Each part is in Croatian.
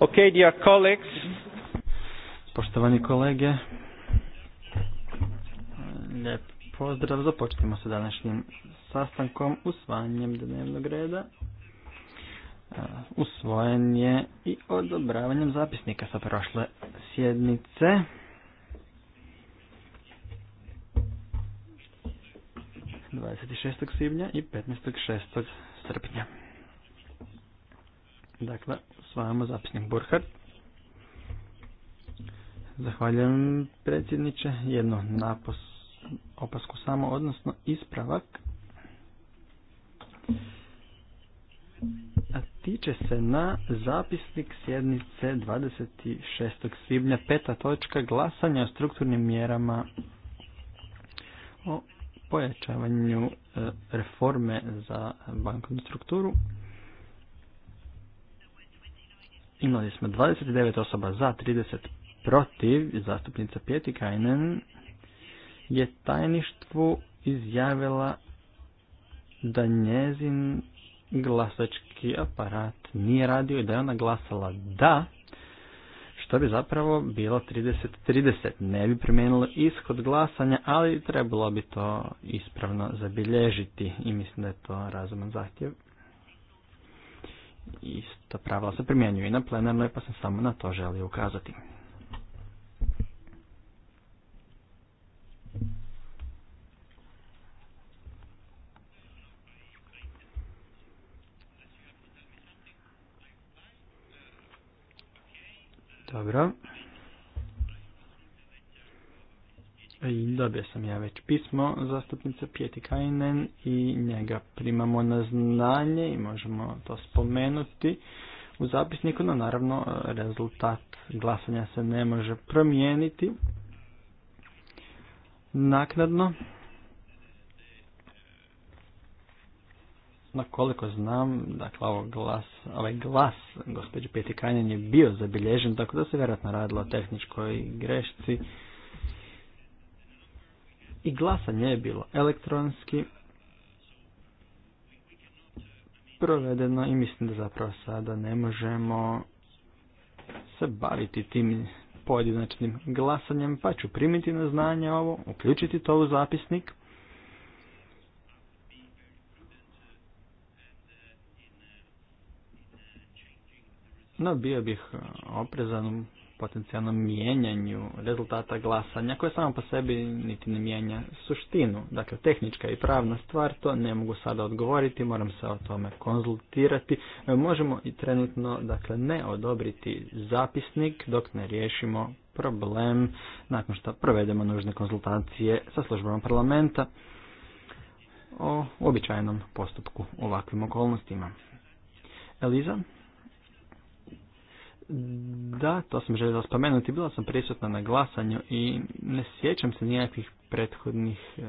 Okay, dear colleagues. Poštovani kolege, lijep pozdrav, započnimo sa današnjim sastankom usvajanjem dnevnog reda. Usvojen je i odobravanjem zapisnika sa prošle sjednice. dvadeset svibnja i 15.6. srpnja. Dakle, usvajamo zapisnik burhard Zahvaljujem predsjedniče. Jedno napos, opasku samo, odnosno ispravak. A tiče se na zapisnik sjednice 26. svibnja, peta točka glasanja o strukturnim mjerama o pojačavanju e, reforme za bankovnu strukturu. Imali smo 29 osoba za, 30 protiv, zastupnica Pjeti Kajnen je tajništvu izjavila da njezin glasački aparat nije radio i da je ona glasala da, što bi zapravo bilo 30-30. Ne bi promijenilo ishod glasanja, ali trebalo bi to ispravno zabilježiti i mislim da je to razuman zahtjev. Isto pravila se primjenjuje i na plenarnoj, pa sam samo na to želio ukazati. Dobro. E, dobio sam ja već pismo zastupnica Pjeti Kajnen i njega primamo na znanje i možemo to spomenuti u zapisniku, no naravno e, rezultat glasanja se ne može promijeniti naknadno. Na koliko znam, dakle, ovo glas, ovaj glas gospođe Pjeti Kajnen je bio zabilježen, tako da se vjerojatno radilo o tehničkoj grešci i glasanje je bilo elektronski provedeno i mislim da zapravo sada ne možemo se baviti tim pojedinačnim glasanjem, pa ću primiti na znanje ovo, uključiti to u zapisnik. No, bio bih oprezan potencijalnom mijenjanju rezultata glasanja koje samo po sebi niti ne mijenja suštinu. Dakle, tehnička i pravna stvar, to ne mogu sada odgovoriti, moram se o tome konzultirati. E, možemo i trenutno dakle, ne odobriti zapisnik dok ne riješimo problem nakon što provedemo nužne konzultacije sa službama parlamenta o običajnom postupku u ovakvim okolnostima. Eliza? Da, to sam želio spomenuti. Bila sam prisutna na glasanju i ne sjećam se nijakih prethodnih e,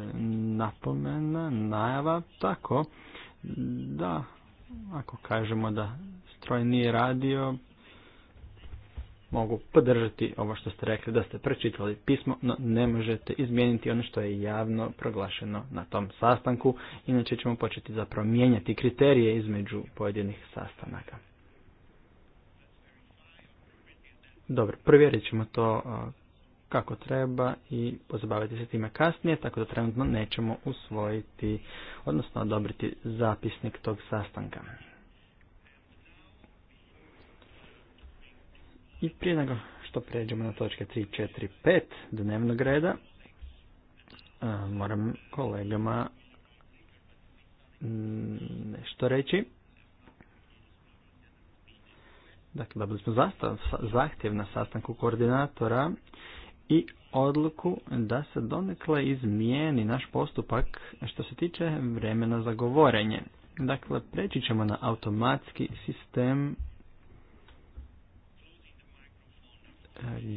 napomena, najava, tako da, ako kažemo da stroj nije radio, mogu podržati ovo što ste rekli, da ste pročitali pismo, no ne možete izmijeniti ono što je javno proglašeno na tom sastanku, inače ćemo početi zapravo mijenjati kriterije između pojedinih sastanaka. Dobro, provjerit ćemo to kako treba i pozabaviti se time kasnije, tako da trenutno nećemo usvojiti, odnosno odobriti zapisnik tog sastanka. I prije nego što pređemo na točke 3, 4, 5 dnevnog reda, moram kolegama mm, nešto reći. Dakle, dobili smo zahtjev na sastanku koordinatora i odluku da se donekle izmijeni naš postupak što se tiče vremena za govorenje. Dakle, preći ćemo na automatski sistem e,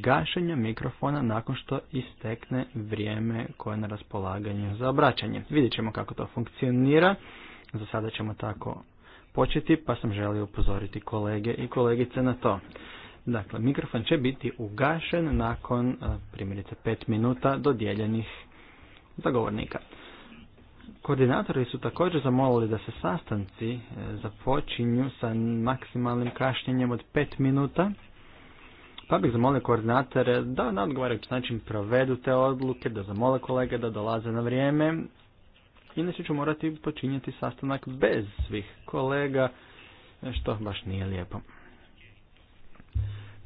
gašenja mikrofona nakon što istekne vrijeme koje je na raspolaganju za obraćanje. Vidjet ćemo kako to funkcionira. Za sada ćemo tako početi, pa sam želio upozoriti kolege i kolegice na to. Dakle, mikrofon će biti ugašen nakon e, primjerice pet minuta dodijeljenih zagovornika. Koordinatori su također zamolili da se sastanci e, započinju sa maksimalnim kašnjenjem od pet minuta, pa bih zamolio koordinatore da na odgovarajući način provedu te odluke, da zamole kolege da dolaze na vrijeme inače ću morati počinjati sastanak bez svih kolega, što baš nije lijepo.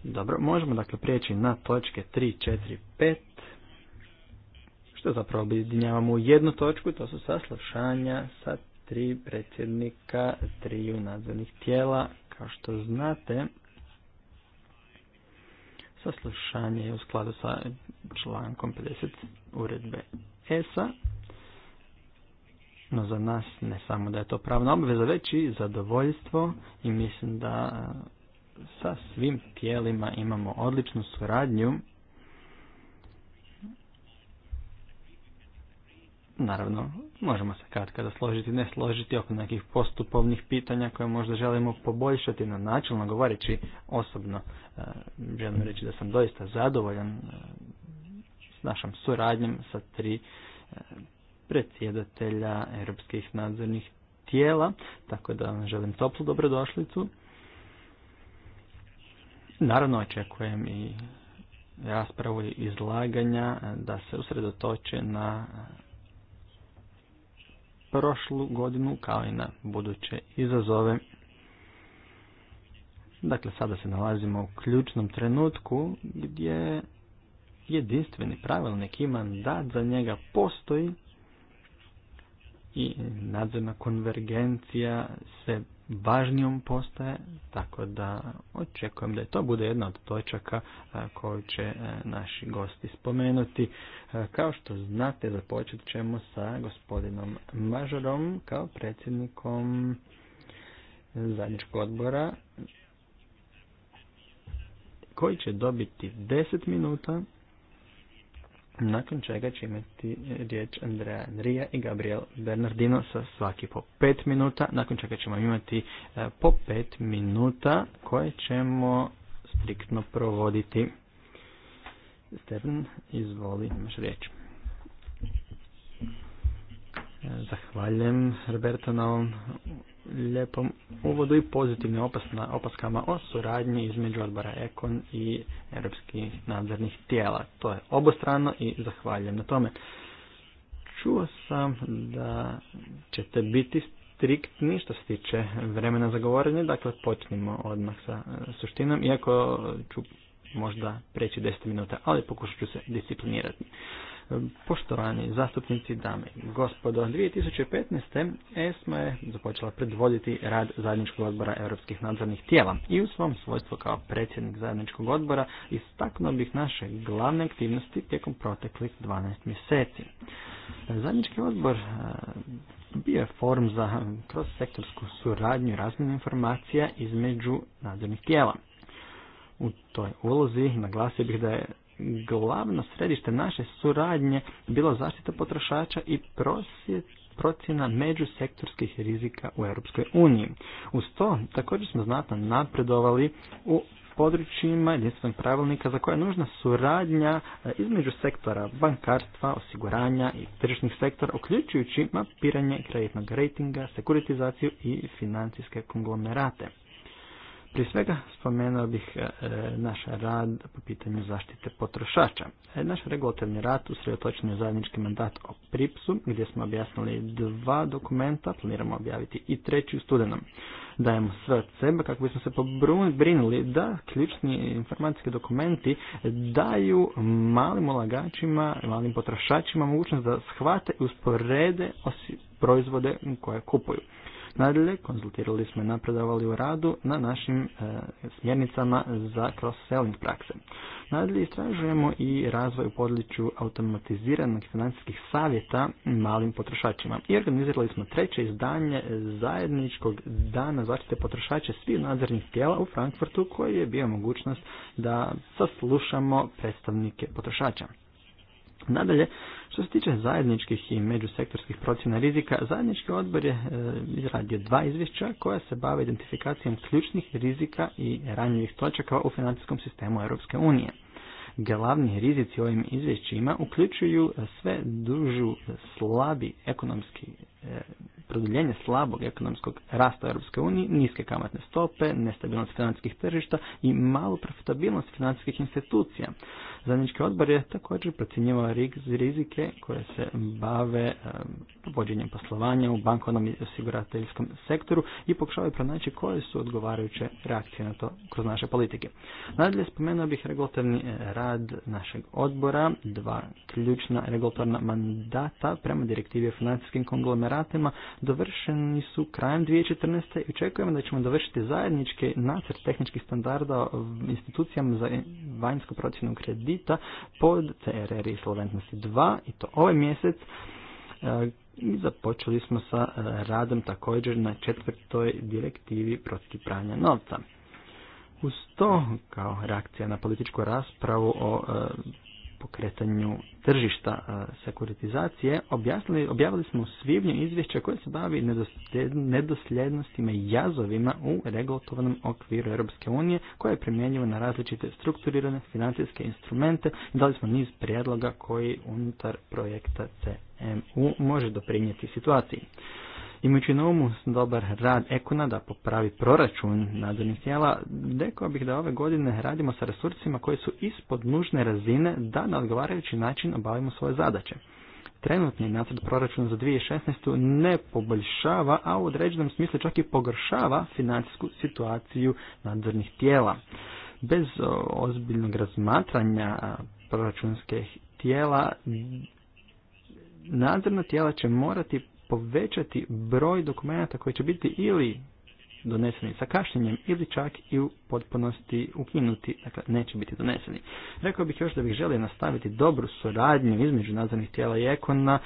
Dobro, možemo dakle prijeći na točke 3, 4, 5, što zapravo objedinjavamo u jednu točku, to su saslušanja sa tri predsjednika triju nadzornih tijela. Kao što znate, saslušanje je u skladu sa člankom 50 uredbe ESA no za nas ne samo da je to pravna obveza, već i zadovoljstvo i mislim da e, sa svim tijelima imamo odličnu suradnju. Naravno, možemo se kad kada složiti, ne složiti oko nekih postupovnih pitanja koje možda želimo poboljšati na načelno govoreći osobno. E, želim reći da sam doista zadovoljan e, s našom suradnjom sa tri predsjedatelja europskih nadzornih tijela, tako da vam želim toplu dobrodošlicu. Naravno očekujem i raspravu i izlaganja eh, da se usredotoče na eh, prošlu godinu kao i na buduće izazove. Dakle, sada se nalazimo u ključnom trenutku gdje jedinstveni pravilnik i mandat za njega postoji, i nadzorna konvergencija se važnijom postaje, tako da očekujem da je to bude jedna od točaka e, koju će e, naši gosti spomenuti. E, kao što znate, započet ćemo sa gospodinom Mažarom kao predsjednikom zajedničkog odbora koji će dobiti 10 minuta nakon čega će imati riječ Andreja Andrija i Gabriel Bernardino sa svaki po pet minuta, nakon čega ćemo imati e, po pet minuta koje ćemo striktno provoditi. Stern, izvoli, imaš riječ. Zahvaljujem Roberto na ovom lijepom uvodu i pozitivnim opaskama o suradnji između odbora Ekon i europskih nadzornih tijela. To je obostrano i zahvaljujem na tome. Čuo sam da ćete biti striktni što se tiče vremena za govorenje, dakle počnimo odmah sa e, suštinom, iako ću možda preći 10 minuta, ali pokušat ću se disciplinirati. Poštovani zastupnici, dame i gospodo, 2015. ESMA je započela predvoditi rad zajedničkog odbora europskih nadzornih tijela i u svom svojstvu kao predsjednik zajedničkog odbora istaknuo bih naše glavne aktivnosti tijekom proteklih 12 mjeseci. Zajednički odbor e, bio je forum za e, kroz-sektorsku suradnju i razmjenu informacija između nadzornih tijela. U toj ulozi naglasio bih da je glavno središte naše suradnje bilo zaštita potrošača i prosjet procjena međusektorskih rizika u Europskoj uniji. Uz to također smo znatno napredovali u područjima jedinstvenog pravilnika za koje je nužna suradnja e, između sektora bankarstva, osiguranja i tržišnih sektora, uključujući mapiranje kreditnog rejtinga, sekuritizaciju i financijske konglomerate. Prije svega spomenuo bih e, naš rad po pitanju zaštite potrošača. E, naš regulatorni rad usredotočen je zajednički mandat o Pripsu gdje smo objasnili dva dokumenta, planiramo objaviti i treći u studenom. Dajemo sve od sebe kako bismo se pobrinuli da ključni informacijski dokumenti daju malim ulagačima, malim potrošačima mogućnost da shvate i usporede proizvode koje kupuju. Nadalje konzultirali smo i napredovali u radu na našim e, smjernicama za cross-selling prakse. Nadalje istražujemo i razvoj u području automatiziranih financijskih savjeta malim potrošačima. I organizirali smo treće izdanje zajedničkog dana zaštite potrošača svih nadzornih tijela u Frankfurtu koji je bio mogućnost da saslušamo predstavnike potrošača. Nadalje, što se tiče zajedničkih i međusektorskih procjena rizika, zajednički odbor je e, izradio dva izvješća koja se bave identifikacijom ključnih rizika i ranjivih točaka u financijskom sistemu Europske unije. Glavni rizici ovim izvješćima uključuju sve dužu slabi ekonomski e, produljenje slabog ekonomskog rasta Europske unije, niske kamatne stope, nestabilnost financijskih tržišta i malu profitabilnost financijskih institucija. Zajednički odbor je također procjenjivao rizike koje se bave vođenjem poslovanja u bankovnom i osigurateljskom sektoru i pokušavaju pronaći koje su odgovarajuće reakcije na to kroz naše politike. Nadalje spomenuo bih regulatorni e, rad našeg odbora, dva ključna regulatorna mandata prema direktivi o financijskim konglomeratima dovršeni su krajem 2014. i očekujemo da ćemo dovršiti zajednički nacrt tehničkih standarda institucijama za vanjsku procjenu kredita kredita pod CRR Solventnosti 2 i to ovaj mjesec. E, I započeli smo sa e, radom također na četvrtoj direktivi protiv pranja novca. Uz to, kao reakcija na političku raspravu o e, pokretanju tržišta e, sekuritizacije, objasnili, objavili smo u svibnju izvješće koje se bavi nedosljednostima i jazovima u regulatornom okviru Europske unije koje je primjenjivo na različite strukturirane financijske instrumente i dali smo niz prijedloga koji unutar projekta CMU može doprinijeti situaciji. Imajući na umu dobar rad Ekona da popravi proračun nadzornih tijela, rekao bih da ove godine radimo sa resursima koji su ispod nužne razine da na odgovarajući način obavimo svoje zadaće. Trenutni nacrt proračuna za 2016. ne poboljšava, a u određenom smislu čak i pogoršava financijsku situaciju nadzornih tijela. Bez ozbiljnog razmatranja proračunskih tijela nadzorna tijela će morati povećati broj dokumenata koji će biti ili doneseni sa kašnjenjem ili čak i u potpunosti ukinuti, dakle neće biti doneseni. Rekao bih još da bih želio nastaviti dobru suradnju između nadzornih tijela i ekona,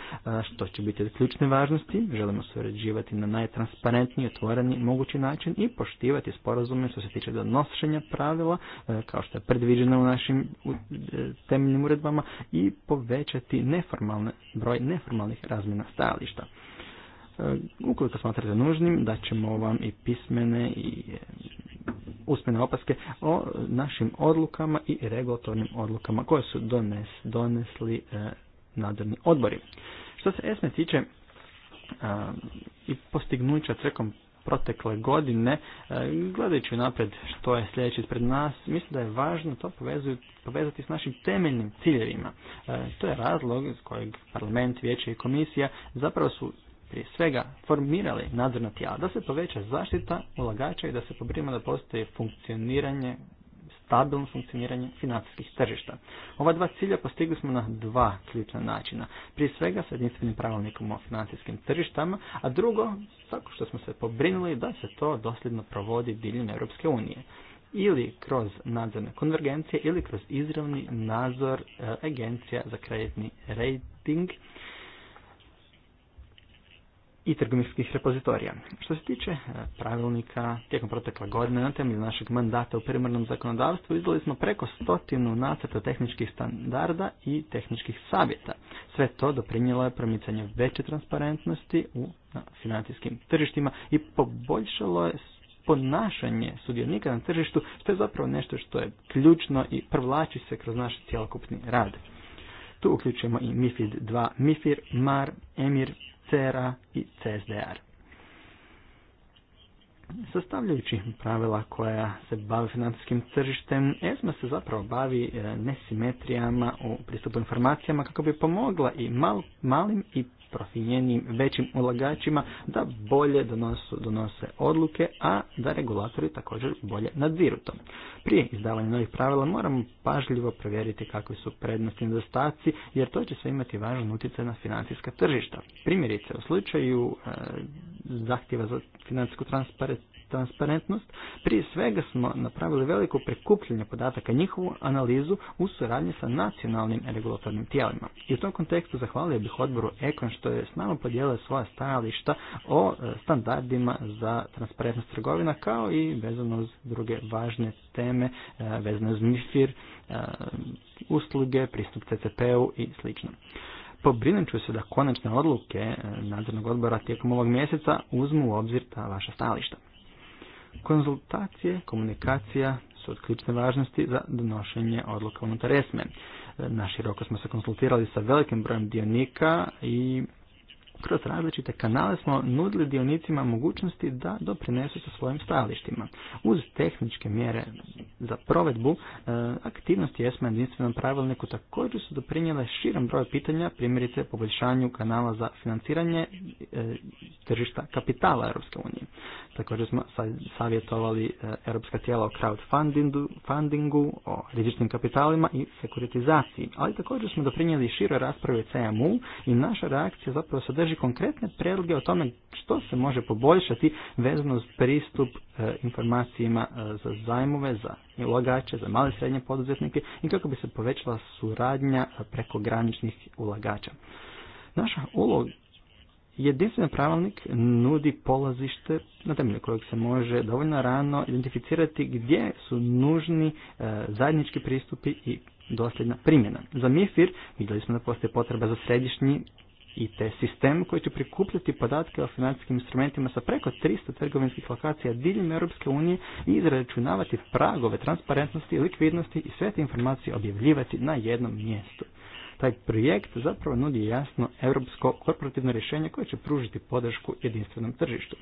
što će biti od ključne važnosti. Želimo surađivati na najtransparentniji, otvoreni mogući način i poštivati sporazume što se tiče donošenja pravila, kao što je predviđeno u našim e, temeljnim uredbama i povećati neformalne, broj neformalnih razmjena stajališta. E, ukoliko smatrate nužnim, da ćemo vam i pismene i e, usmene opaske o našim odlukama i regulatornim odlukama koje su donesli e, nadzorni odbori. Što se ESME tiče e, i postignuća tijekom protekle godine, e, gledajući napred što je sljedeće ispred nas, mislim da je važno to povezuju, povezati s našim temeljnim ciljevima. To je razlog iz kojeg parlament, vijeće i komisija zapravo su prije svega formirali nadzorna tijela, da se poveća zaštita ulagača i da se pobrima da postoji funkcioniranje, stabilno funkcioniranje financijskih tržišta. Ova dva cilja postigli smo na dva ključna načina. Prije svega sa jedinstvenim pravilnikom o financijskim tržištama, a drugo, tako što smo se pobrinuli da se to dosljedno provodi diljem Europske unije ili kroz nadzorne konvergencije ili kroz izravni nadzor e, agencija za kreditni rating i trgovinskih repozitorija. Što se tiče e, pravilnika, tijekom protekla godine na temelju našeg mandata u primarnom zakonodavstvu izdali smo preko stotinu nacrta tehničkih standarda i tehničkih savjeta. Sve to doprinijelo je promicanje veće transparentnosti u financijskim tržištima i poboljšalo je ponašanje sudionika na tržištu, što je zapravo nešto što je ključno i provlači se kroz naš cjelokupni rad. Tu uključujemo i MIFID 2, MIFIR, MAR, EMIR, CERA i CSDR. Sastavljajući pravila koja se bave financijskim tržištem, ESMA se zapravo bavi e, nesimetrijama u pristupu informacijama kako bi pomogla i malim i profinjenijim većim ulagačima da bolje donose odluke, a da regulatori također bolje nadziru to. Prije izdavanja novih pravila moramo pažljivo provjeriti kakvi su prednosti i nedostaci, jer to će sve imati važan utjecaj na financijska tržišta. Primjerice, u slučaju e, zahtjeva za financijsku transparentnost transparentnost, prije svega smo napravili veliko prikupljanje podataka, njihovu analizu u suradnji sa nacionalnim regulatornim tijelima. I u tom kontekstu zahvalio bih odboru Ekon što je s nama podijelio svoja stajališta o e, standardima za transparentnost trgovina kao i vezano uz druge važne teme, e, vezane uz MIFIR, e, usluge, pristup CCP-u i sl. Pobrinut ću se da konačne odluke nadzornog odbora tijekom ovog mjeseca uzmu u obzir ta vaša stajališta. Konzultacije, komunikacija su od ključne važnosti za donošenje odluka unutar ESME. Naširoko smo se konsultirali sa velikim brojem dionika i kroz različite kanale smo nudili dionicima mogućnosti da doprinesu sa svojim stajalištima. Uz tehničke mjere za provedbu, e, aktivnosti ESMA jedinstvenom pravilniku također su doprinijele širom broju pitanja, primjerice poboljšanju kanala za financiranje e, tržišta kapitala Europske unije. Također smo savjetovali e, europska tijela o crowdfundingu, o rizičnim kapitalima i sekuritizaciji. Ali također smo doprinijeli široj raspravi u CMU i naša reakcija zapravo sadrži konkretne predloge o tome što se može poboljšati vezano uz pristup e, informacijama e, za zajmove, za ulagače, za male i srednje poduzetnike i kako bi se povećala suradnja preko graničnih ulagača. Naša uloga Jedinstven pravilnik nudi polazište na temelju kojeg se može dovoljno rano identificirati gdje su nužni e, zajednički pristupi i dosljedna primjena. Za MIFIR vidjeli smo da postoji potreba za središnji i te sistem koji će prikupljati podatke o financijskim instrumentima sa preko 300 trgovinskih lokacija diljem Europske unije i izračunavati pragove transparentnosti, likvidnosti i sve te informacije objavljivati na jednom mjestu. Taj projekt zapravo nudi jasno europsko korporativno rješenje koje će pružiti podršku jedinstvenom tržištu.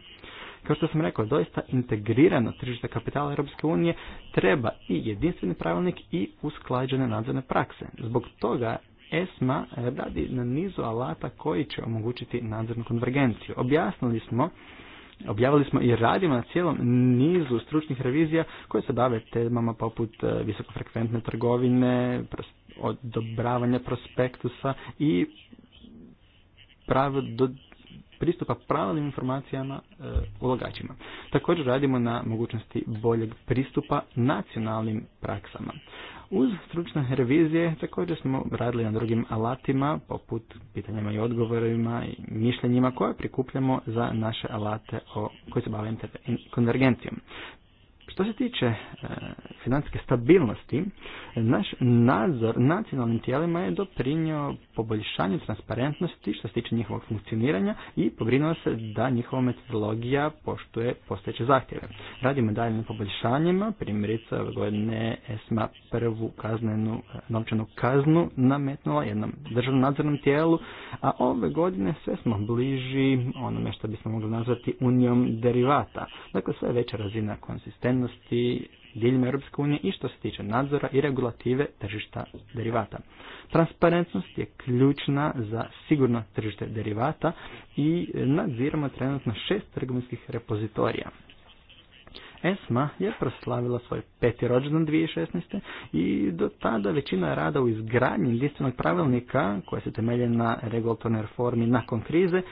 Kao što sam rekao, doista integrirano tržište kapitala Europske unije treba i jedinstveni pravilnik i usklađene nadzorne prakse. Zbog toga ESMA radi na nizu alata koji će omogućiti nadzornu konvergenciju. Objasnili smo Objavili smo i radimo na cijelom nizu stručnih revizija koje se bave temama poput e, visokofrekventne trgovine, odobravanja prospektusa i pristupa pravilnim informacijama e, ulagačima. Također radimo na mogućnosti boljeg pristupa nacionalnim praksama. Uz stručne revizije također smo radili na drugim alatima, poput pitanjima i odgovorima i mišljenjima koje prikupljamo za naše alate o, koji se bave konvergencijom. Što se tiče e, financijske stabilnosti, naš nadzor nacionalnim tijelima je doprinio poboljšanju transparentnosti što se tiče njihovog funkcioniranja i pobrinuo se da njihova metodologija poštuje postojeće zahtjeve. Radimo dalje na poboljšanjima, primjerice ove godine ESMA prvu kaznenu, e, novčanu kaznu nametnula jednom državnom nadzornom tijelu, a ove godine sve smo bliži onome što bismo mogli nazvati unijom derivata. Dakle, sve veća razina konsistentnosti vrijednosti diljem Europske unije i što se tiče nadzora i regulative tržišta derivata. Transparentnost je ključna za sigurno tržište derivata i nadziramo trenutno šest trgovinskih repozitorija. ESMA je proslavila svoj peti rođendan 2016. i do tada većina rada u izgradnji jedinstvenog pravilnika koja se temelje na regulatornoj reformi nakon krize e,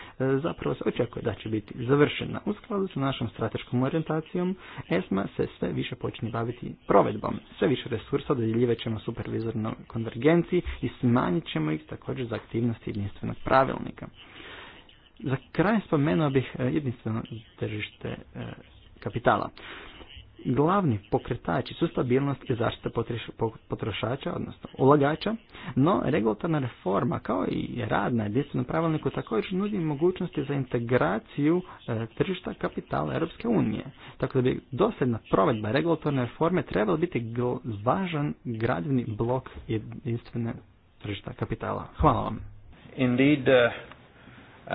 zapravo se očekuje da će biti završena. U skladu sa našom strateškom orijentacijom ESMA se sve više počne baviti provedbom. Sve više resursa dodjeljivat ćemo supervizornoj konvergenciji i smanjit ćemo ih također za aktivnosti jedinstvenog pravilnika. Za kraj spomenuo bih e, jedinstveno tržište e, kapitala. Glavni pokretači su stabilnost i zaštita potrošača, odnosno ulagača, no regulatorna reforma kao i rad na jedinstvenom pravilniku također nudi mogućnosti za integraciju e, tržišta kapitala Europske unije. Tako da bi dosljedna provedba regulatorne reforme trebala biti važan gradivni blok jedinstvene tržišta kapitala. Hvala vam. Indeed, uh, uh,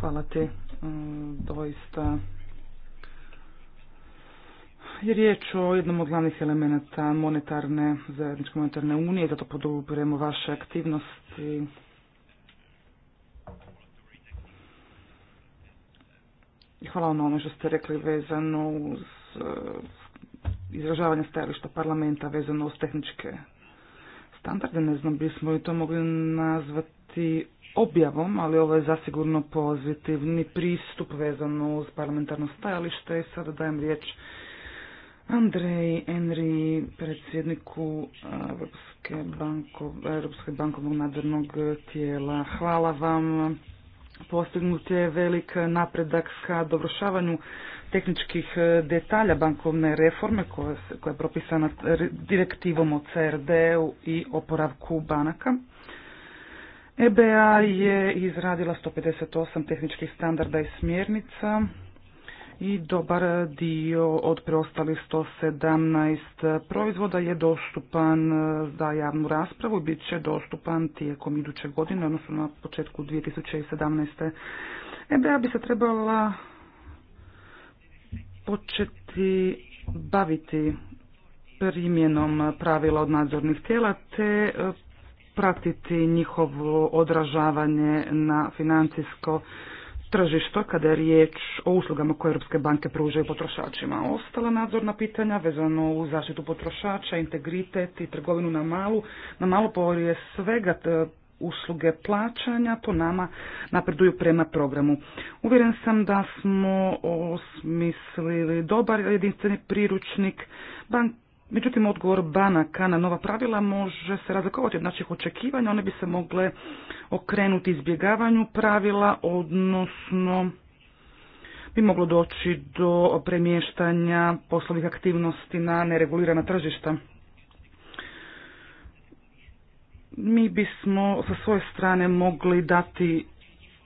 Hvala ti. Mm, doista je riječ o jednom od glavnih elemenata monetarne, zajedničke monetarne unije, zato podupiremo vaše aktivnosti. I hvala na ono što ste rekli vezano uz eh, izražavanje stajališta parlamenta vezano uz tehničke standarde. Ne znam, bismo i to mogli nazvati objavom, ali ovo je zasigurno pozitivni pristup vezano uz parlamentarno stajalište i sada dajem riječ Andrej Enri, predsjedniku Europske bankovnog nadzornog tijela. Hvala vam. Postignut je velik napredak ka dovršavanju tehničkih detalja bankovne reforme koja, koja je propisana direktivom o CRD-u i oporavku banaka. EBA je izradila 158 tehničkih standarda i smjernica i dobar dio od preostalih 117 proizvoda je dostupan e, za javnu raspravu i bit će dostupan tijekom iduće godine, odnosno na početku 2017. EBA bi se trebala početi baviti primjenom pravila od nadzornih tijela te e, pratiti njihovo odražavanje na financijsko tržišta kada je riječ o uslugama koje Europske banke pružaju potrošačima. Ostala nadzorna pitanja vezano u zaštitu potrošača, integritet i trgovinu na malu, na malo je svega usluge plaćanja po nama napreduju prema programu. Uvjeren sam da smo osmislili dobar jedinstveni priručnik. Bank Međutim, odgovor banaka na nova pravila može se razlikovati od naših očekivanja. One bi se mogle okrenuti izbjegavanju pravila, odnosno bi moglo doći do premještanja poslovnih aktivnosti na neregulirana tržišta. Mi bismo sa svoje strane mogli dati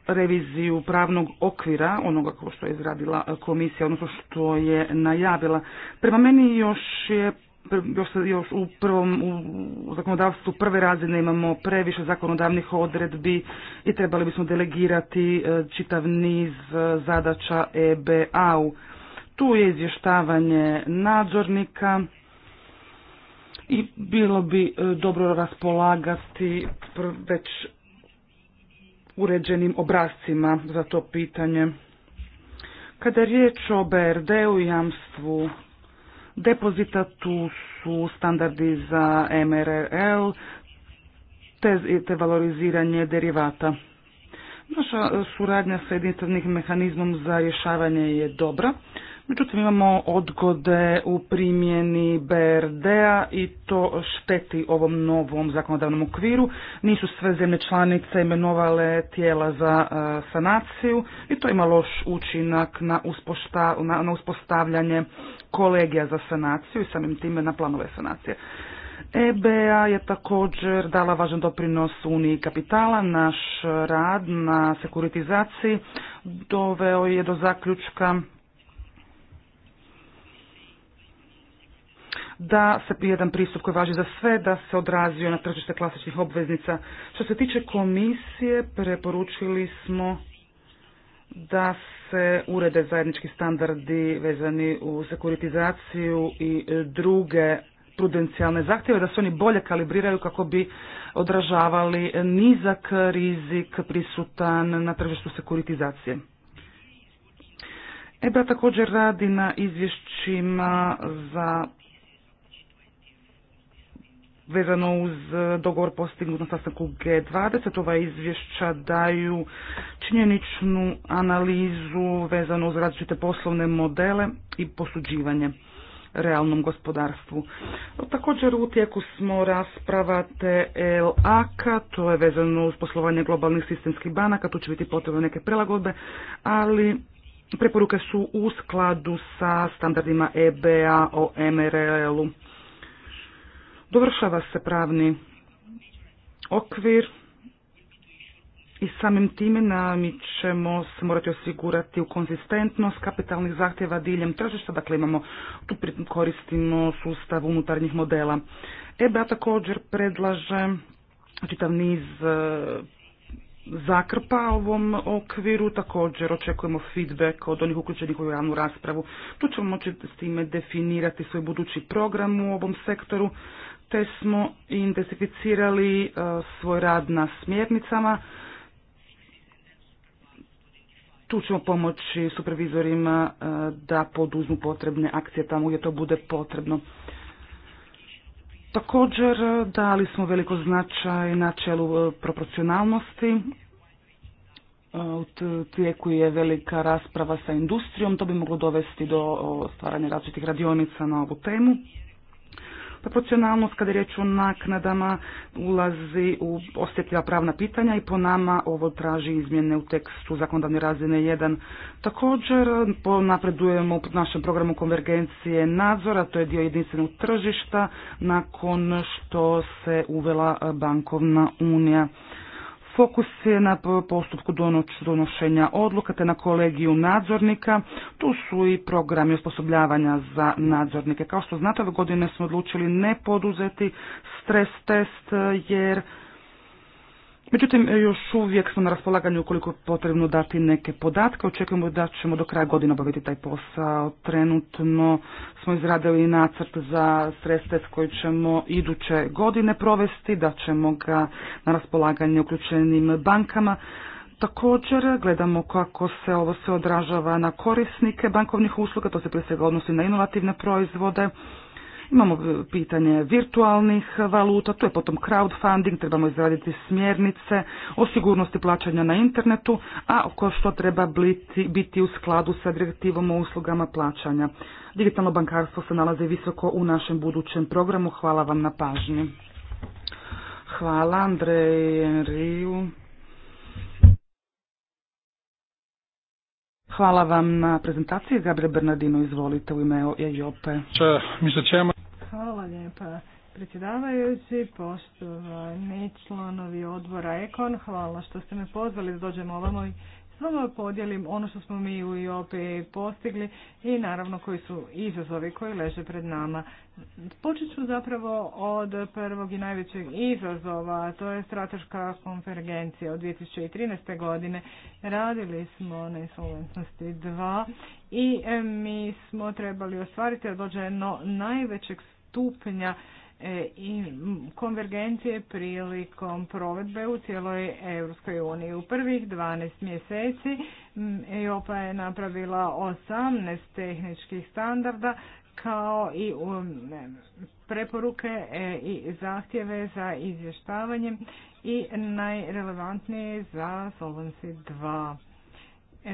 reviziju pravnog okvira, onoga što je izradila komisija, odnosno što je najavila. Prema meni još je još, u prvom u zakonodavstvu prve razine imamo previše zakonodavnih odredbi i trebali bismo delegirati e, čitav niz e, zadaća EBA-u. Tu je izvještavanje nadzornika i bilo bi e, dobro raspolagati već uređenim obrazcima za to pitanje. Kada je riječ o BRD-u jamstvu depozita, tu su standardi za MRL te, te valoriziranje derivata. Naša suradnja sa jedinstvenim mehanizmom za rješavanje je dobra. Međutim, imamo odgode u primjeni BRD-a i to šteti ovom novom zakonodavnom okviru. Nisu sve zemlje članice imenovale tijela za e, sanaciju i to ima loš učinak na, uspostavljanje kolegija za sanaciju i samim time na planove sanacije. EBA je također dala važan doprinos Uniji kapitala. Naš rad na sekuritizaciji doveo je do zaključka da se jedan pristup koji važi za sve, da se odrazio na tržište klasičnih obveznica. Što se tiče komisije, preporučili smo da se urede zajednički standardi vezani u sekuritizaciju i druge prudencijalne zahtjeve, da se oni bolje kalibriraju kako bi odražavali nizak rizik prisutan na tržištu sekuritizacije. EBA također radi na izvješćima za vezano uz e, dogovor postignut na sastanku G20. Ova izvješća daju činjeničnu analizu vezano uz različite poslovne modele i posuđivanje realnom gospodarstvu. Također u tijeku smo rasprava tlak to je vezano uz poslovanje globalnih sistemskih banaka, tu će biti potrebno neke prilagodbe, ali preporuke su u skladu sa standardima EBA o MRL-u. Dovršava se pravni okvir i samim time nam ćemo se morati osigurati u konzistentnost kapitalnih zahtjeva diljem tržišta, dakle imamo, tu koristimo sustav unutarnjih modela. EBA također predlaže čitav niz e, zakrpa ovom okviru, također očekujemo feedback od onih uključenih u javnu raspravu. Tu ćemo moći s time definirati svoj budući program u ovom sektoru, te smo intensificirali e, svoj rad na smjernicama. Tu ćemo pomoći supervizorima e, da poduzmu potrebne akcije tamo gdje to bude potrebno. Također e, dali smo veliko značaj načelu proporcionalnosti. U tijeku je velika rasprava sa industrijom, to bi moglo dovesti do stvaranja različitih radionica na ovu temu. Proporcionalnost kada je riječ o naknadama ulazi u osjetljiva pravna pitanja i po nama ovo traži izmjene u tekstu zakonodavne razine 1. Također napredujemo u našem programu konvergencije nadzora, to je dio jedinstvenog tržišta nakon što se uvela bankovna unija. Fokus je na postupku donošenja odluka te na kolegiju nadzornika. Tu su i programi osposobljavanja za nadzornike. Kao što znate, ove godine smo odlučili ne poduzeti stres test eh, jer Međutim, još uvijek smo na raspolaganju ukoliko potrebno dati neke podatke. Očekujemo da ćemo do kraja godine obaviti taj posao. Trenutno smo izradili nacrt za stres koji ćemo iduće godine provesti, da ćemo ga na raspolaganje uključenim bankama. Također gledamo kako se ovo sve odražava na korisnike bankovnih usluga, to se prije svega odnosi na inovativne proizvode, Imamo pitanje virtualnih valuta, to je potom crowdfunding, trebamo izraditi smjernice o sigurnosti plaćanja na internetu, a oko što treba biti, biti u skladu sa direktivom o uslugama plaćanja. Digitalno bankarstvo se nalazi visoko u našem budućem programu. Hvala vam na pažnji. Hvala Andrej Hvala vam na prezentaciji. Gabriel Bernardino, izvolite u ime EJOPE. Hvala lijepa predsjedavajući, poštovani članovi odbora Ekon, hvala što ste me pozvali da dođem ovamo i s vama podijelim ono što smo mi u IOP postigli i naravno koji su izazovi koji leže pred nama. Počet ću zapravo od prvog i najvećeg izazova, to je strateška konvergencija od 2013. godine. Radili smo na insolventnosti 2 i mi smo trebali ostvariti odlođeno najvećeg stupnja e, i konvergencije prilikom provedbe u cijeloj Europskoj uniji. U prvih 12 mjeseci EOPA je napravila 18 tehničkih standarda kao i preporuke e, i zahtjeve za izvještavanjem i najrelevantnije za Solvency 2. E,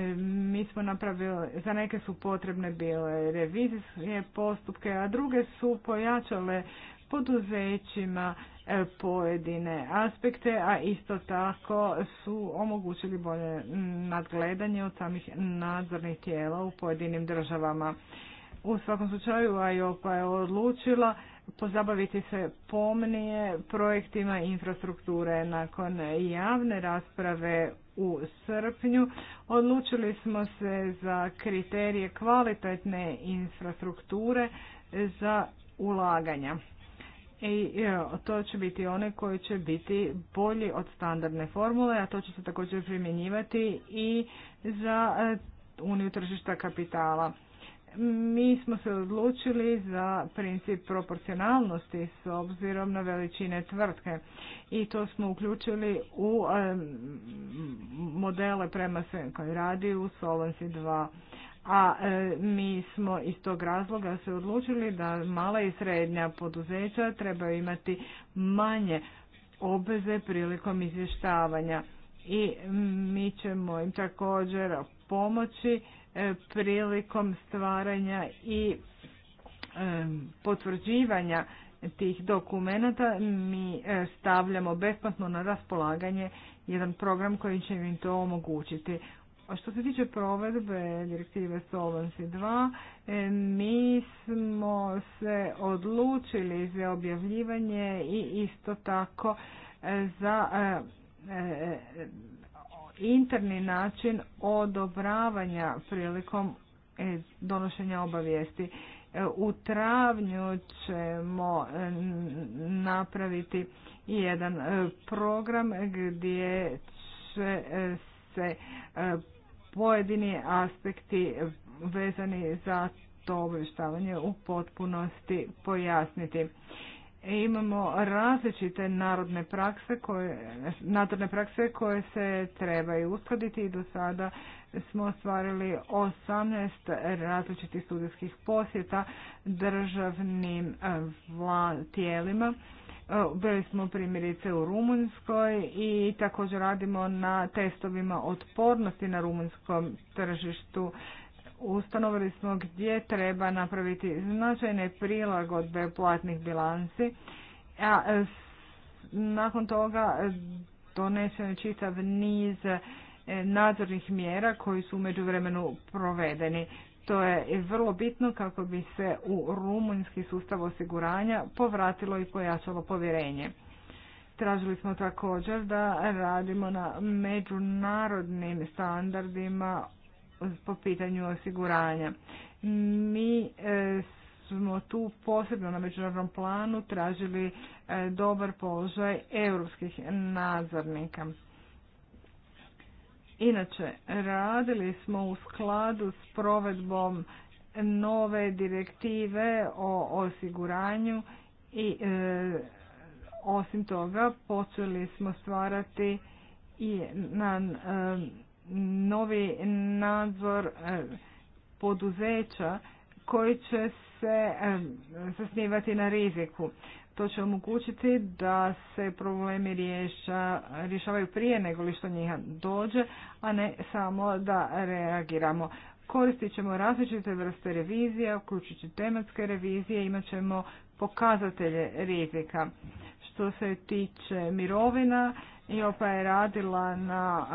mi smo napravili, za neke su potrebne bile revizijske postupke, a druge su pojačale poduzećima e, pojedine aspekte, a isto tako su omogućili bolje nadgledanje od samih nadzornih tijela u pojedinim državama. U svakom slučaju AIOPA je odlučila pozabaviti se pomnije projektima infrastrukture. Nakon javne rasprave u srpnju odlučili smo se za kriterije kvalitetne infrastrukture za ulaganja. I e, to će biti one koji će biti bolji od standardne formule, a to će se također primjenjivati i za e, uniju tržišta kapitala mi smo se odlučili za princip proporcionalnosti s obzirom na veličine tvrtke i to smo uključili u modele prema svem koji radi u Solvency 2. A e, mi smo iz tog razloga se odlučili da mala i srednja poduzeća trebaju imati manje obveze prilikom izvještavanja i mi ćemo im također pomoći E, prilikom stvaranja i e, potvrđivanja tih dokumenata mi e, stavljamo besplatno na raspolaganje jedan program koji će im to omogućiti. A što se tiče provedbe direktive Solvency 2, mi smo se odlučili za objavljivanje i isto tako za interni način odobravanja prilikom e, donošenja obavijesti. E, u travnju ćemo e, napraviti jedan program gdje će se pojedini aspekti vezani za to obavještavanje u potpunosti pojasniti imamo različite narodne prakse koje, prakse koje se trebaju uskladiti i do sada smo ostvarili 18 različitih studijskih posjeta državnim e, vla, tijelima. E, bili smo primjerice u Rumunjskoj i također radimo na testovima otpornosti na rumunjskom tržištu ustanovili smo gdje treba napraviti značajne prilagodbe platnih bilanci, a nakon toga donesen je čitav niz e, nadzornih mjera koji su umeđu vremenu provedeni. To je vrlo bitno kako bi se u rumunjski sustav osiguranja povratilo i pojačalo povjerenje. Tražili smo također da radimo na međunarodnim standardima po pitanju osiguranja. Mi e, smo tu posebno na međunarodnom planu tražili e, dobar položaj europskih nadzornika. Inače, radili smo u skladu s provedbom nove direktive o osiguranju i e, osim toga počeli smo stvarati i na novi nadzor e, poduzeća koji će se e, zasnivati na riziku. To će omogućiti da se problemi rješavaju prije nego li što njih dođe, a ne samo da reagiramo. Koristit ćemo različite vrste revizija, uključujući tematske revizije, imat ćemo pokazatelje rizika. Što se tiče mirovina, IOPA je radila na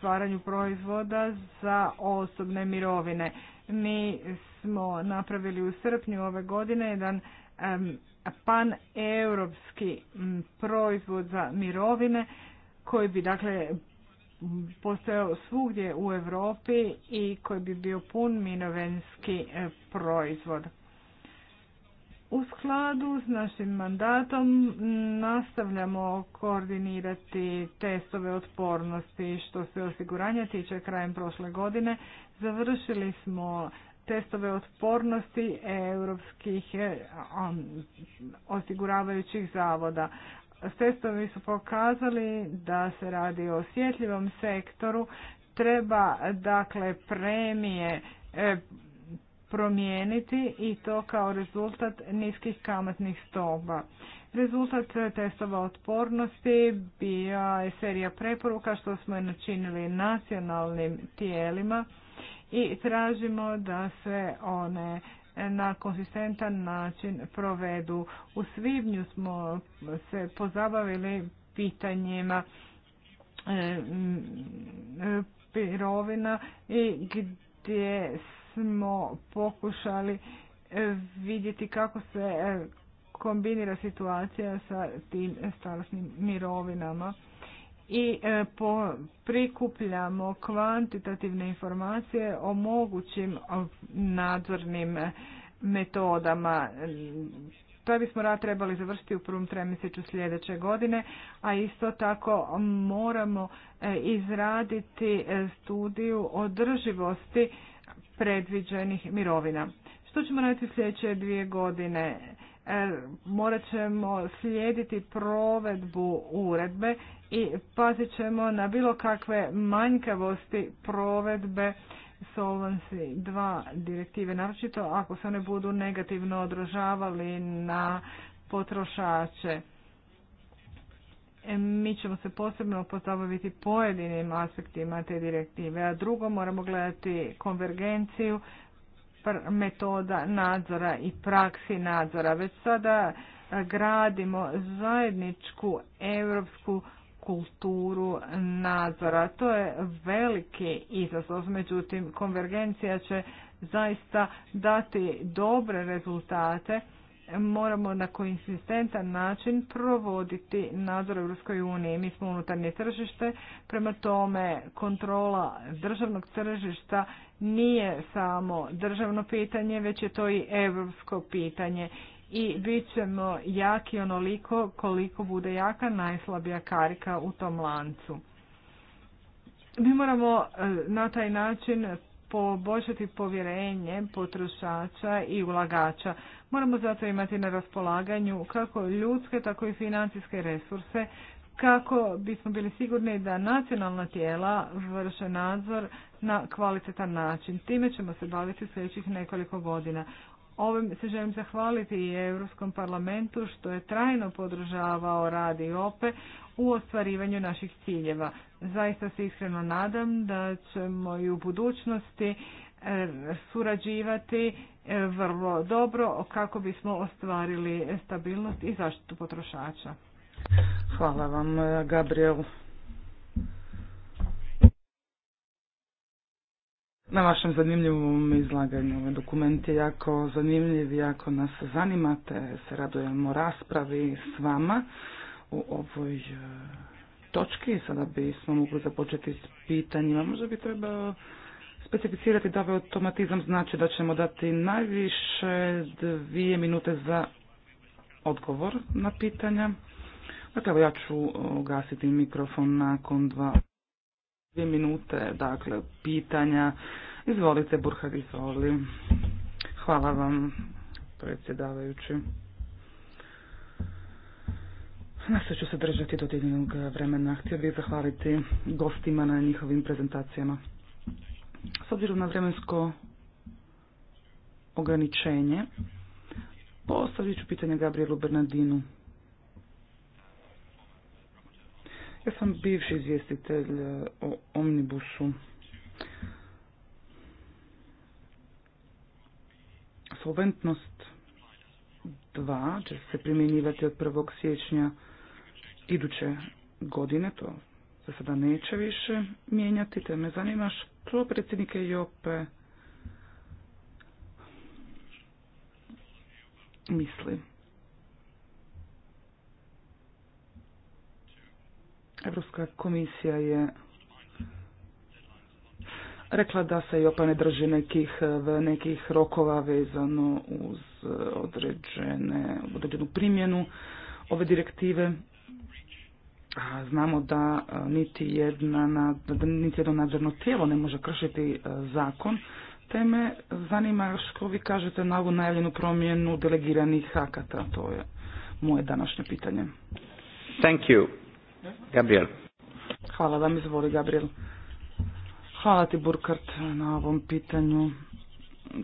stvaranju proizvoda za osobne mirovine. Mi smo napravili u srpnju ove godine jedan europski proizvod za mirovine koji bi dakle postojao svugdje u Europi i koji bi bio pun minovenski e, proizvod. U skladu s našim mandatom nastavljamo koordinirati testove otpornosti što se osiguranja tiče krajem prošle godine. Završili smo testove otpornosti europskih um, osiguravajućih zavoda. Testovi su pokazali da se radi o osjetljivom sektoru. Treba dakle premije eh, promijeniti i to kao rezultat niskih kamatnih stopa. Rezultat testova otpornosti bio je serija preporuka što smo je načinili nacionalnim tijelima i tražimo da se one na konsistentan način provedu. U svibnju smo se pozabavili pitanjima e, e, pirovina i gdje smo pokušali e, vidjeti kako se e, kombinira situacija sa tim starosnim mirovinama i e, prikupljamo kvantitativne informacije o mogućim nadzornim metodama. To bismo rad trebali završiti u prvom tremjeseću sljedeće godine, a isto tako moramo izraditi studiju održivosti predviđenih mirovina. Što ćemo raditi sljedeće dvije godine? E, morat ćemo slijediti provedbu uredbe i pazit ćemo na bilo kakve manjkavosti provedbe Solvency 2 direktive, naročito ako se one budu negativno odražavali na potrošače. E, mi ćemo se posebno pozabaviti pojedinim aspektima te direktive, a drugo moramo gledati konvergenciju metoda nadzora i praksi nadzora. Već sada e, gradimo zajedničku europsku kulturu nadzora. To je veliki izazov, međutim konvergencija će zaista dati dobre rezultate moramo na konzistentan način provoditi nadzor Europskoj uniji. Mi smo unutarnje tržište, prema tome kontrola državnog tržišta nije samo državno pitanje, već je to i europsko pitanje. I bit ćemo jaki onoliko koliko bude jaka najslabija karika u tom lancu. Mi moramo e, na taj način poboljšati povjerenje potrošača i ulagača. Moramo zato imati na raspolaganju kako ljudske, tako i financijske resurse kako bismo bili sigurni da nacionalna tijela vrše nadzor na kvalitetan način. Time ćemo se baviti sljedećih nekoliko godina. Ovim se želim zahvaliti i Europskom parlamentu što je trajno podržavao rad i OPE u ostvarivanju naših ciljeva. Zaista se iskreno nadam da ćemo i u budućnosti surađivati e, vrlo dobro kako bismo ostvarili stabilnost i zaštitu potrošača. Hvala vam, Gabriel. Na vašem zanimljivom izlaganju dokumenti ovaj dokument je jako zanimljiv i ako nas zanimate, se radujemo raspravi s vama u ovoj e, točki. Sada bismo mogli započeti s pitanjima. Možda bi trebao specificirati da ovaj automatizam znači da ćemo dati najviše dvije minute za odgovor na pitanja. Dakle, ja ću ugasiti mikrofon nakon dva, dvije minute, dakle, pitanja. Izvolite, Burha, izvoli. Hvala vam, predsjedavajući. Nastavit ću se držati do vremena. Htio bih zahvaliti gostima na njihovim prezentacijama. S obzirom na vremensko ograničenje, postavit ću pitanje Gabrielu Bernardinu. Ja sam bivši izvjestitelj e, o Omnibusu. Solventnost 2 će se primjenjivati od 1. siječnja iduće godine, to da sada neće više mijenjati, te me zanimaš što predsjednike JOP misli. Evropska komisija je rekla da se Jopa ne drži nekih, nekih rokova vezano uz određene, određenu primjenu ove direktive. Znamo da e, niti, jedna, niti jedno nadzorno tijelo ne može kršiti e, zakon, te me zanima što vi kažete na ovu najavljenu promjenu delegiranih akata. To je moje današnje pitanje. Thank you. Gabriel. Hvala vam, izvoli Gabriel. Hvala ti Burkart na ovom pitanju.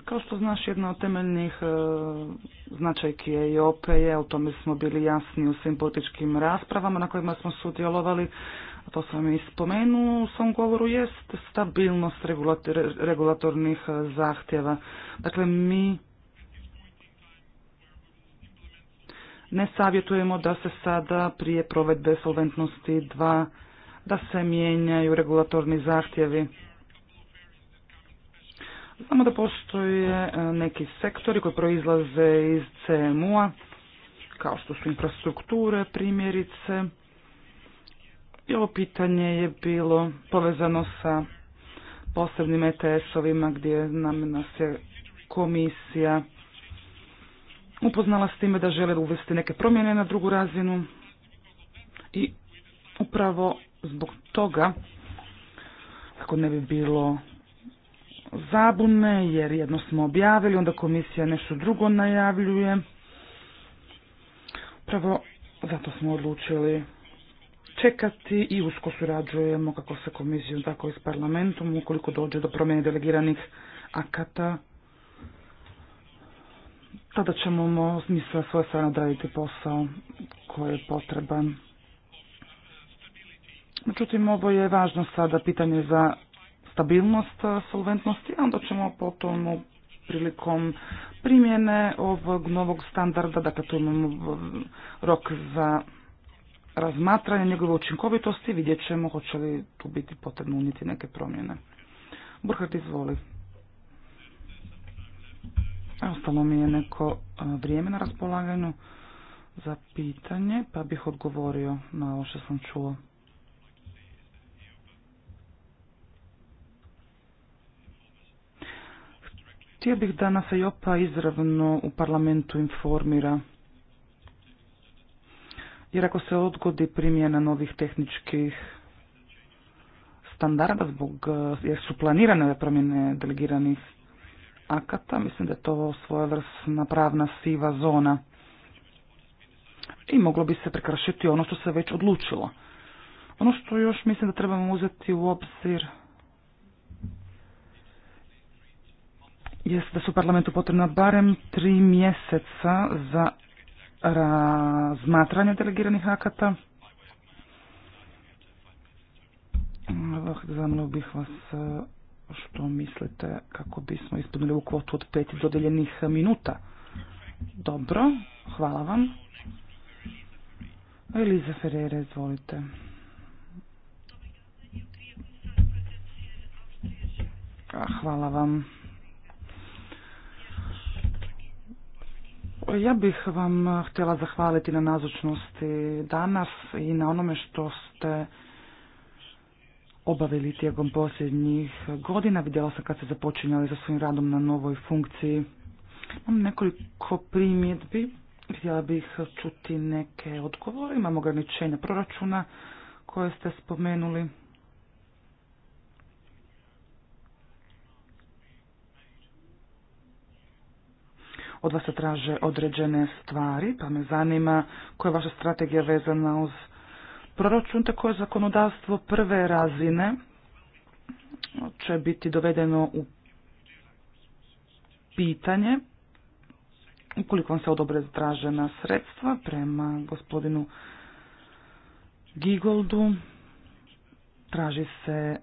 Kao što znaš, jedna od temeljnih e, značajki je i OPE, o tome smo bili jasni u svim političkim raspravama na kojima smo sudjelovali, a to sam i spomenuo u svom govoru, jest stabilnost regulatornih e, zahtjeva. Dakle, mi ne savjetujemo da se sada prije provedbe solventnosti 2 da se mijenjaju regulatorni zahtjevi. Znamo da postoje e, neki sektori koji proizlaze iz CMU-a, kao što su infrastrukture, primjerice. I ovo pitanje je bilo povezano sa posebnim ETS-ovima gdje nam nas je komisija upoznala s time da žele uvesti neke promjene na drugu razinu i upravo zbog toga ako ne bi bilo zabune jer jedno smo objavili, onda komisija nešto drugo najavljuje. Prvo, zato smo odlučili čekati i usko surađujemo kako sa komisijom, tako i s parlamentom ukoliko dođe do promjene delegiranih akata. Tada ćemo mi sa svoje strane odraditi posao koji je potreban. Međutim, ovo je važno sada pitanje za stabilnost e, solventnosti, onda ćemo potom prilikom primjene ovog novog standarda, dakle tu imamo rok za razmatranje njegove učinkovitosti, vidjet ćemo hoće li tu biti potrebno unijeti neke promjene. Burkhard, izvoli. Ostalo mi je neko e, vrijeme na raspolaganju za pitanje, pa bih odgovorio na ovo što sam čuo. Htio bih da nas Jopa izravno u parlamentu informira. Jer ako se odgodi primjena novih tehničkih standarda zbog, eh, jer su planirane promjene delegiranih akata, mislim da je to svojevrsna pravna siva zona. I moglo bi se prekršiti ono što se već odlučilo. Ono što još mislim da trebamo uzeti u obzir jest da su parlamentu potrebna barem tri mjeseca za razmatranje delegiranih akata. Zamljeno bih vas e, što mislite kako bismo ispunili u kvotu od pet dodeljenih minuta. Dobro, hvala vam. Eliza Ferreira, izvolite. Hvala vam. Ja bih vam eh, htjela zahvaliti na nazočnosti danas i na onome što ste obavili tijekom posljednjih godina. Vidjela sam kad ste započinjali sa svojim radom na novoj funkciji. Imam nekoliko primjedbi. Htjela bih čuti neke odgovore. Imam ograničenja proračuna koje ste spomenuli. od vas se traže određene stvari, pa me zanima koja je vaša strategija vezana uz proračun, tako je zakonodavstvo prve razine će biti dovedeno u pitanje ukoliko vam se odobre tražena sredstva prema gospodinu Gigoldu traži se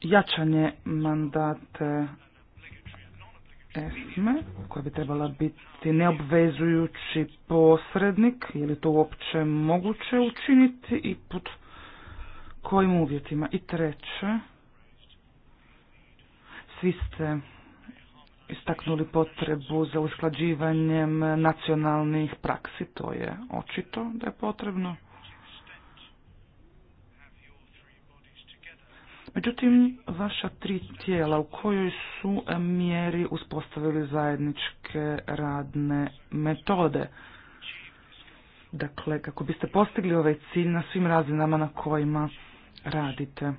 jačanje mandate koja bi trebala biti neobvezujući posrednik, je li to uopće moguće učiniti i pod kojim uvjetima. I treće, svi ste istaknuli potrebu za usklađivanjem nacionalnih praksi, to je očito da je potrebno. Međutim, vaša tri tijela u kojoj su mjeri uspostavili zajedničke radne metode? Dakle, kako biste postigli ovaj cilj na svim razinama na kojima radite.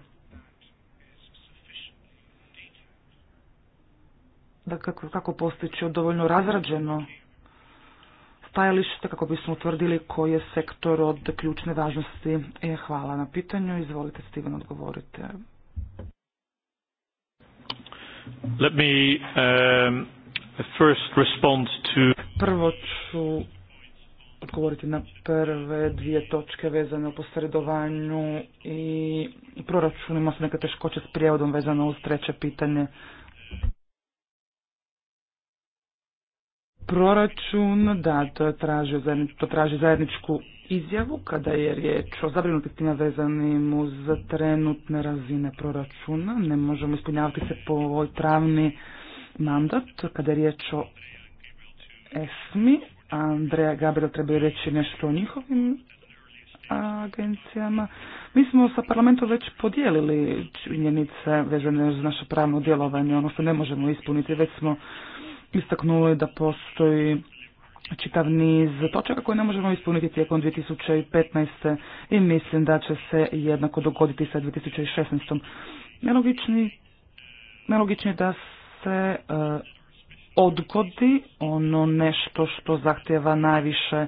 Da kako, kako postići dovoljno razrađeno stajalište kako bismo utvrdili koji je sektor od ključne važnosti. E, hvala na pitanju. Izvolite Steven odgovorite. Let me um, first respond to... Prvo ću odgovoriti na prve dvije točke vezane o posredovanju i proračunima su neke teškoće s prijevodom vezano uz treće pitanje. proračun, da, to, je tražio, traži zajedničku izjavu kada je riječ o zabrinutostima vezanim uz trenutne razine proračuna. Ne možemo ispunjavati se po ovoj pravni mandat kada je riječ o ESMI. Andreja Gabriel treba reći nešto o njihovim agencijama. Mi smo sa parlamentom već podijelili činjenice vezane za naše pravno djelovanje, ono što ne možemo ispuniti, već smo istaknulo je da postoji čitav niz točaka koje ne možemo ispuniti tijekom 2015. i mislim da će se jednako dogoditi sa 2016. Nelogični, nelogični da se e, odgodi ono nešto što zahtjeva najviše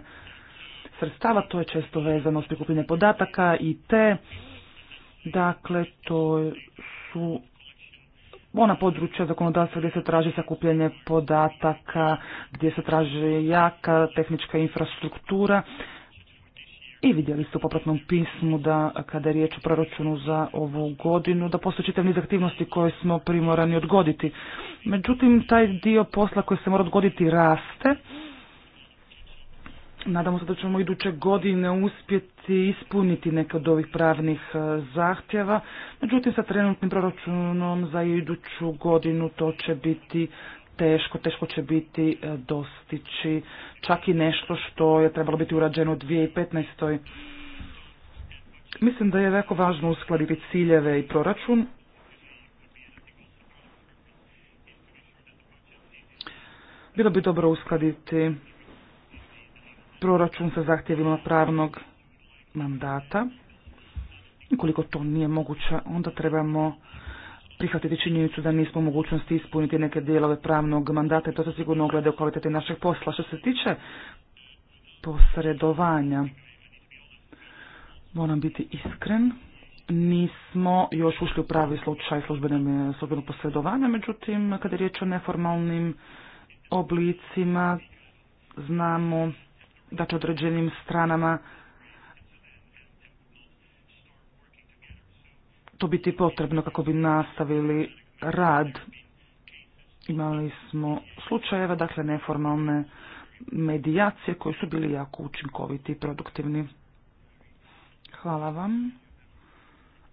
sredstava, to je često vezano s prikupljanje podataka i te, dakle to su ona područja zakonodavstva gdje se traži sakupljanje podataka, gdje se traži jaka tehnička infrastruktura. I vidjeli ste u popratnom pismu da kada je riječ o proračunu za ovu godinu, da postoji čitav niz aktivnosti koje smo primorani odgoditi. Međutim, taj dio posla koji se mora odgoditi raste Nadamo se da ćemo iduće godine uspjeti ispuniti neke od ovih pravnih e, zahtjeva, međutim sa trenutnim proračunom za iduću godinu to će biti teško, teško će biti e, dostići čak i nešto što je trebalo biti urađeno u 2015. Mislim da je jako važno uskladiti ciljeve i proračun. Bilo bi dobro uskladiti proračun sa zahtjevima pravnog mandata. Ukoliko to nije moguće, onda trebamo prihvatiti činjenicu da nismo u mogućnosti ispuniti neke dijelove pravnog mandata i to se sigurno ogleda u kvaliteti našeg posla. Što se tiče posredovanja, moram biti iskren, nismo još ušli u pravi slučaj službenog posredovanja, međutim, kada je riječ o neformalnim oblicima, znamo dakle određenim stranama to biti potrebno kako bi nastavili rad. Imali smo slučajeva, dakle neformalne medijacije koji su bili jako učinkoviti i produktivni. Hvala vam.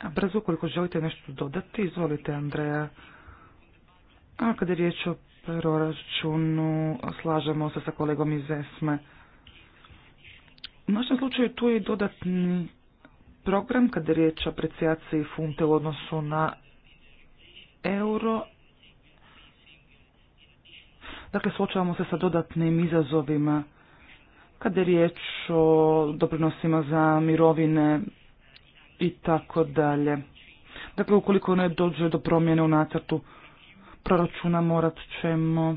A brzo, ukoliko želite nešto dodati, izvolite Andreja. A kada je riječ o proračunu, slažemo se sa kolegom iz ESME. U našem slučaju tu je i dodatni program kada je riječ o aprecijaciji funte u odnosu na euro. Dakle, suočavamo se sa dodatnim izazovima kada je riječ o doprinosima za mirovine i tako dalje. Dakle, ukoliko ne dođe do promjene u nacrtu proračuna, morat ćemo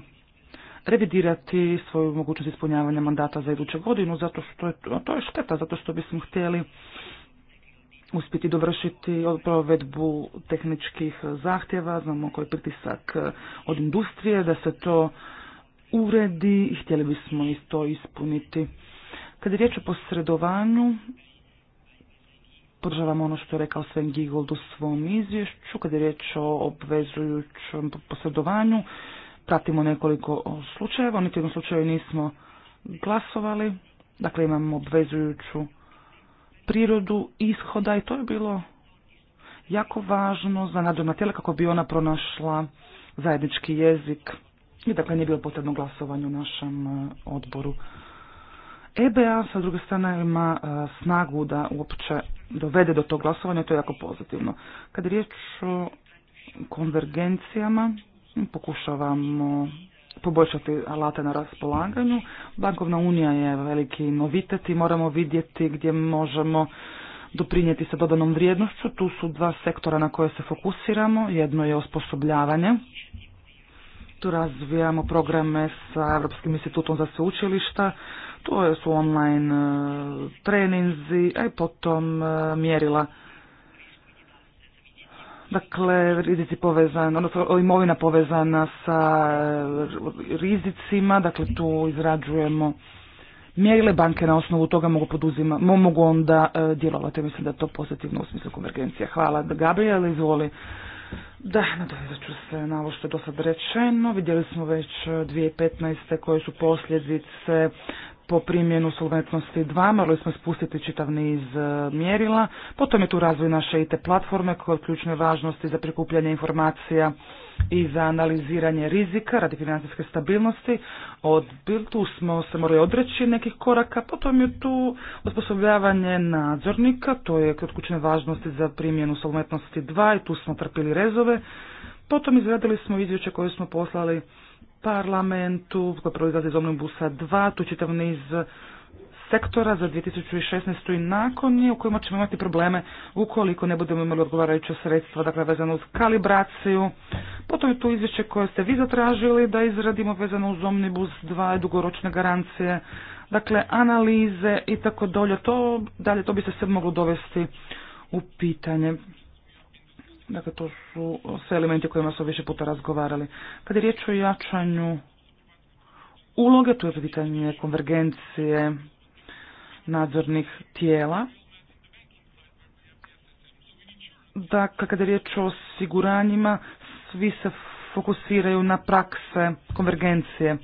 revidirati svoju mogućnost ispunjavanja mandata za iduću godinu, zato što je, to je šteta, zato što bismo htjeli uspjeti dovršiti provedbu tehničkih zahtjeva, znamo koji je pritisak eh, od industrije, da se to uredi i htjeli bismo i to ispuniti. Kad je riječ o posredovanju, podržavam ono što je rekao Sven Giegold u svom izvješću, kad je riječ o obvezujućem posredovanju, pratimo nekoliko slučajeva, niti jednom slučaju nismo glasovali, dakle imamo obvezujuću prirodu ishoda i to je bilo jako važno za nadzorna tijela kako bi ona pronašla zajednički jezik i dakle nije bilo potrebno glasovanje u našem e, odboru. EBA sa druge strane ima e, snagu da uopće dovede do tog glasovanja, to je jako pozitivno. Kad je riječ o konvergencijama, pokušavamo poboljšati alate na raspolaganju. Bankovna unija je veliki novitet i moramo vidjeti gdje možemo doprinijeti sa dodanom vrijednošću. Tu su dva sektora na koje se fokusiramo. Jedno je osposobljavanje. Tu razvijamo programe sa Europskim institutom za sveučilišta. To su online eh, treninzi, a i potom eh, mjerila Dakle, rizici povezan, odnosno imovina povezana sa e, rizicima, dakle tu izrađujemo mjerile banke na osnovu toga mogu poduzima, mogu onda e, djelovati. Mislim da je to pozitivno u smislu konvergencije. Hvala. Gabriel, izvoli. Da, nadovezat ću se na ovo što je do sad rečeno. Vidjeli smo već 2015. E, koje su posljedice po primjenu solventnosti 2, morali smo spustiti čitav niz e, mjerila, potom je tu razvoj naše IT platforme koja je od ključne važnosti za prikupljanje informacija i za analiziranje rizika radi financijske stabilnosti. Od, tu smo se morali odreći nekih koraka, potom je tu osposobljavanje nadzornika, to je od ključne važnosti za primjenu solventnosti 2 i tu smo trpili rezove. Potom izradili smo izvješće koje smo poslali parlamentu, koja proizlazi iz Omnibusa 2, tu čitav niz sektora za 2016. i nakon nje u kojima ćemo imati probleme ukoliko ne budemo imali odgovarajuća sredstva, dakle vezano uz kalibraciju. Potom je tu izvješće koje ste vi zatražili da izradimo vezano uz Omnibus 2 dugoročne garancije, dakle analize i tako dolje. To, dalje to bi se sve moglo dovesti u pitanje. Dakle, to su sve elementi o kojima smo više puta razgovarali. Kad je riječ o jačanju uloge, tu je pitanje konvergencije nadzornih tijela. Dakle, kada je riječ o osiguranjima, svi se fokusiraju na prakse konvergencije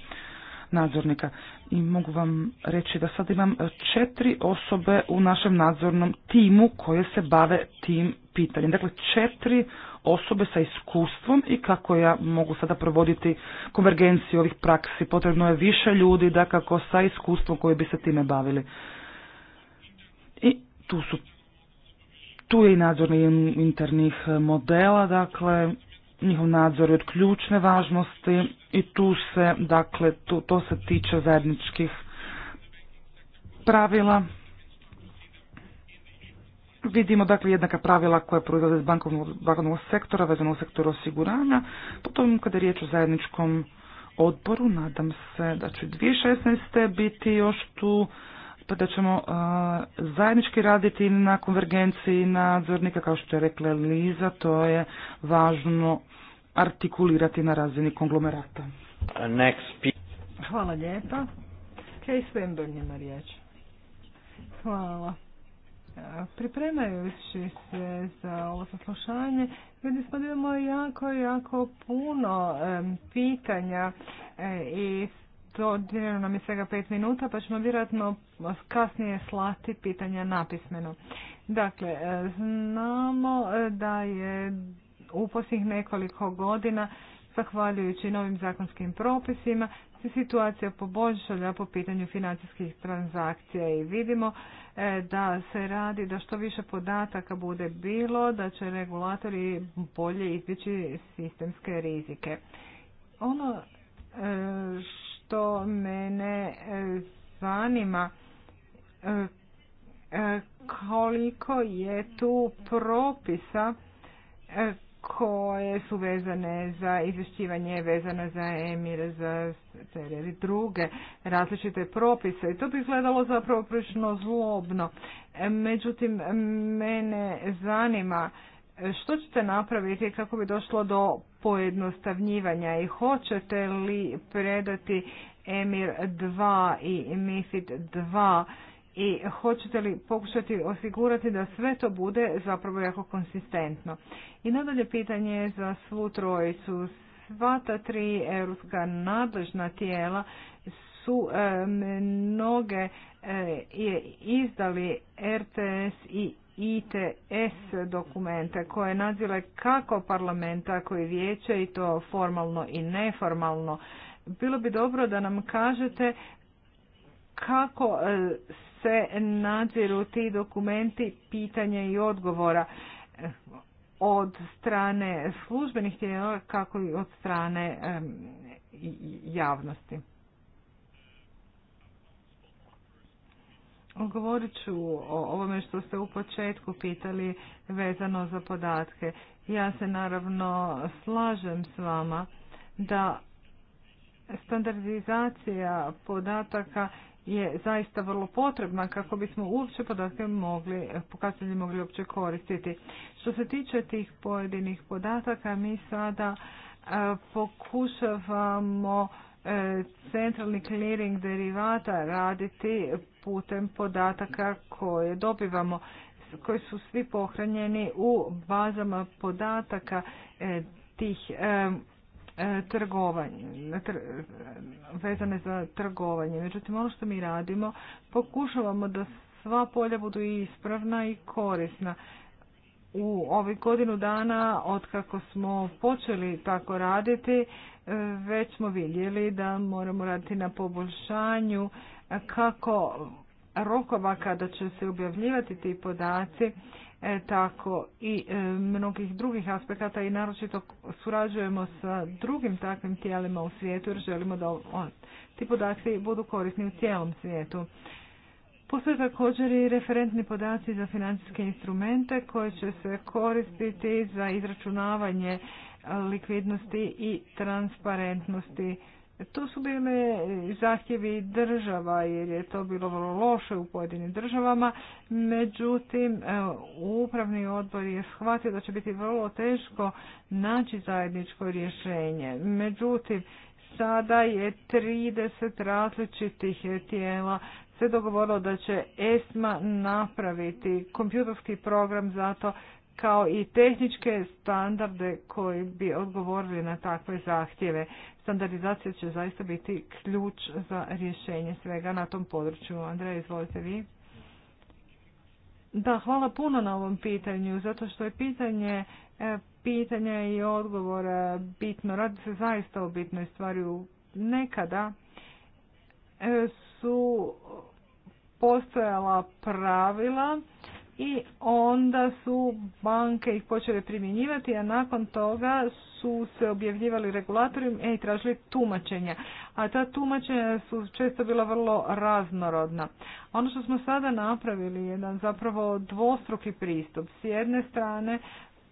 nadzornika i mogu vam reći da sad imam e, četiri osobe u našem nadzornom timu koje se bave tim pitanjem. Dakle, četiri osobe sa iskustvom i kako ja mogu sada provoditi konvergenciju ovih praksi. Potrebno je više ljudi da kako sa iskustvom koji bi se time bavili. I tu su tu je i nadzorni internih modela, dakle, njihov nadzor je od ključne važnosti i tu se, dakle, tu, to se tiče zajedničkih pravila. Vidimo dakle jednaka pravila koja proizlaze iz bankovnog, sektora, vezano u sektoru osiguranja. Potom kada je riječ o zajedničkom odboru, nadam se da će 2016. biti još tu pa da ćemo zajednički raditi na konvergenciji nadzornika, kao što je rekla Liza, to je važno artikulirati na razini konglomerata. Next. Hvala lijepa. Kej bolje na riječ. Hvala. E, pripremajući se za ovo saslušanje, vidi smo da imamo jako, jako puno pitanja e, i odvijeno nam je svega pet minuta, pa ćemo vjerojatno kasnije slati pitanja napismeno. Dakle, e, znamo e, da je u posljednjih nekoliko godina, zahvaljujući novim zakonskim propisima, se situacija poboljšala po pitanju financijskih transakcija i vidimo e, da se radi da što više podataka bude bilo, da će regulatori bolje izbjeći sistemske rizike. Ono to mene e, zanima e, e, koliko je tu propisa koje su vezane za izvješćivanje, vezane za emir, za druge različite propise. I to bi izgledalo zapravo prilično zlobno. Međutim, mene zanima što ćete napraviti kako bi došlo do pojednostavnjivanja i hoćete li predati Emir 2 i MIFID 2 i hoćete li pokušati osigurati da sve to bude zapravo jako konsistentno. I nadalje pitanje je za svu trojicu. Sva ta tri europska nadležna tijela su mnoge e, izdali RTS i ITS dokumente koje nazile kako parlamenta, koji vijeće i to formalno i neformalno. Bilo bi dobro da nam kažete kako e, se nadziru ti dokumenti pitanja i odgovora e, od strane službenih tijela kako i od strane javnosti. Govorit ću o ovome što ste u početku pitali vezano za podatke. Ja se naravno slažem s vama da standardizacija podataka je zaista vrlo potrebna kako bismo uopće podatke mogli, pokazatelji mogli uopće koristiti. Što se tiče tih pojedinih podataka, mi sada e, pokušavamo e, centralni clearing derivata raditi putem podataka koje dobivamo, koji su svi pohranjeni u bazama podataka e, tih e, e, trgovanja vezane za trgovanje. Međutim, ono što mi radimo, pokušavamo da sva polja budu ispravna i korisna. U ovih godinu dana, kako smo počeli tako raditi, već smo vidjeli da moramo raditi na poboljšanju kako rokova kada će se objavljivati ti podaci, e, tako i e, mnogih drugih aspekata i naročito surađujemo sa drugim takvim tijelima u svijetu jer želimo da ti podaci budu korisni u cijelom svijetu. Postoje također i referentni podaci za financijske instrumente koje će se koristiti za izračunavanje e, likvidnosti i transparentnosti to su bile zahtjevi država jer je to bilo vrlo loše u pojedinim državama. Međutim, upravni odbor je shvatio da će biti vrlo teško naći zajedničko rješenje. Međutim, sada je 30 različitih tijela sve dogovorilo da će ESMA napraviti kompjutorski program za to kao i tehničke standarde koji bi odgovorili na takve zahtjeve. Standardizacija će zaista biti ključ za rješenje svega na tom području. Andrej, izvolite vi. Da, hvala puno na ovom pitanju, zato što je pitanje e, pitanja i odgovora e, bitno. Radi se zaista o bitnoj stvari. Nekada e, su postojala pravila i onda su banke ih počele primjenjivati, a nakon toga su se objavljivali regulatori i tražili tumačenja. A ta tumačenja su često bila vrlo raznorodna. Ono što smo sada napravili je jedan zapravo dvostruki pristup. S jedne strane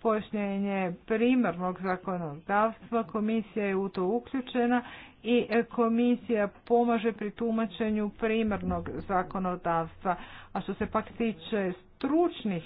pojašnjenje primarnog zakonodavstva. Komisija je u to uključena i komisija pomaže pri tumačenju primarnog zakonodavstva. A što se pak tiče stručnih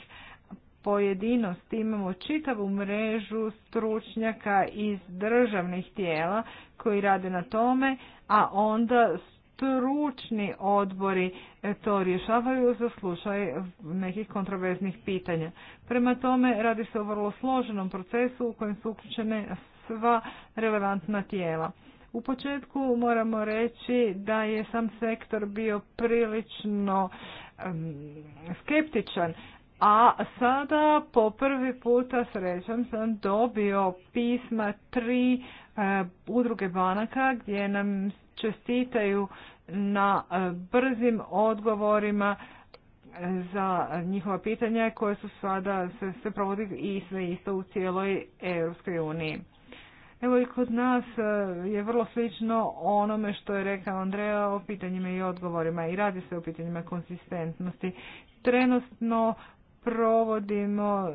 pojedinosti, imamo čitavu mrežu stručnjaka iz državnih tijela koji rade na tome, a onda stručni odbori e, to rješavaju za slučaj nekih kontroverznih pitanja. Prema tome radi se o vrlo složenom procesu u kojem su uključene sva relevantna tijela. U početku moramo reći da je sam sektor bio prilično skeptičan, a sada po prvi puta srećom sam dobio pisma tri e, udruge banaka gdje nam čestitaju na e, brzim odgovorima e, za njihova pitanja koje su sada se, se provodi i sve isto u cijeloj Europskoj uniji. Evo i kod nas e, je vrlo slično onome što je rekao Andreja o pitanjima i odgovorima i radi se o pitanjima konsistentnosti. Trenutno provodimo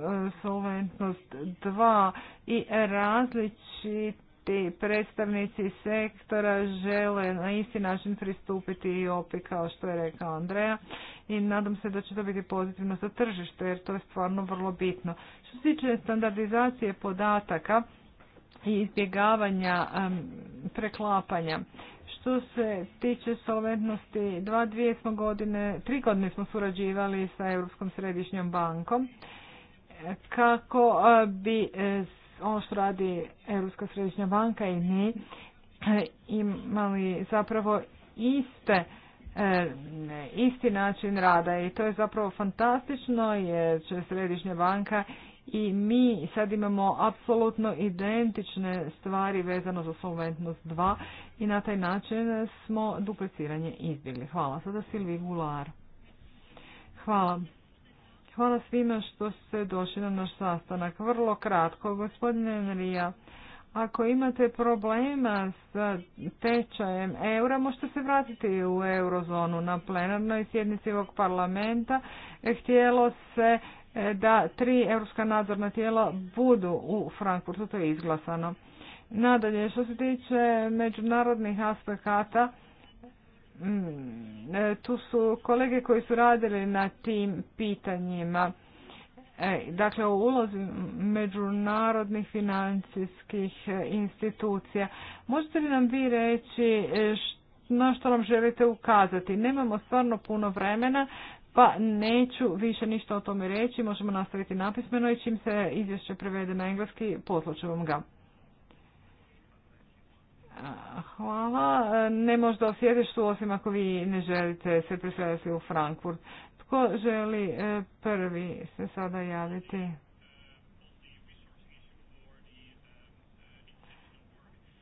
solventnost 2 i različit ti predstavnici sektora žele na isti način pristupiti i opi kao što je rekao Andreja i nadam se da će to biti pozitivno za tržište jer to je stvarno vrlo bitno. Što se tiče standardizacije podataka i izbjegavanja preklapanja, što se tiče solventnosti, dva, dvije smo godine, tri godine smo surađivali sa Europskom središnjom bankom kako eh, bi eh, ono što radi Europska središnja banka i mi eh, imali zapravo iste eh, isti način rada i to je zapravo fantastično jer će središnja banka i mi sad imamo apsolutno identične stvari vezano za solventnost 2 i na taj način smo dupliciranje izbjegli. Hvala. Sada Silvi Gular. Hvala. Hvala svima što ste došli na naš sastanak. Vrlo kratko, gospodine Enrija, ako imate problema s tečajem eura, možete se vratiti u eurozonu na plenarnoj sjednici ovog parlamenta. Htjelo se e, da tri europska nadzorna tijela budu u Frankfurtu, to je izglasano. Nadalje, što se tiče međunarodnih aspekata, Mm, e, tu su kolege koji su radili na tim pitanjima. E, dakle, o ulozi međunarodnih financijskih e, institucija. Možete li nam vi reći na što nam želite ukazati? Nemamo stvarno puno vremena, pa neću više ništa o tome reći. Možemo nastaviti napismeno i čim se izvješće prevede na engleski, ću ga. Hvala. Ne možda osjediš tu osim ako vi ne želite se preseliti u Frankfurt. Tko želi e, prvi se sada javiti?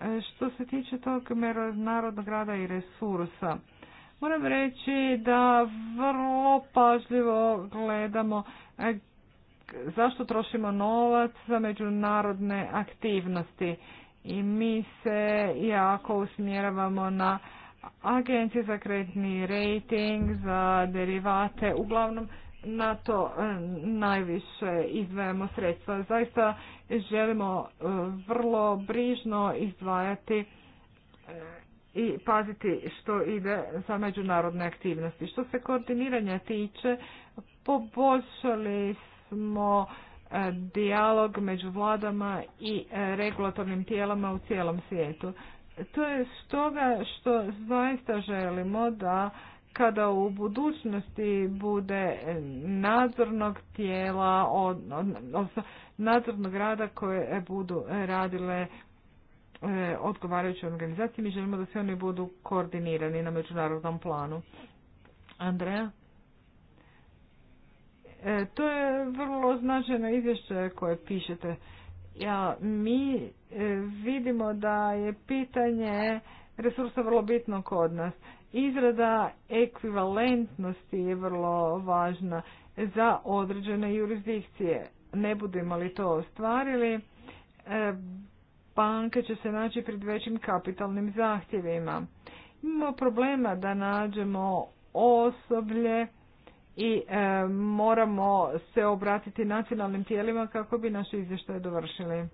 E, što se tiče tog narodnog rada i resursa, moram reći da vrlo pažljivo gledamo e, zašto trošimo novac za međunarodne aktivnosti i mi se jako usmjeravamo na agencije za kreditni rating, za derivate, uglavnom na to e, najviše izdvajamo sredstva. Zaista želimo e, vrlo brižno izdvajati e, i paziti što ide za međunarodne aktivnosti. Što se koordiniranja tiče, poboljšali smo E, dijalog među vladama i e, regulatornim tijelama u cijelom svijetu. To je stoga što zaista želimo da kada u budućnosti bude nadzornog tijela, od, nadzornog rada koje budu radile e, odgovarajuće organizacije, mi želimo da se oni budu koordinirani na međunarodnom planu. Andreja? E, to je vrlo značajno izvješće koje pišete. Ja, mi e, vidimo da je pitanje resursa vrlo bitno kod nas. Izrada ekvivalentnosti je vrlo važna za određene jurisdikcije. Ne budemo li to ostvarili, e, banke će se naći pred većim kapitalnim zahtjevima. Imamo problema da nađemo osoblje i e, moramo se obratiti nacionalnim tijelima kako bi naše izvještaje dovršili. E,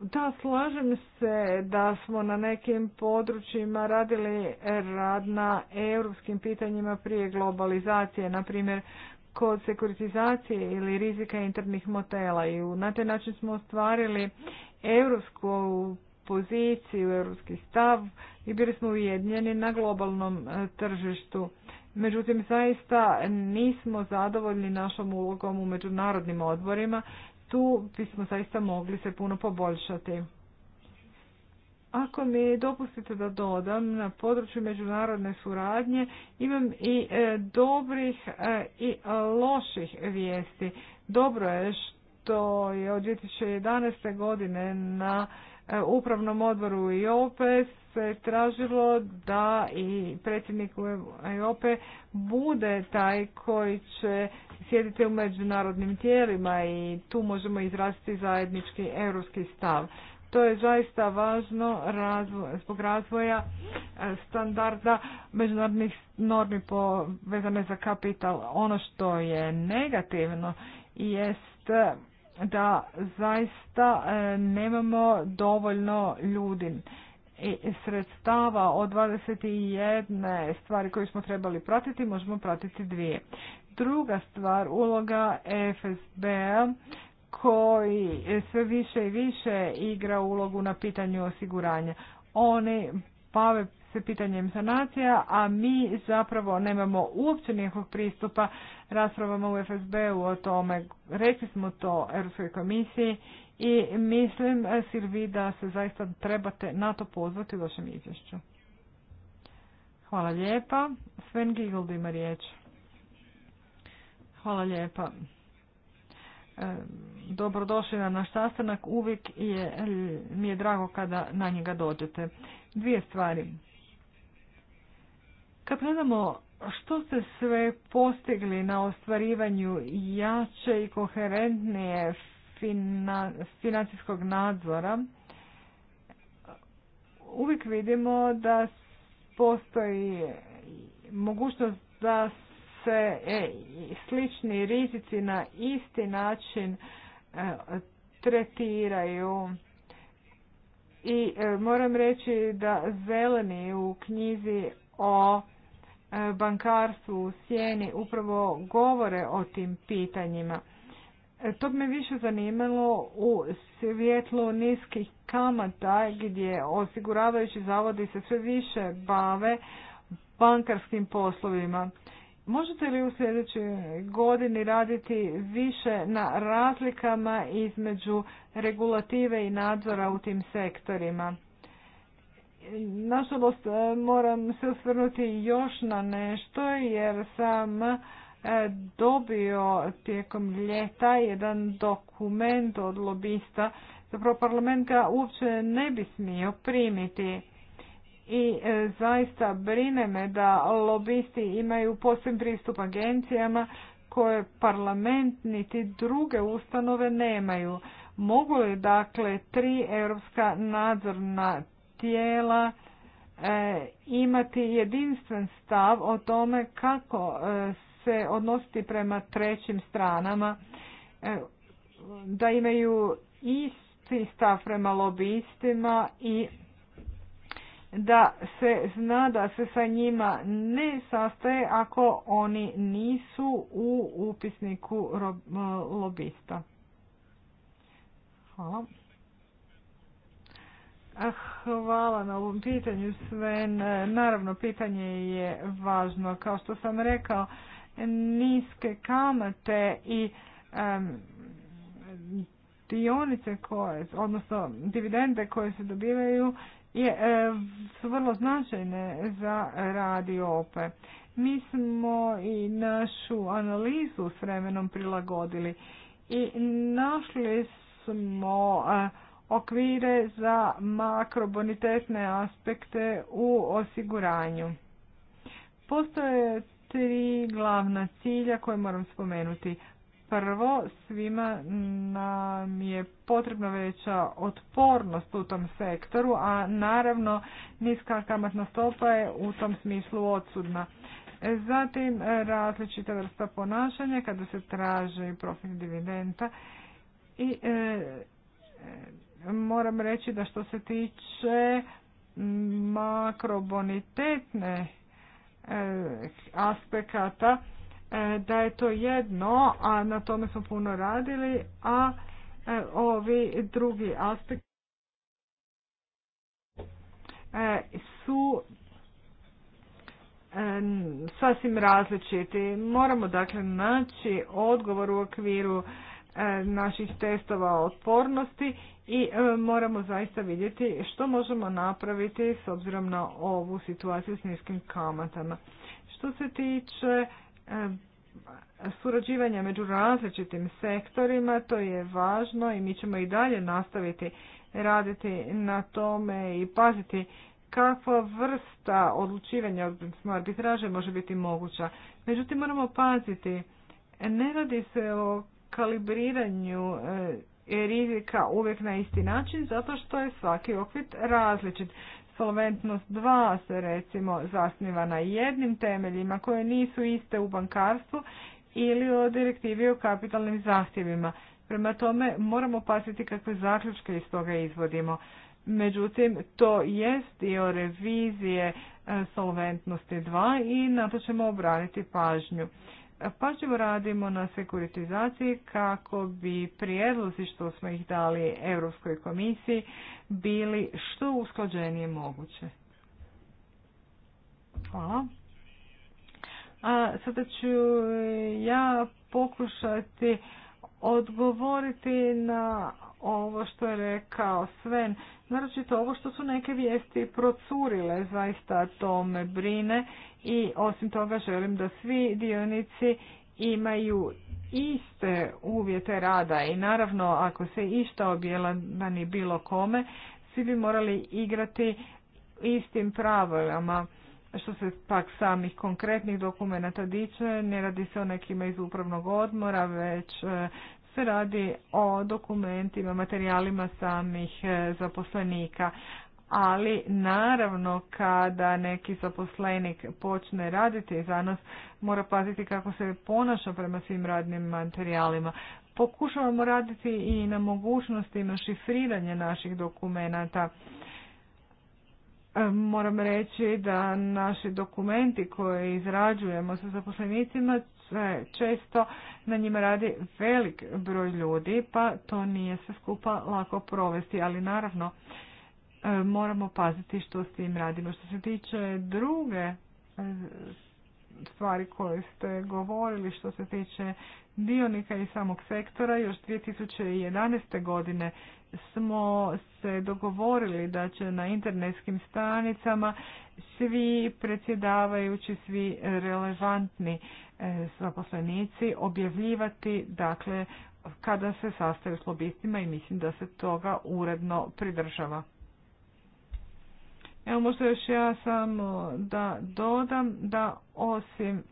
da, slažem se da smo na nekim područjima radili rad na europskim pitanjima prije globalizacije, na primjer kod sekuritizacije ili rizika internih motela i na taj način smo ostvarili europsku poziciju, europski stav i bili smo ujedinjeni na globalnom e, tržištu. Međutim, zaista nismo zadovoljni našom ulogom u međunarodnim odborima. Tu bismo zaista mogli se puno poboljšati. Ako mi dopustite da dodam, na području međunarodne suradnje imam i e, dobrih e, i loših vijesti. Dobro je što je od 2011. godine na upravnom odboru IOPE se tražilo da i predsjednik Europe bude taj koji će sjediti u međunarodnim tijelima i tu možemo izraziti zajednički europski stav. To je zaista važno razvoj, zbog razvoja e, standarda međunarodnih normi povezane za kapital. Ono što je negativno jest da zaista e, nemamo dovoljno ljudi i sredstava od 21 stvari koje smo trebali pratiti, možemo pratiti dvije. Druga stvar, uloga fsb koji sve više i više igra ulogu na pitanju osiguranja. Oni bave se pitanjem sanacija, a mi zapravo nemamo uopće nikog pristupa raspravama u FSB-u o tome. Rekli smo to Europskoj komisiji i mislim, e, vi da se zaista trebate na to pozvati u vašem izvješću. Hvala lijepa. Sven Gigold ima riječ. Hvala lijepa. E, dobrodošli na naš sastanak. Uvijek je, mi je drago kada na njega dođete. Dvije stvari. Kad gledamo što ste sve postigli na ostvarivanju jače i koherentnije financijskog nadzora, uvijek vidimo da postoji mogućnost da se e, slični rizici na isti način e, tretiraju. I e, moram reći da zeleni u knjizi o E, bankarstvu u sjeni upravo govore o tim pitanjima. E, to bi me više zanimalo u svjetlu niskih kamata gdje osiguravajući zavodi se sve više bave bankarskim poslovima. Možete li u sljedećoj godini raditi više na razlikama između regulative i nadzora u tim sektorima? Nažalost, e, moram se osvrnuti još na nešto jer sam e, dobio tijekom ljeta jedan dokument od lobista. Zapravo parlament uopće ne bi smio primiti. I e, zaista brine me da lobisti imaju poseben pristup agencijama koje parlament niti druge ustanove nemaju. Mogu li dakle tri europska nadzorna tijela e, imati jedinstven stav o tome kako e, se odnositi prema trećim stranama, e, da imaju isti stav prema lobistima i da se zna da se sa njima ne sastaje ako oni nisu u upisniku lobista. Hvala. Ah, hvala na ovom pitanju, Sven. E, naravno, pitanje je važno. Kao što sam rekao, niske kamate i dionice koje, odnosno dividende koje se dobivaju je, e, su vrlo značajne za radio ope. Mi smo i našu analizu s vremenom prilagodili i našli smo e, okvire za makrobonitetne aspekte u osiguranju. Postoje tri glavna cilja koje moram spomenuti. Prvo, svima nam je potrebna veća otpornost u tom sektoru, a naravno niska kamatna stopa je u tom smislu odsudna. Zatim različita vrsta ponašanja kada se traži profit dividenda i e, moram reći da što se tiče makrobonitetne e, aspekata, e, da je to jedno, a na tome smo puno radili, a e, ovi drugi aspekt su sasvim različiti. Moramo dakle naći odgovor u okviru E, naših testova otpornosti i e, moramo zaista vidjeti što možemo napraviti s obzirom na ovu situaciju s niskim kamatama. Što se tiče e, surađivanja među različitim sektorima, to je važno i mi ćemo i dalje nastaviti raditi na tome i paziti kakva vrsta odlučivanja odnosno arbitraže može biti moguća. Međutim, moramo paziti, ne radi se o kalibriranju e, rizika uvijek na isti način zato što je svaki okvir različit. Solventnost 2 se recimo zasniva na jednim temeljima koje nisu iste u bankarstvu ili o direktivi o kapitalnim zahtjevima. Prema tome moramo paziti kakve zaključke iz toga izvodimo. Međutim, to jest dio revizije e, solventnosti 2 i na to ćemo obraniti pažnju. Pažljivo radimo na sekuritizaciji kako bi prijedlozi što smo ih dali Europskoj komisiji bili što usklađenije moguće. Hvala. A sada ću ja pokušati odgovoriti na ovo što je rekao Sven, naročito ovo što su neke vijesti procurile, zaista to me brine i osim toga želim da svi dionici imaju iste uvjete rada i naravno ako se išta ni bilo kome, svi bi morali igrati istim pravilama. Što se pak samih konkretnih dokumenata tiče, ne radi se o nekima iz upravnog odmora, već radi o dokumentima, materijalima samih e, zaposlenika. Ali naravno kada neki zaposlenik počne raditi za nas, mora paziti kako se ponaša prema svim radnim materijalima. Pokušavamo raditi i na mogućnostima šifriranja naših dokumenata. E, moram reći da naši dokumenti koje izrađujemo sa zaposlenicima sve često na njima radi velik broj ljudi, pa to nije sve skupa lako provesti, ali naravno e, moramo paziti što s tim radimo. Što se tiče druge e, stvari koje ste govorili što se tiče dionika i samog sektora. Još 2011. godine smo se dogovorili da će na internetskim stranicama svi predsjedavajući, svi relevantni E, zaposlenici objavljivati dakle kada se sastaju s lobistima i mislim da se toga uredno pridržava. Evo možda još ja samo da dodam da osim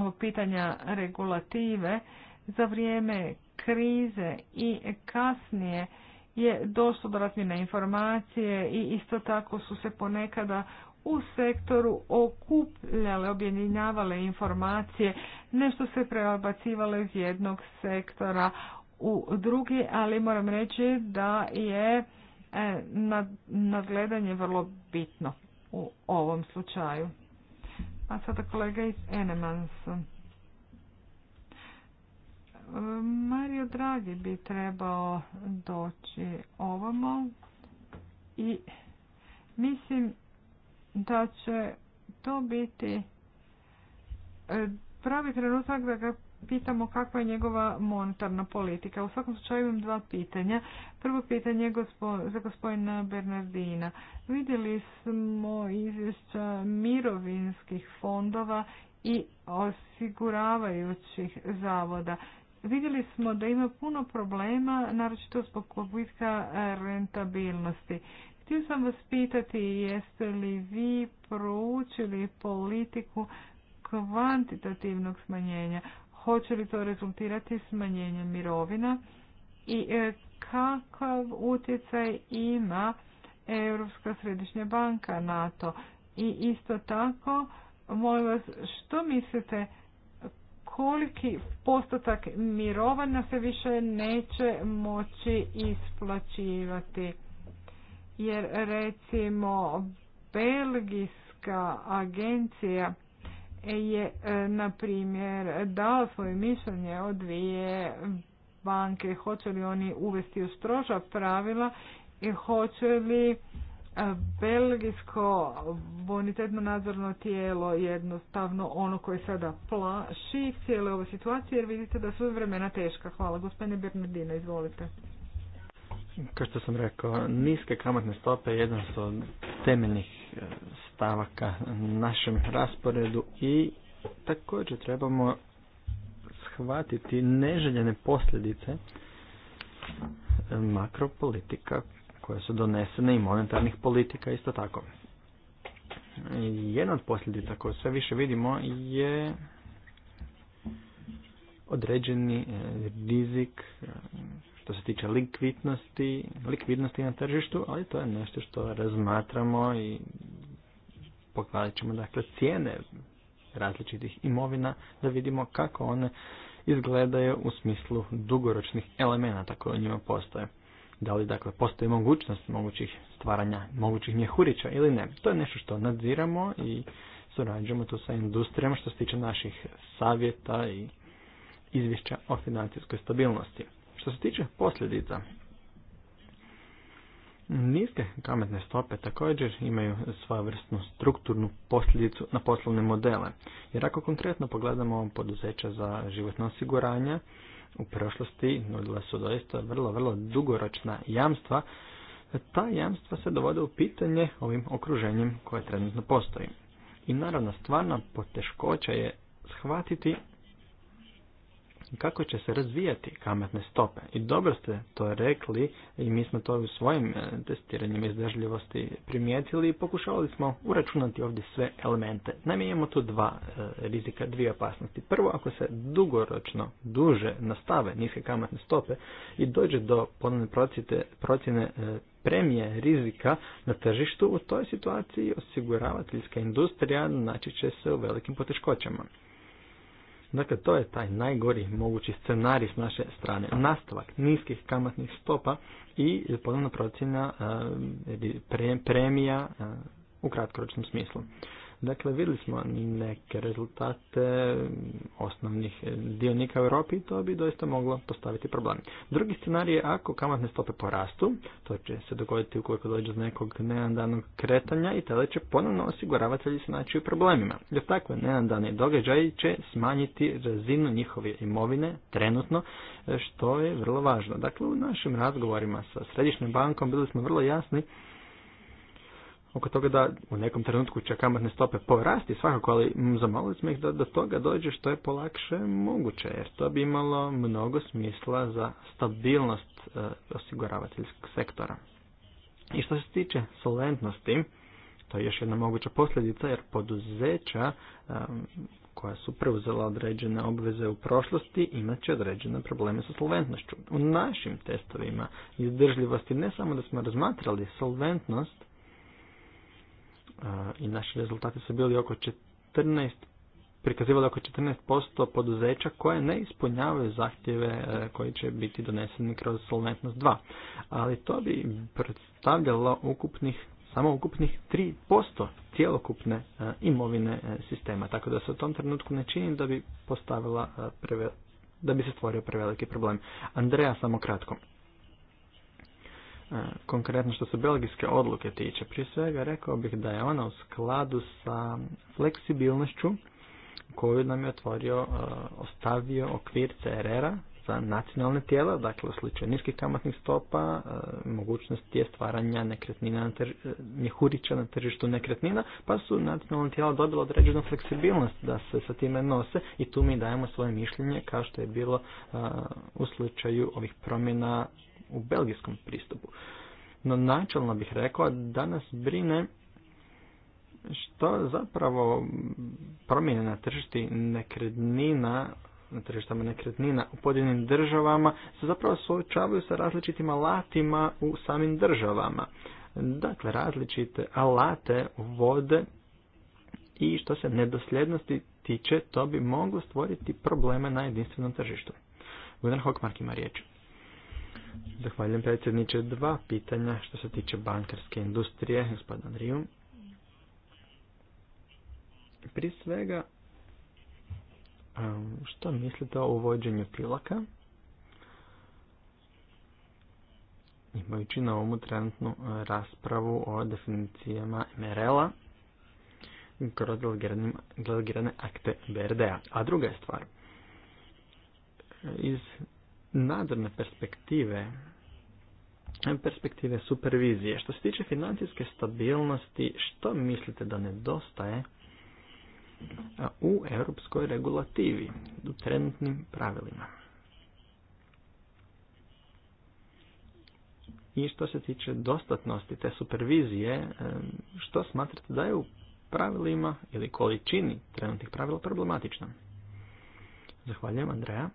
ovog pitanja regulative za vrijeme krize i kasnije je došlo do informacije i isto tako su se ponekada u sektoru okupljale, objedinjavale informacije, nešto se prebacivalo iz jednog sektora u drugi, ali moram reći da je e, nadgledanje vrlo bitno u ovom slučaju. A sada kolega iz Enemansa. E, Mario Draghi bi trebao doći ovamo i mislim da će to biti e, pravi trenutak da ga pitamo kakva je njegova monetarna politika. U svakom slučaju imam dva pitanja. Prvo pitanje je za gospodina Bernardina. Vidjeli smo izvješća mirovinskih fondova i osiguravajućih zavoda. Vidjeli smo da ima puno problema, naročito zbog rentabilnosti. Htio sam vas pitati jeste li vi proučili politiku kvantitativnog smanjenja? Hoće li to rezultirati smanjenjem mirovina? I e, kakav utjecaj ima Europska središnja banka na to? I isto tako, molim vas, što mislite koliki postotak mirovina se više neće moći isplaćivati? jer recimo belgijska agencija je e, na primjer dala svoje mišljenje o dvije banke, hoće li oni uvesti u stroža pravila i hoće li e, belgijsko bonitetno nadzorno tijelo jednostavno ono koje sada plaši cijele ove situacije jer vidite da su vremena teška. Hvala gospodine Bernardina, izvolite. Kao što sam rekao, niske kamatne stope je jedan od temeljnih e, stavaka našem rasporedu i također trebamo shvatiti neželjene posljedice e, makropolitika koje su donesene i monetarnih politika isto tako. E, jedna od posljedica koje sve više vidimo je određeni rizik što se tiče likvidnosti, likvidnosti na tržištu, ali to je nešto što razmatramo i pokazat ćemo dakle cijene različitih imovina da vidimo kako one izgledaju u smislu dugoročnih elemenata koje u njima postoje. Da li dakle postoji mogućnost mogućih stvaranja, mogućih mjehurića ili ne. To je nešto što nadziramo i surađujemo tu sa industrijama što se tiče naših savjeta i izvješća o financijskoj stabilnosti. Što se tiče posljedica, niske kametne stope također imaju svojevrsnu strukturnu posljedicu na poslovne modele. Jer ako konkretno pogledamo poduzeća za životno osiguranje, u prošlosti nudila su doista vrlo, vrlo dugoročna jamstva, ta jamstva se dovode u pitanje ovim okruženjem koje trenutno postoji. I naravno stvarna poteškoća je shvatiti kako će se razvijati kamatne stope. I dobro ste to rekli i mi smo to u svojim e, testiranjima izdržljivosti primijetili i pokušavali smo uračunati ovdje sve elemente. Naime, imamo tu dva e, rizika, dvije opasnosti. Prvo, ako se dugoročno, duže nastave niske kamatne stope i dođe do ponovne procjene, e, premije rizika na tržištu, u toj situaciji osiguravateljska industrija naći će se u velikim poteškoćama. Dakle, to je taj najgori mogući scenarij s naše strane. Nastavak niskih kamatnih stopa i ponovna procjena eh, premija eh, u kratkoročnom smislu. Dakle, vidjeli smo neke rezultate osnovnih dionika u Europi i to bi doista moglo postaviti problem. Drugi scenarij je ako kamatne stope porastu, to će se dogoditi ukoliko dođe do nekog neandanog kretanja i tada će ponovno osiguravatelji se naći u problemima. Jer takve neandane događaje će smanjiti razinu njihove imovine trenutno, što je vrlo važno. Dakle, u našim razgovorima sa Središnjom bankom bili smo vrlo jasni oko toga da u nekom trenutku će kamatne stope porasti svakako, ali zamolili smo ih da do toga dođe što je polakše moguće, jer to bi imalo mnogo smisla za stabilnost e, osiguravateljskog sektora. I što se tiče solventnosti, to je još jedna moguća posljedica, jer poduzeća e, koja su preuzela određene obveze u prošlosti imat će određene probleme sa solventnošću. U našim testovima izdržljivosti ne samo da smo razmatrali solventnost, i naši rezultati su bili oko 14 prikazivali oko 14% poduzeća koje ne ispunjavaju zahtjeve e, koji će biti doneseni kroz solventnost 2. Ali to bi predstavljalo ukupnih, samo ukupnih 3% cjelokupne e, imovine e, sistema. Tako da se u tom trenutku ne čini da bi postavila preve, da bi se stvorio preveliki problem. Andreja, samo kratko. Konkretno što se belgijske odluke tiče, prije svega rekao bih da je ona u skladu sa fleksibilnošću koju nam je otvorio, e, ostavio okvir CRR-a za nacionalne tijela, dakle u slučaju niskih kamatnih stopa, e, mogućnost je stvaranja nekretnina na e, na tržištu nekretnina, pa su nacionalna tijela dobila određenu fleksibilnost da se sa time nose i tu mi dajemo svoje mišljenje kao što je bilo u slučaju ovih promjena u belgijskom pristupu. No načelno bih rekao da nas brine što zapravo promjene na tržišti nekretnina na tržištama nekretnina u pojedinim državama se zapravo suočavaju sa različitim alatima u samim državama. Dakle, različite alate vode i što se nedosljednosti tiče, to bi moglo stvoriti probleme na jedinstvenom tržištu. Gunnar Hockmark ima riječ. Zahvaljujem predsjedniče. Dva pitanja što se tiče bankarske industrije, gospodin Andriju. Prije svega, um, što mislite o uvođenju pilaka? Imajući na ovu trenutnu uh, raspravu o definicijama MRL-a kroz delegirane akte BRD-a. A druga je stvar, iz nadzorne perspektive, perspektive supervizije. Što se tiče financijske stabilnosti, što mislite da nedostaje u europskoj regulativi, u trenutnim pravilima? I što se tiče dostatnosti te supervizije, što smatrate da je u pravilima ili količini trenutnih pravila problematična? Zahvaljujem, Andreja.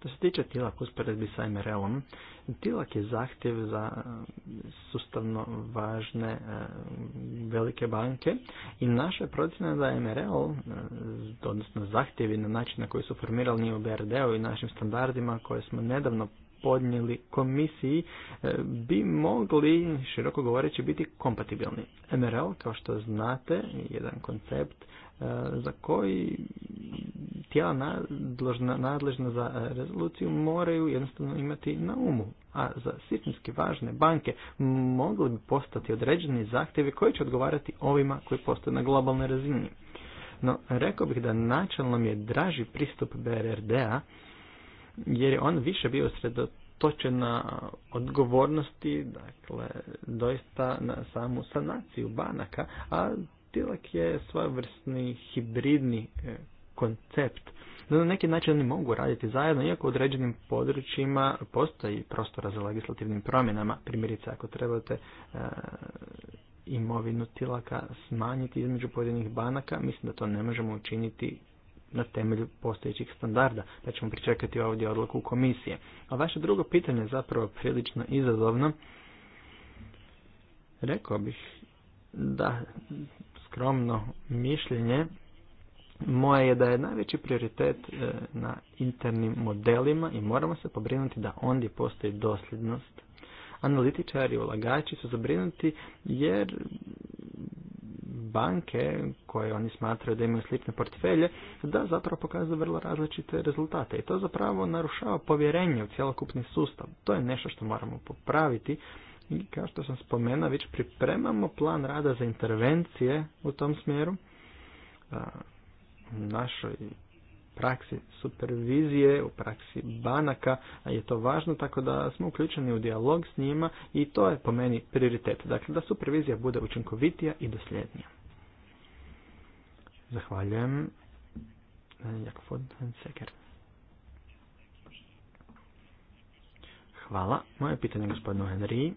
Što se tiče tilak usporedbi sa MRL-om, tilak je zahtjev za e, sustavno važne e, velike banke i naša je procjena da MRL, e, odnosno zahtjevi na način na koji su formirali u BRD-u i našim standardima koje smo nedavno podnijeli komisiji bi mogli, široko govoreći, biti kompatibilni. MRL, kao što znate, je jedan koncept za koji tijela nadležna, nadležna za e, rezoluciju moraju jednostavno imati na umu. A za sistemski važne banke mogli bi postati određeni zahtjevi koji će odgovarati ovima koji postoje na globalnoj razini. No, rekao bih da načalno mi je draži pristup BRRD-a, jer je on više bio sredotočen na odgovornosti, dakle, doista na samu sanaciju banaka, a Tilak je svojevrsni hibridni e, koncept da na neki način oni mogu raditi zajedno, iako u određenim područjima postoji prostora za legislativnim promjenama. Primjerice, ako trebate e, imovinu tilaka smanjiti između pojedinih banaka, mislim da to ne možemo učiniti na temelju postojećih standarda, da pa ćemo pričekati ovdje odluku komisije. A vaše drugo pitanje je zapravo prilično izazovno. Rekao bih da skromno mišljenje moje je da je najveći prioritet e, na internim modelima i moramo se pobrinuti da ondje postoji dosljednost. Analitičari i ulagači su zabrinuti jer banke koje oni smatraju da imaju slične portfelje, da zapravo pokazuju vrlo različite rezultate i to zapravo narušava povjerenje u cjelokupni sustav. To je nešto što moramo popraviti i kao što sam spomenuo, već pripremamo plan rada za intervencije u tom smjeru našoj praksi supervizije, u praksi banaka, a je to važno tako da smo uključeni u dijalog s njima i to je po meni prioritet. Dakle, da supervizija bude učinkovitija i dosljednija. Zahvaljujem. Hvala. Moje pitanje gospodinu Henry.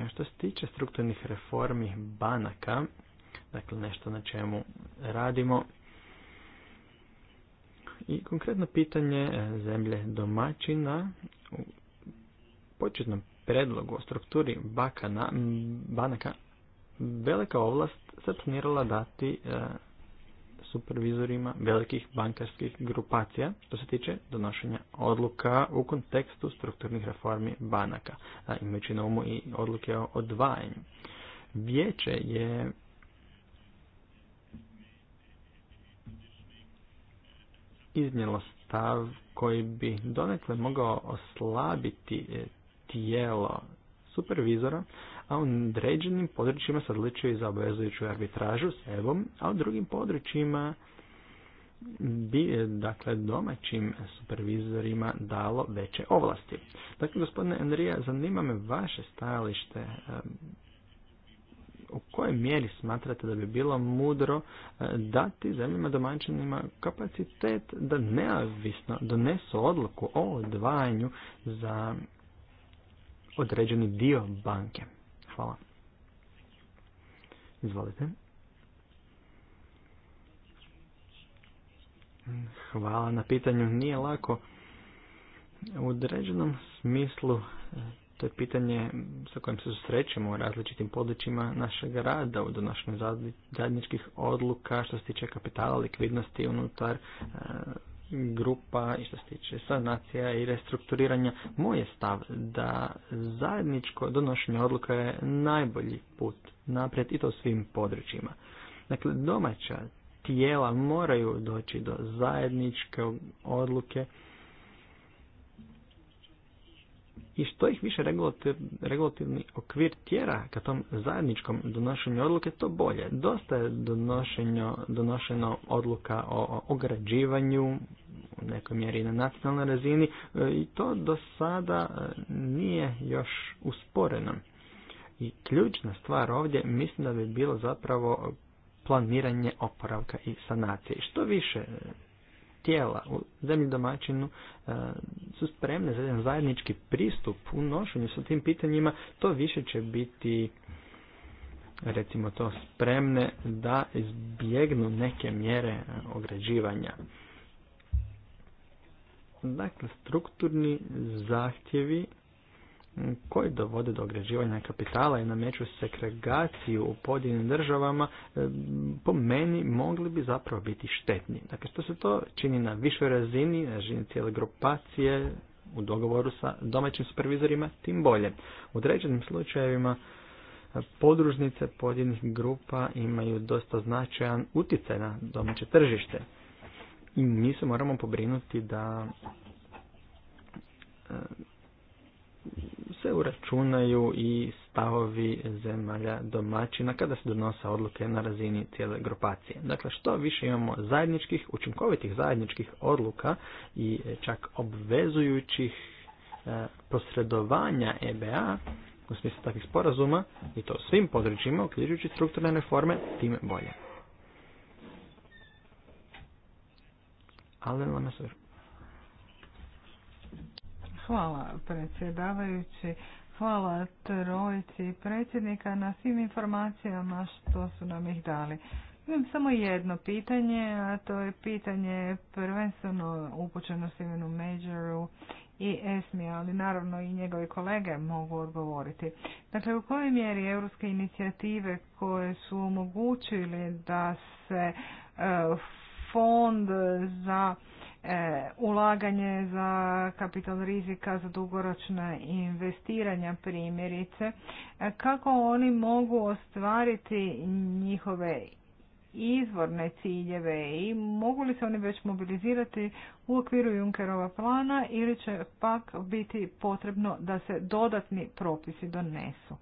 E, što se tiče strukturnih reformi banaka, dakle nešto na čemu radimo, i konkretno pitanje e, zemlje domaćina u početnom predlogu o strukturi bakana, banaka velika ovlast se planirala dati e, supervizorima velikih bankarskih grupacija što se tiče donošenja odluka u kontekstu strukturnih reformi banaka, a imajući na umu i odluke o odvajanju. Vijeće je iznijelo stav koji bi donekle mogao oslabiti e, tijelo supervizora, a u određenim područjima se i za obvezujuću arbitražu s evom, a u drugim područjima bi e, dakle domaćim supervizorima dalo veće ovlasti. Dakle, gospodine andrija zanima me vaše stajalište e, u kojoj mjeri smatrate da bi bilo mudro e, dati zemljama domaćinima kapacitet da neavisno donesu odluku o odvajanju za određeni dio banke? Hvala. Izvolite. Hvala na pitanju. Nije lako u određenom smislu e, to je pitanje sa kojim se susrećemo u različitim područjima našeg rada u donošenju zajedničkih odluka što se tiče kapitala, likvidnosti unutar e, grupa i što se tiče sanacija i restrukturiranja. Moj je stav da zajedničko donošenje odluka je najbolji put naprijed i to svim područjima. Dakle, domaća tijela moraju doći do zajedničke odluke i što ih više regulativni okvir tjera ka tom zajedničkom donošenju odluke, to bolje. Dosta je donošeno odluka o ograđivanju u nekoj mjeri na nacionalnoj razini e, i to do sada e, nije još usporeno. I ključna stvar ovdje mislim da bi bilo zapravo planiranje oporavka i sanacije. Što više tijela u zemlji domaćinu e, su spremne za jedan zajednički pristup u nošenju sa tim pitanjima, to više će biti recimo to spremne da izbjegnu neke mjere ograđivanja. Dakle, strukturni zahtjevi koji dovode do ogređivanja kapitala i nameću segregaciju u pojedinim državama, e, po meni mogli bi zapravo biti štetni. Dakle, što se to čini na višoj razini, na razini cijele grupacije, u dogovoru sa domaćim supervizorima, tim bolje. U određenim slučajevima e, podružnice pojedinih grupa imaju dosta značajan utjecaj na domaće tržište. I mi se moramo pobrinuti da e, se uračunaju i stavovi zemalja domaćina kada se donose odluke na razini cijele grupacije. Dakle, što više imamo zajedničkih, učinkovitih zajedničkih odluka i čak obvezujućih e, posredovanja EBA u smislu takvih sporazuma i to svim područjima, uključujući strukturne reforme, time bolje. Ali nam se Hvala predsjedavajući. Hvala trojici predsjednika na svim informacijama što su nam ih dali. Imam samo jedno pitanje, a to je pitanje prvenstveno upućeno Stevenu Majoru i Esmi, ali naravno i njegove kolege mogu odgovoriti. Dakle, u kojoj mjeri europske inicijative koje su omogućili da se e, fond za E, ulaganje za kapital rizika za dugoročna investiranja primjerice, e, kako oni mogu ostvariti njihove izvorne ciljeve i mogu li se oni već mobilizirati u okviru Junkerova plana ili će pak biti potrebno da se dodatni propisi donesu.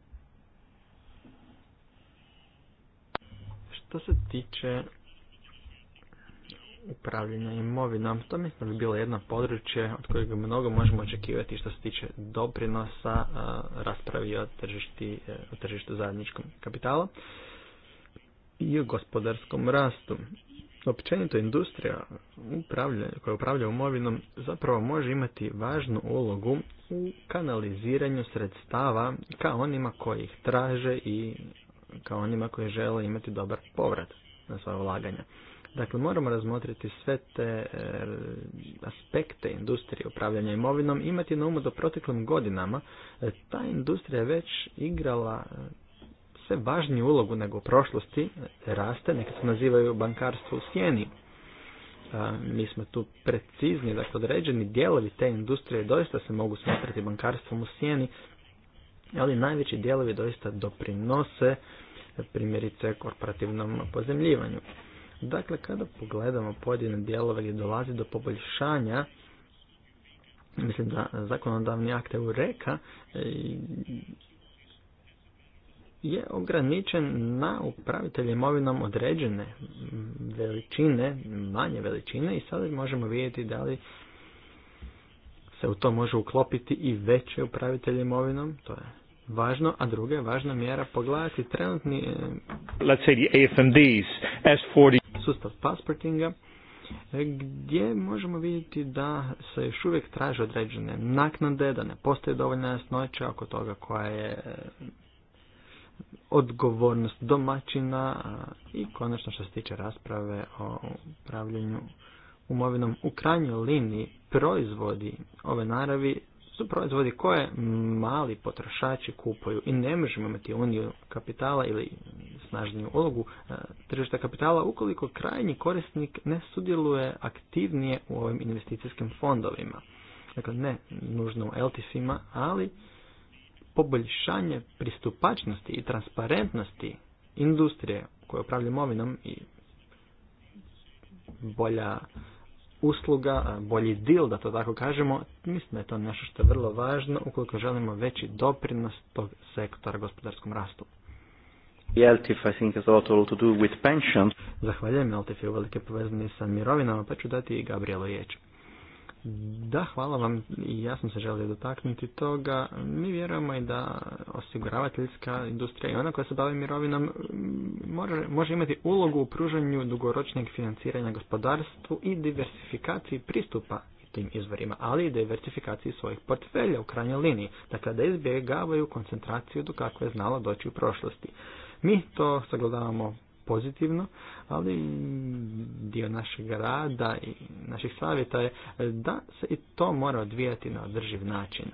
Što se tiče upravljanja imovinom. To mislim da bi bilo jedno područje od kojeg mnogo možemo očekivati što se tiče doprinosa raspravi o, tržišti, e, o tržištu zajedničkom kapitala i o gospodarskom rastu. Općenito industrija koja upravlja imovinom zapravo može imati važnu ulogu u kanaliziranju sredstava kao onima koji ih traže i kao onima koji žele imati dobar povrat na svoje ulaganja. Dakle, moramo razmotriti sve te e, aspekte industrije upravljanja imovinom, imati na umu da proteklim godinama e, ta industrija već igrala e, sve važniju ulogu nego u prošlosti, raste, neka se nazivaju bankarstvo u sjeni. Mi smo tu precizni, dakle određeni dijelovi te industrije doista se mogu smatrati bankarstvom u sjeni, ali najveći dijelovi doista doprinose primjerice korporativnom pozemljivanju. Dakle, kada pogledamo pojedine dijelove gdje dolazi do poboljšanja, mislim da zakonodavni akt Eureka e, je ograničen na upravitelj imovinom određene veličine, manje veličine i sada možemo vidjeti da li se u to može uklopiti i veće upravitelje imovinom, to je važno, a druga je važna mjera pogledati trenutni e, let's say S40 sustav pasportinga e, gdje možemo vidjeti da se još uvijek traže određene naknade, da ne postoji dovoljna jasnoća oko toga koja je e, odgovornost domaćina i konačno što se tiče rasprave o upravljanju umovinom u krajnjoj liniji proizvodi ove naravi su proizvodi koje mali potrošači kupuju i ne možemo imati uniju kapitala ili snažniju ulogu e, tržišta kapitala ukoliko krajnji korisnik ne sudjeluje aktivnije u ovim investicijskim fondovima. Dakle, ne nužno u LTF-ima, ali poboljšanje pristupačnosti i transparentnosti industrije koje upravlja imovinom i bolja usluga, bolji dil, da to tako kažemo, mislim da je to nešto što je vrlo važno ukoliko želimo veći doprinos tog sektora gospodarskom rastu. to do with Zahvaljujem, LTIF je uvelike povezani sa mirovinama, pa ću dati i Gabrielu riječ. Da, hvala vam. i Ja sam se želio dotaknuti toga. Mi vjerujemo i da osiguravateljska industrija i ona koja se bavi mirovinom mm, može, može imati ulogu u pružanju dugoročnog financiranja gospodarstvu i diversifikaciji pristupa tim izvorima, ali i diversifikaciji svojih portfelja u krajnjoj liniji, dakle da izbjegavaju koncentraciju do kakve je znala doći u prošlosti. Mi to sagledavamo pozitivno, ali dio našeg rada i naših savjeta je e, da se i to mora odvijati na održiv način.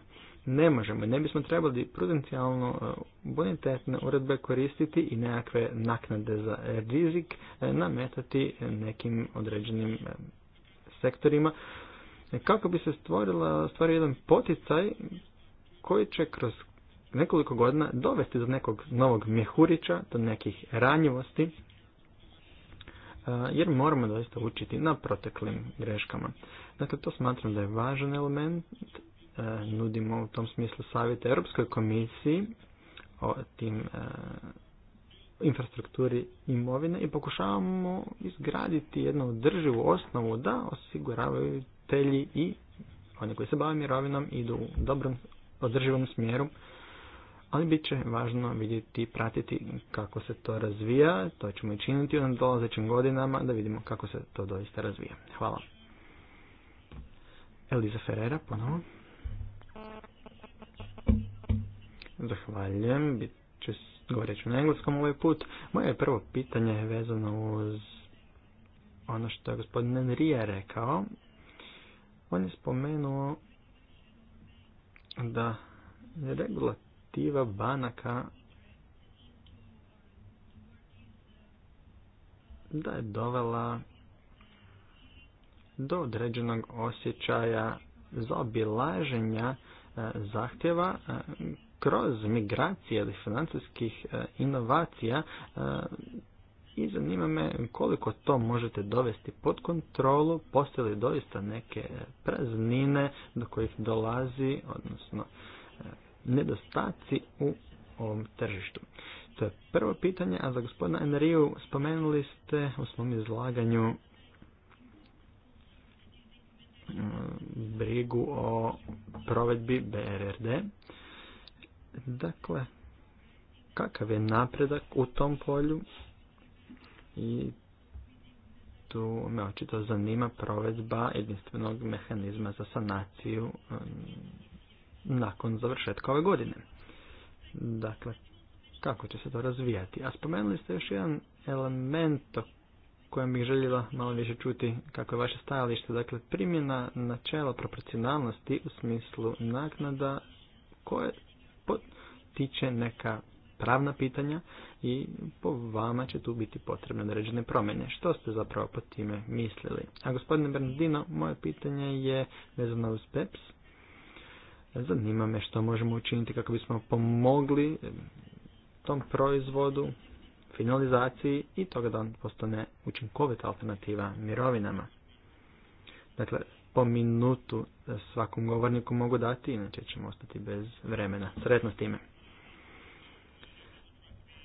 Ne možemo, ne bismo trebali prudencijalno e, bonitetne uredbe koristiti i nekakve naknade za rizik e, nametati nekim određenim sektorima kako bi se stvorila, stvorio jedan poticaj koji će kroz nekoliko godina dovesti do nekog novog mjehurića, do nekih ranjivosti jer moramo doista učiti na proteklim greškama. Dakle, to smatram da je važan element. Nudimo u tom smislu savjeta Europskoj komisiji o tim infrastrukturi imovine i pokušavamo izgraditi jednu održivu osnovu da osiguravaju i oni koji se bave mirovinom idu u dobrom održivom smjeru ali bit će važno vidjeti i pratiti kako se to razvija, to ćemo i činiti u nadolazećim godinama da vidimo kako se to doista razvija. Hvala. Eliza Ferreira, ponovo. Zahvaljujem, govorit ću na engleskom ovaj put. Moje prvo pitanje je vezano uz ono što je gospodin Enrija rekao. On je spomenuo da regulativa inicijativa banaka da je dovela do određenog osjećaja zaobilaženja e, zahtjeva e, kroz migracije ili financijskih e, inovacija i zanima me koliko to možete dovesti pod kontrolu, postoje li doista neke praznine do kojih dolazi, odnosno nedostaci u ovom tržištu? To je prvo pitanje, a za gospodina Enriju spomenuli ste u svom izlaganju mm, brigu o provedbi BRRD. Dakle, kakav je napredak u tom polju i tu me očito zanima provedba jedinstvenog mehanizma za sanaciju mm, nakon završetka ove godine. Dakle, kako će se to razvijati? A spomenuli ste još jedan element o kojem bih željela malo više čuti kako je vaše stajalište. Dakle, primjena načela proporcionalnosti u smislu naknada koje potiče neka pravna pitanja i po vama će tu biti potrebne određene promjene. Što ste zapravo po time mislili? A gospodine Bernardino, moje pitanje je vezano uz PEPS Zanima me što možemo učiniti kako bismo pomogli eh, tom proizvodu, finalizaciji i toga da on postane učinkovita alternativa mirovinama. Dakle, po minutu svakom govorniku mogu dati, inače ćemo ostati bez vremena. Sretno s time.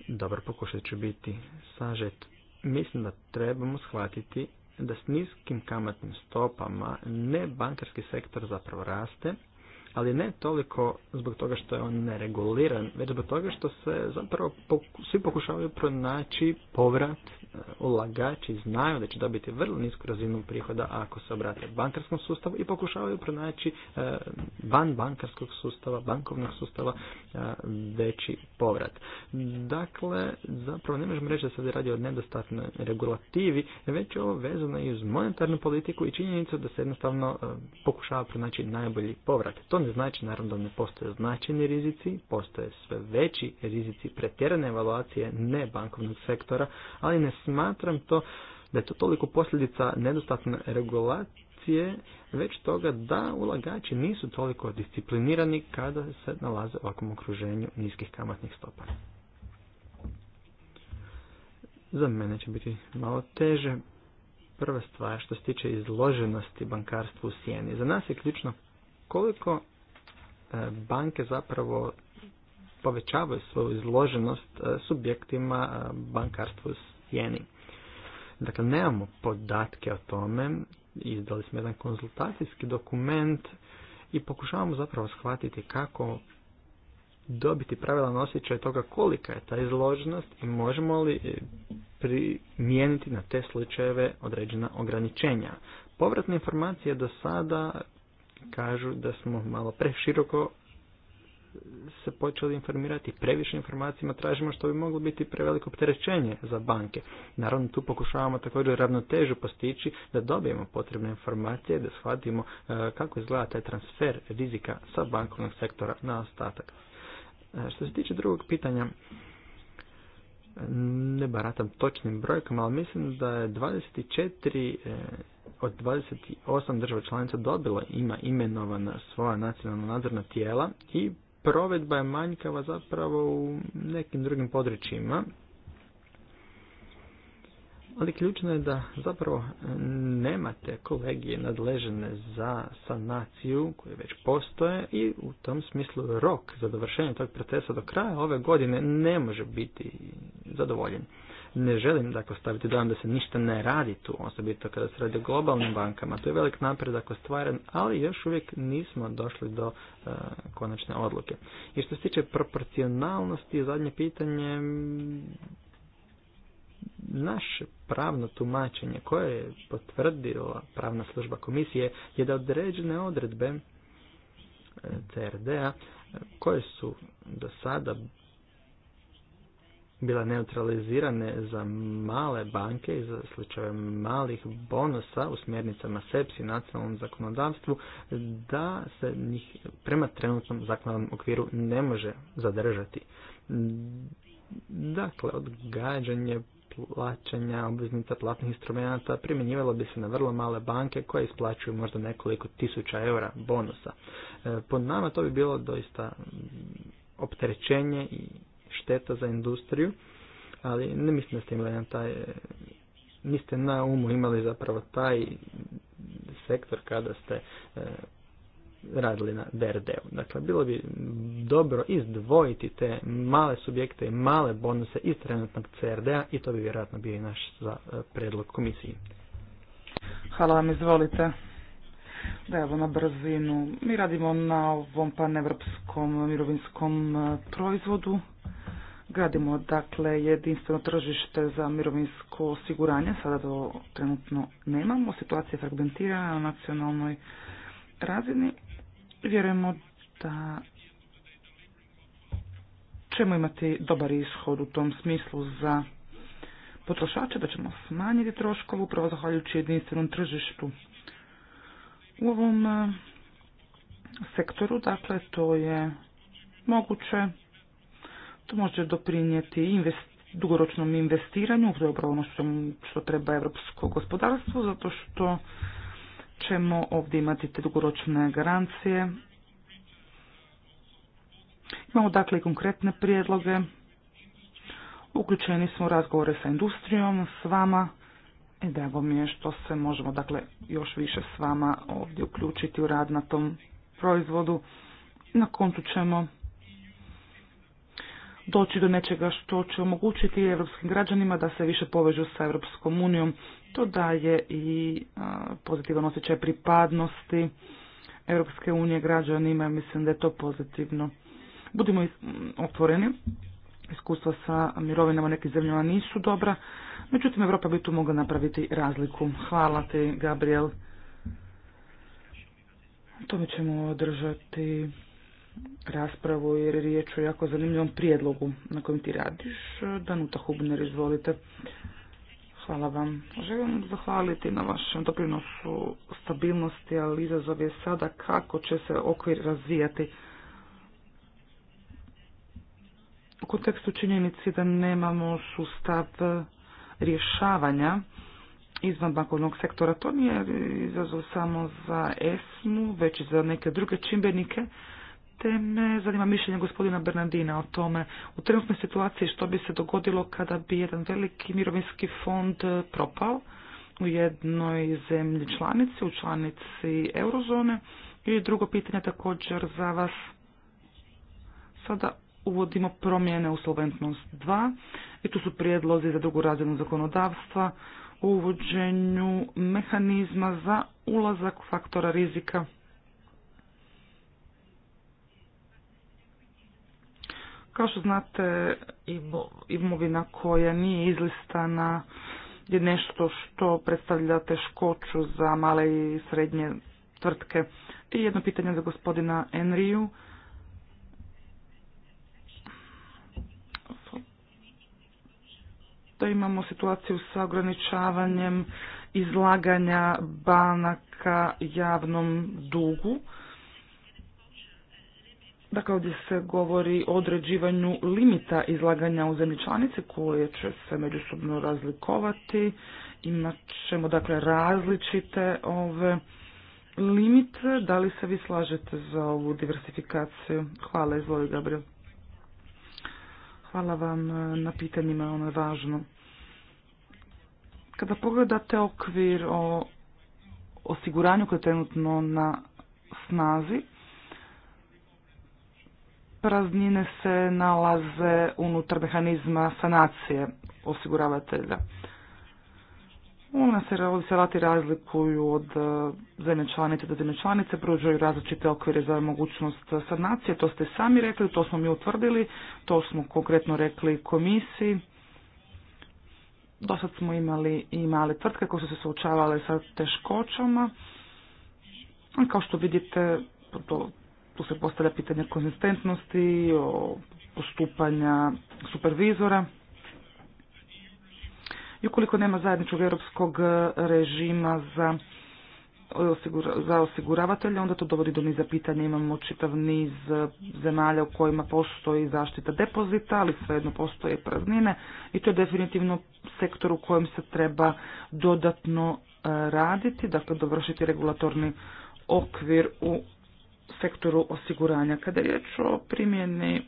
Dobro, pokušat ću biti sažet. Mislim da trebamo shvatiti da s niskim kamatnim stopama ne bankarski sektor zapravo raste, ali ne toliko zbog toga što je on nereguliran, već zbog toga što se zapravo svi pokušavaju pronaći povrat, e, ulagači znaju da će dobiti vrlo nisku razinu prihoda ako se obrate bankarskom sustavu i pokušavaju pronaći e, van bankarskog sustava, bankovnog sustava e, veći povrat. Dakle, zapravo ne možemo reći da se radi o nedostatnoj regulativi, već je ovo vezano i uz monetarnu politiku i činjenicu da se jednostavno pokušava pronaći najbolji povrat. To ne znači naravno da ne postoje značajni rizici, postoje sve veći rizici pretjerane evaluacije bankovnog sektora, ali ne smatram to da je to toliko posljedica nedostatne regulacije, već toga da ulagači nisu toliko disciplinirani kada se nalaze u ovakvom okruženju niskih kamatnih stopa. Za mene će biti malo teže. Prva stvar što se tiče izloženosti bankarstvu u sjeni. Za nas je ključno koliko banke zapravo povećavaju svoju izloženost e, subjektima e, bankarstvu jeni Dakle, nemamo podatke o tome, izdali smo jedan konzultacijski dokument i pokušavamo zapravo shvatiti kako dobiti pravilan osjećaj toga kolika je ta izloženost i možemo li e, primijeniti na te slučajeve određena ograničenja. Povratne informacije do sada kažu da smo malo preširoko se počeli informirati, previše informacijama tražimo što bi moglo biti preveliko opterećenje za banke. Naravno tu pokušavamo također ravnotežu postići da dobijemo potrebne informacije, da shvatimo e, kako izgleda taj transfer rizika sa bankovnog sektora na ostatak. E, što se tiče drugog pitanja, ne baratam točnim brojkama, ali mislim da je 24 od 28 država članica dobila ima imenovana svoja nacionalna nadzorna tijela i provedba je manjkava zapravo u nekim drugim područjima. Ali ključno je da zapravo nemate kolegije nadležene za sanaciju koje već postoje i u tom smislu rok za dovršenje tog procesa do kraja ove godine ne može biti zadovoljen. Ne želim dakle staviti dojam da se ništa ne radi tu, osobito kada se radi o globalnim bankama. To je velik napredak ostvaren, ali još uvijek nismo došli do e, konačne odluke. I što se tiče proporcionalnosti, zadnje pitanje, naše pravno tumačenje koje je potvrdila pravna služba komisije je da određene odredbe e, CRD-a e, koje su do sada bila neutralizirane za male banke i za slučaje malih bonusa u smjernicama SEPS i nacionalnom zakonodavstvu da se njih prema trenutnom zakonodavnom okviru ne može zadržati. Dakle, odgađanje plaćanja obveznica platnih instrumenata primjenjivalo bi se na vrlo male banke koje isplaćuju možda nekoliko tisuća eura bonusa. E, po nama to bi bilo doista opterećenje i šteta za industriju, ali ne mislim da ste imali na taj, e, niste na umu imali zapravo taj sektor kada ste e, radili na DRD-u. Dakle, bilo bi dobro izdvojiti te male subjekte i male bonuse iz trenutnog CRD-a i to bi vjerojatno bio i naš za e, predlog komisiji. Hvala vam, izvolite. Da evo na brzinu. Mi radimo na ovom panevropskom mirovinskom proizvodu Gradimo dakle jedinstveno tržište za mirovinsko osiguranje, sada to trenutno nemamo, situacija je fragmentirana na nacionalnoj razini. Vjerujemo da ćemo imati dobar ishod u tom smislu za potrošače, da ćemo smanjiti troškovu, upravo zahvaljujući jedinstvenom tržištu. U ovom eh, sektoru, dakle, to je moguće to može doprinijeti dugoročnom investiranju, to je ono što, treba evropsko gospodarstvo, zato što ćemo ovdje imati te dugoročne garancije. Imamo dakle i konkretne prijedloge. Uključeni smo u razgovore sa industrijom, s vama. I e, drago mi je što se možemo dakle još više s vama ovdje uključiti u rad na tom proizvodu. Na koncu ćemo doći do nečega što će omogućiti evropskim građanima da se više povežu sa Evropskom unijom. To daje i pozitivan osjećaj pripadnosti Evropske unije građanima. Mislim da je to pozitivno. Budimo mm, otvoreni. Iskustva sa mirovinama nekim zemljama nisu dobra. Međutim, Europa bi tu mogla napraviti razliku. Hvala ti, Gabriel. To mi ćemo održati raspravu jer je riječ o jako zanimljivom prijedlogu na kojem ti radiš. Danuta Hubner, izvolite. Hvala vam. Želim zahvaliti na vašem doprinosu stabilnosti, ali izazov je sada kako će se okvir razvijati. U kontekstu činjenici da nemamo sustav rješavanja izvan bankovnog sektora, to nije izazov samo za ESMU, već i za neke druge čimbenike te me zanima mišljenje gospodina Bernardina o tome u trenutnoj situaciji što bi se dogodilo kada bi jedan veliki mirovinski fond eh, propao u jednoj zemlji članici, u članici eurozone. I drugo pitanje također za vas. Sada uvodimo promjene u solventnost 2 i tu su prijedlozi za drugu razinu zakonodavstva u uvođenju mehanizma za ulazak faktora rizika Kao što znate, imovina koja nije izlistana je nešto što predstavlja teškoću za male i srednje tvrtke. I jedno pitanje za gospodina Enriju. Da imamo situaciju sa ograničavanjem izlaganja banaka javnom dugu. Dakle, ovdje se govori o određivanju limita izlaganja u zemlji članice koje će se međusobno razlikovati. Imat ćemo dakle različite ove limite. Da li se vi slažete za ovu diversifikaciju? Hvala, izvoli Gabriel. Hvala vam na pitanjima, ono je važno. Kada pogledate okvir o osiguranju koje je trenutno na snazi, praznine se nalaze unutar mehanizma sanacije osiguravatelja. Ona se ovdje razlikuju od e, zemlje članice do zemlje članice, pružaju različite okvire za mogućnost sanacije, to ste sami rekli, to smo mi utvrdili, to smo konkretno rekli komisiji. Dosad smo imali i male tvrtke koje su se suočavale sa teškoćama. Kao što vidite, to tu se postavlja pitanje konzistentnosti, o postupanja supervizora. I ukoliko nema zajedničkog europskog režima za za onda to dovodi do niza pitanja. Imamo čitav niz zemalja u kojima postoji zaštita depozita, ali svejedno postoje praznine i to je definitivno sektor u kojem se treba dodatno e, raditi, dakle dovršiti regulatorni okvir u sektoru osiguranja. Kada je riječ o primjeni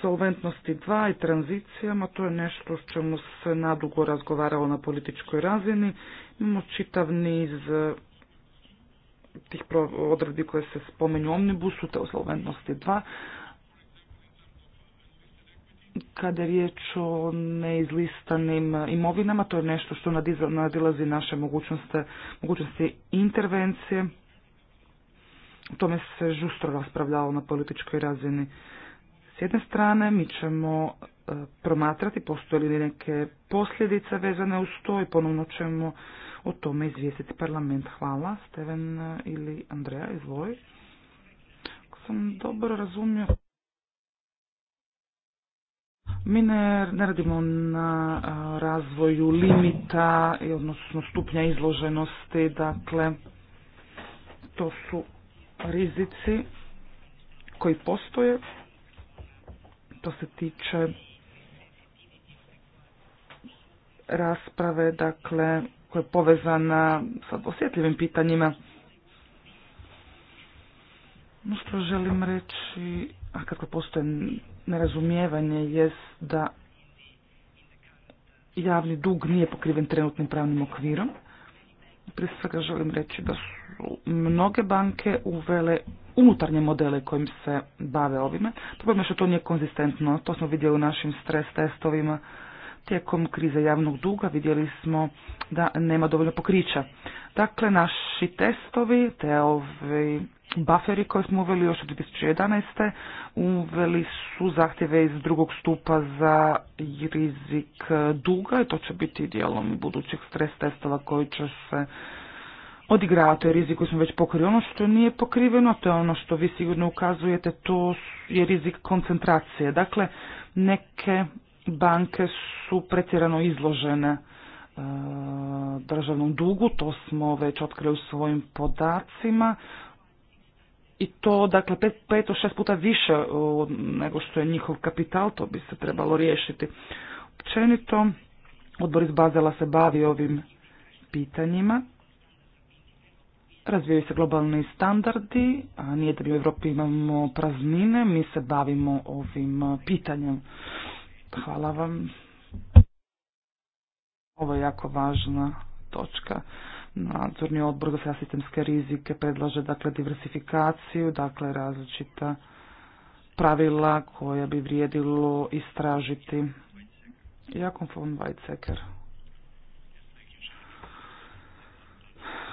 solventnosti 2 i tranzicijama, to je nešto s čemu se nadugo razgovaralo na političkoj razini. Imamo čitav niz eh, tih odredbi koje se spomenju omnibusu, te o solventnosti 2. Kada je riječ o neizlistanim imovinama, to je nešto što nadilazi naše mogućnosti, mogućnosti intervencije. O tome se žustro raspravljalo na političkoj razini. S jedne strane mi ćemo e, promatrati postoje li neke posljedice vezane uz to i ponovno ćemo o tome izvijestiti parlament. Hvala. Steven e, ili Andreja, izvoj. Ako sam dobro razumio... Mi ne, ne radimo na e, razvoju limita, odnosno stupnja izloženosti, dakle, to su rizici koji postoje. To se tiče rasprave, dakle, koja je povezana sa osjetljivim pitanjima. No što želim reći, a kako postoje nerazumijevanje, jest da javni dug nije pokriven trenutnim pravnim okvirom prije svega želim reći da su mnoge banke uvele unutarnje modele kojim se bave ovime. to je što to nije konzistentno, to smo vidjeli u našim stres testovima. Tijekom krize javnog duga vidjeli smo da nema dovoljno pokrića Dakle, naši testovi, te ovi buferi koje smo uveli još od 2011. uveli su zahtjeve iz drugog stupa za rizik duga i to će biti dijelom budućih stres testova koji će se odigravati rizik koji smo već pokrili. Ono što nije pokriveno, to je ono što vi sigurno ukazujete, to je rizik koncentracije. Dakle, neke banke su pretjerano izložene E, državnom dugu, to smo već otkrili u svojim podacima i to dakle pet, pet šest puta više e, nego što je njihov kapital, to bi se trebalo riješiti. Općenito, odbor iz Bazela se bavi ovim pitanjima, razvijaju se globalni standardi, a nije da bi u Europi imamo praznine, mi se bavimo ovim pitanjem. Hvala vam. Ovo je jako važna točka. Nadzorni odbor za sistemske rizike predlaže dakle diversifikaciju, dakle različita pravila koja bi vrijedilo istražiti. Jakom von Weizsäcker.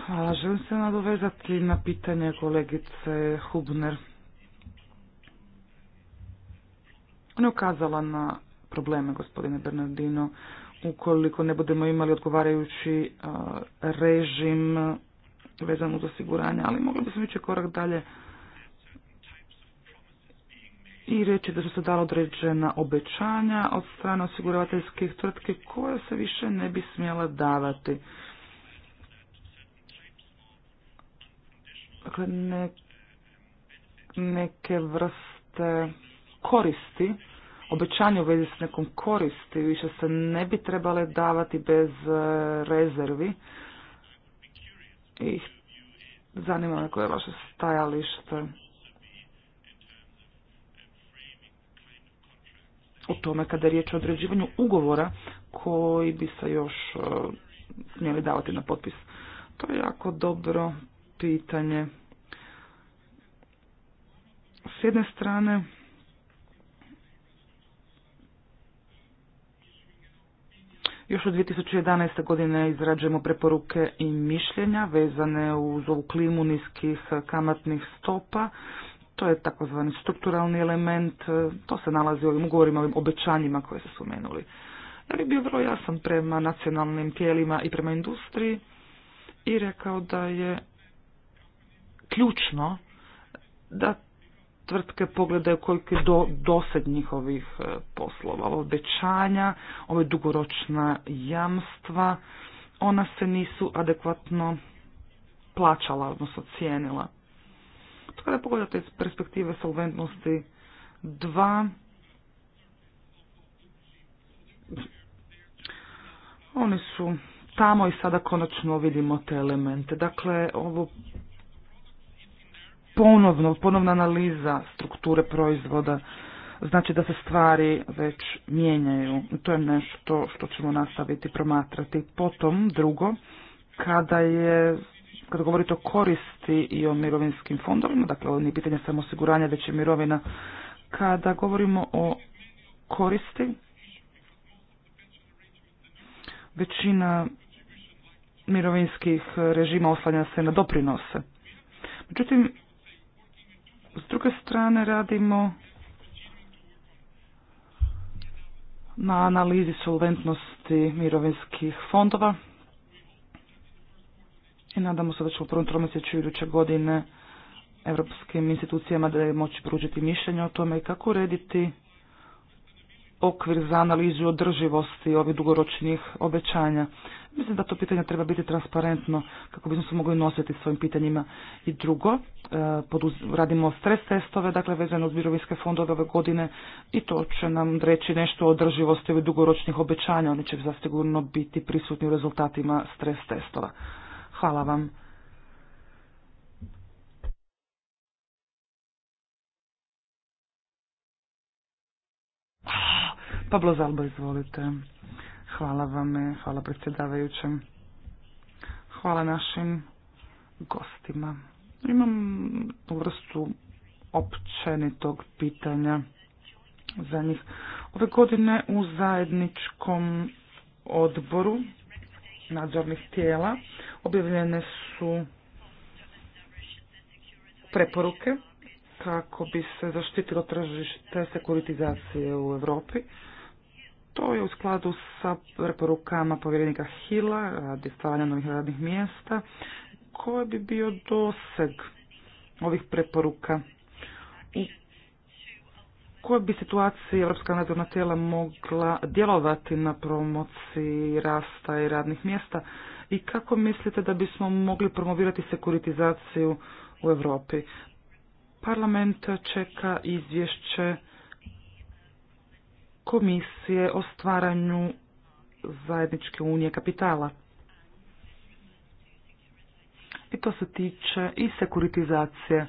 Hvala, želim se nadovezati na pitanje kolegice Hubner. Ona je ukazala na probleme, gospodine Bernardino, ukoliko ne budemo imali odgovarajući e, režim vezan uz osiguranje, ali mogli se ići korak dalje i reći da su se dala određena obećanja od strane osiguravateljskih tvrtke koja se više ne bi smjela davati. Dakle, neke vrste koristi Obećanje u vezi s nekom koristi više se ne bi trebale davati bez e, rezervi. I zanima me koje je vaše stajalište o tome kada je riječ o određivanju ugovora koji bi se još e, smjeli davati na potpis. To je jako dobro pitanje. S jedne strane, Još od 2011. godine izrađujemo preporuke i mišljenja vezane uz ovu klimu niskih kamatnih stopa. To je takozvani strukturalni element, to se nalazi u ovim ugovorima, ovim obećanjima koje se spomenuli. Ja bi bio vrlo jasan prema nacionalnim tijelima i prema industriji i rekao da je ključno da tvrtke pogledaju koliko je do, njihovih e, poslova, obećanja, ove dugoročna jamstva, ona se nisu adekvatno plaćala, odnosno cijenila. To da pogledate iz perspektive solventnosti 2, oni su tamo i sada konačno vidimo te elemente. Dakle, ovo ponovno, ponovna analiza strukture proizvoda, znači da se stvari već mijenjaju. To je nešto što ćemo nastaviti promatrati. Potom, drugo, kada je kada govorite o koristi i o mirovinskim fondovima, dakle ovo nije pitanje samo osiguranja, već je mirovina, kada govorimo o koristi, većina mirovinskih režima oslanja se na doprinose. Međutim, s druge strane radimo na analizi solventnosti mirovinskih fondova i nadamo se da će u prvom tromjesečju iduće godine europskim institucijama da je moći pružiti mišljenje o tome i kako urediti okvir za analizu održivosti ovih dugoročnih obećanja. Mislim da to pitanje treba biti transparentno kako bismo se mogli nositi s pitanjima. I drugo, e, radimo stres testove, dakle vezano uz mirovinske fondove ove godine i to će nam reći nešto o održivosti ovih dugoročnih obećanja. Oni će zasigurno biti prisutni u rezultatima stres testova. Hvala vam. Pablo izvolite. Hvala vam, e, hvala predsjedavajućem. Hvala našim gostima. Imam vrstu općenitog pitanja za njih. Ove godine u zajedničkom odboru nadzornih tijela objavljene su preporuke kako bi se zaštitilo tržište sekuritizacije u Europi. To je u skladu sa preporukama povjerenika Hila, radi stvaranja novih radnih mjesta, koji bi bio doseg ovih preporuka i koje bi situaciji Europska nadzorna tijela mogla djelovati na promociji rasta i radnih mjesta i kako mislite da bismo mogli promovirati sekuritizaciju u Europi? Parlament čeka izvješće komisije o stvaranju zajedničke unije kapitala. I to se tiče i sekuritizacije.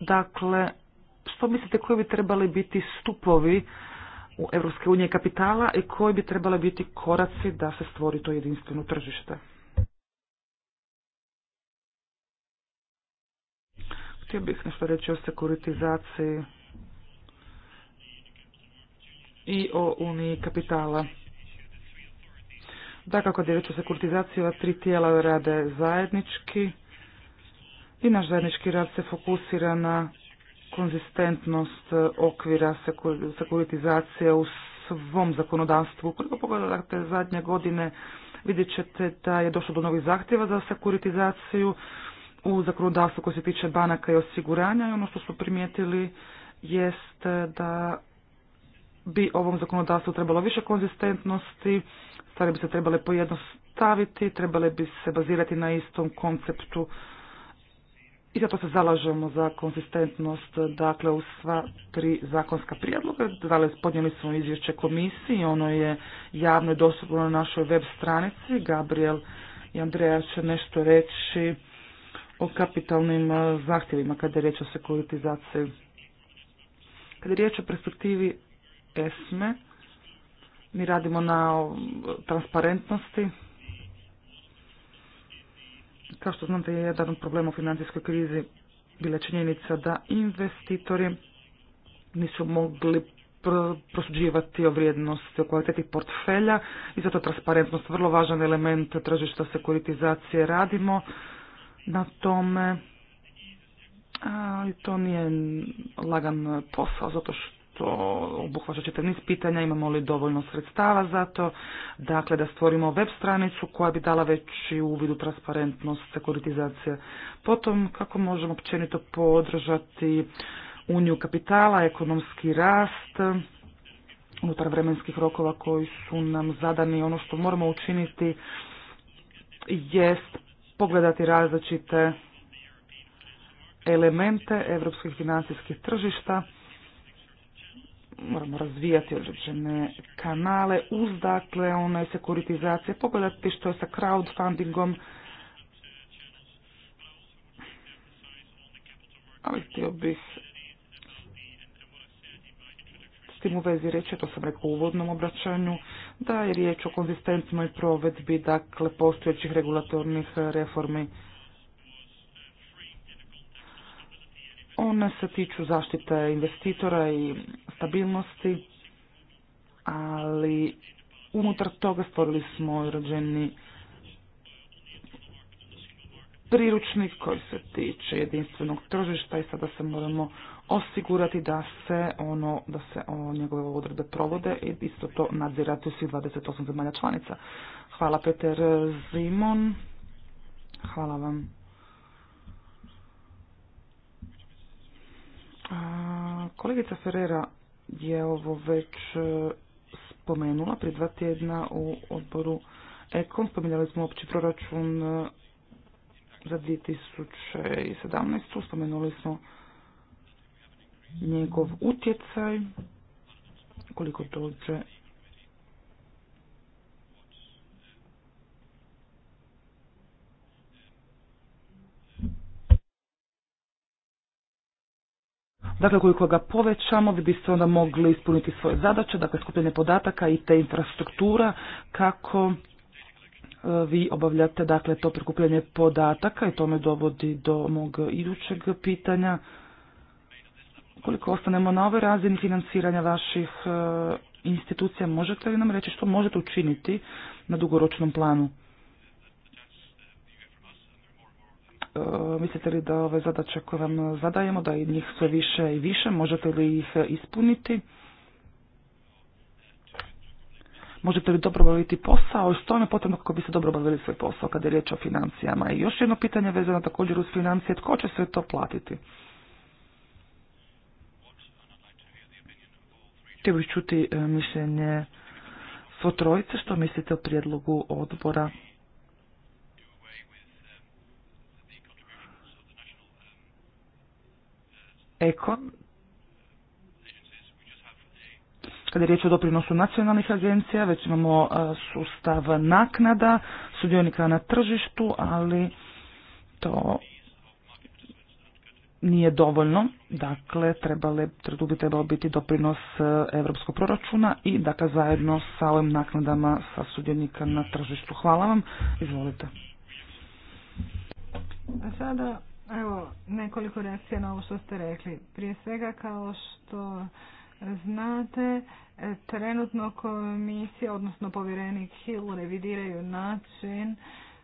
Dakle, što mislite koji bi trebali biti stupovi u Europske unije kapitala i koji bi trebali biti koraci da se stvori to jedinstveno tržište? Htio bih nešto reći o sekuritizaciji i o Uniji kapitala. Dakako, da je sekuritizaciji ova tri tijela rade zajednički i naš zajednički rad se fokusira na konzistentnost okvira sekuritizacije u svom zakonodavstvu. Ukoliko pogledate zadnje godine, vidjet ćete da je došlo do novih zahtjeva za sekuritizaciju u zakonodavstvu koji se tiče banaka i osiguranja i ono što smo primijetili jest da bi ovom zakonodavstvu trebalo više konzistentnosti, stvari bi se trebale pojednostaviti, trebale bi se bazirati na istom konceptu i zato se zalažemo za konzistentnost dakle u sva tri zakonska prijedloga. Dakle, podnijeli smo izvješće komisiji, ono je javno i dostupno na našoj web stranici. Gabriel i Andreja će nešto reći o kapitalnim eh, zahtjevima kada je riječ o sekuritizaciji. Kada je riječ o perspektivi ESME. Mi radimo na transparentnosti. Kao što da je jedan problem u financijskoj krizi bila činjenica da investitori nisu mogli prosuđivati o vrijednosti, o kvaliteti portfelja i zato transparentnost vrlo važan element tržišta sekuritizacije. Radimo na tome, ali to nije lagan posao, zato što to obuhvaća čitav niz pitanja, imamo li dovoljno sredstava za to, dakle da stvorimo web stranicu koja bi dala veći uvid u transparentnost, sekuritizacije. Potom kako možemo općenito podržati uniju kapitala, ekonomski rast, unutar vremenskih rokova koji su nam zadani, ono što moramo učiniti jest pogledati različite elemente europskih financijskih tržišta moramo razvijati određene kanale uz dakle one sekuritizacije, pogledati što je sa crowdfundingom. Ali htio bih s tim u vezi reći, to sam rekao u uvodnom obraćanju, da je riječ o konzistentnoj provedbi dakle postojećih regulatornih reformi. One se tiču zaštite investitora i stabilnosti, ali unutar toga stvorili smo rođeni priručnik koji se tiče jedinstvenog tržišta i sada se moramo osigurati da se ono, da se o njegove odredbe provode i isto to nadzirati u svih 28 zemalja članica. Hvala Peter Zimon. Hvala vam. A, kolegica Ferrera je ovo već e, spomenula prije dva tjedna u odboru Ekom. Spominjali smo opći proračun e, za 2017. Spomenuli smo njegov utjecaj koliko dođe Dakle, koliko ga povećamo, vi biste onda mogli ispuniti svoje zadaće, dakle, skupljenje podataka i te infrastruktura kako e, vi obavljate, dakle, to prikupljenje podataka i to me dovodi do mog idućeg pitanja. Koliko ostanemo na ovoj razini financiranja vaših e, institucija, možete li nam reći što možete učiniti na dugoročnom planu? E, mislite li da ove zadaće koje vam zadajemo, da je njih sve više i više, možete li ih ispuniti? Možete li dobro obaviti posao što je potrebno kako bi se dobro obavili svoj posao kada je riječ o financijama? I još jedno pitanje vezano također uz financije, tko će sve to platiti? Htio bih čuti e, mišljenje svo trojice, što mislite o prijedlogu odbora Eko, kada je riječ o doprinosu nacionalnih agencija, već imamo e, sustav naknada, sudionika na tržištu, ali to nije dovoljno. Dakle, trebale, bi trebalo biti doprinos europskog proračuna i dakle zajedno sa ovim naknadama sa sudionika na tržištu. Hvala vam. Izvolite. A sada Evo, nekoliko reakcija na ovo što ste rekli. Prije svega, kao što znate, e, trenutno komisija, odnosno povjerenik Hill, revidiraju način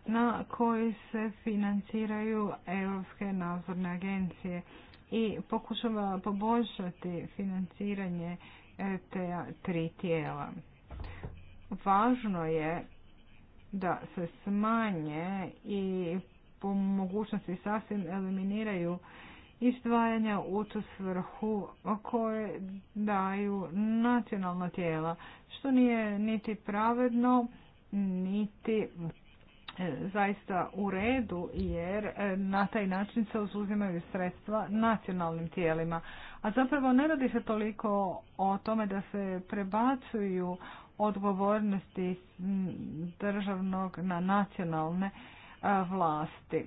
na koji se financiraju europske nadzorne agencije i pokušava poboljšati financiranje e, te tri tijela. Važno je da se smanje i mogućnosti sasvim eliminiraju izdvajanja u tu svrhu koje daju nacionalna tijela, što nije niti pravedno, niti e, zaista u redu jer e, na taj način se uzuzimaju sredstva nacionalnim tijelima. A zapravo ne radi se toliko o tome da se prebacuju odgovornosti državnog na nacionalne E, vlasti.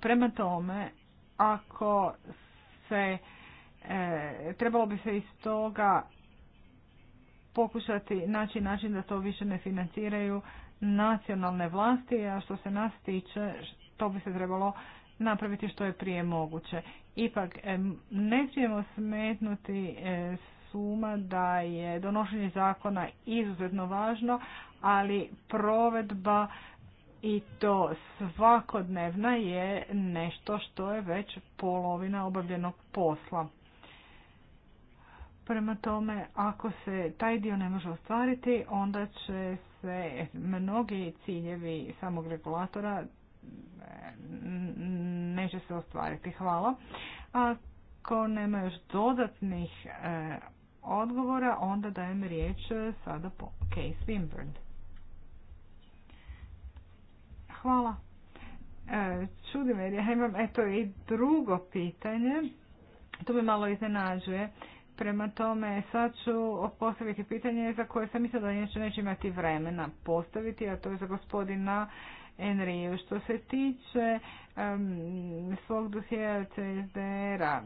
Prema tome, ako se e, trebalo bi se iz toga pokušati naći način da to više ne financiraju nacionalne vlasti, a što se nas tiče, to bi se trebalo napraviti što je prije moguće. Ipak, ne smijemo smetnuti e, suma da je donošenje zakona izuzetno važno, ali provedba i to svakodnevna je nešto što je već polovina obavljenog posla. Prema tome, ako se taj dio ne može ostvariti, onda će se mnogi ciljevi samog regulatora mm, neće se ostvariti. Hvala. Ako nema još dodatnih eh, odgovora, onda dajem riječ eh, sada po Case Wimbledon. Hvala. E, čudi me, ja imam eto i drugo pitanje. To me malo iznenađuje. Prema tome, sad ću postaviti pitanje za koje sam mislila da neću, neću imati vremena postaviti, a to je za gospodina Enriju. Što se tiče um, svog dosjeja CSDR-a,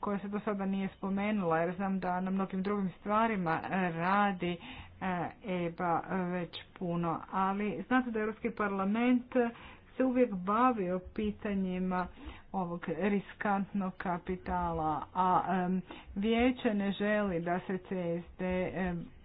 koja se do sada nije spomenula, jer znam da na mnogim drugim stvarima radi EBA e već puno, ali znate da Europski parlament se uvijek bavio pitanjima ovog riskantnog kapitala, a vijeće ne želi da se CSD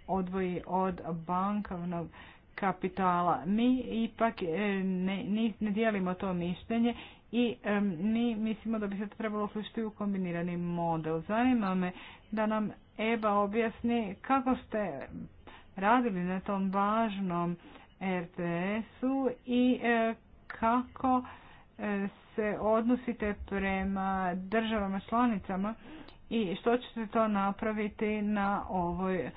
odvoji od bankovnog kapitala. Mi ipak e, ne, dijelimo to mišljenje i mi mislimo da bi se to trebalo uključiti u kombinirani model. Zanima me da nam EBA objasni kako ste radili na tom važnom RTS-u i e, kako e, se odnosite prema državama članicama i što ćete to napraviti na ovoj e,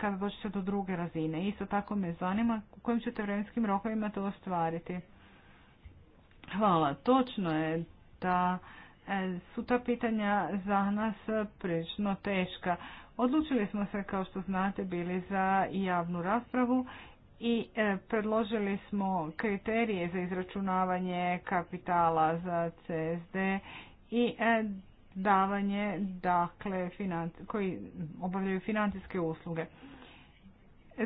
kada dođete do druge razine. Isto tako me zanima u kojim ćete vremenskim rokovima to ostvariti. Hvala. Točno je da su ta pitanja za nas prilično teška. Odlučili smo se, kao što znate, bili za javnu raspravu i e, predložili smo kriterije za izračunavanje kapitala za CSD i e, davanje dakle koji obavljaju financijske usluge.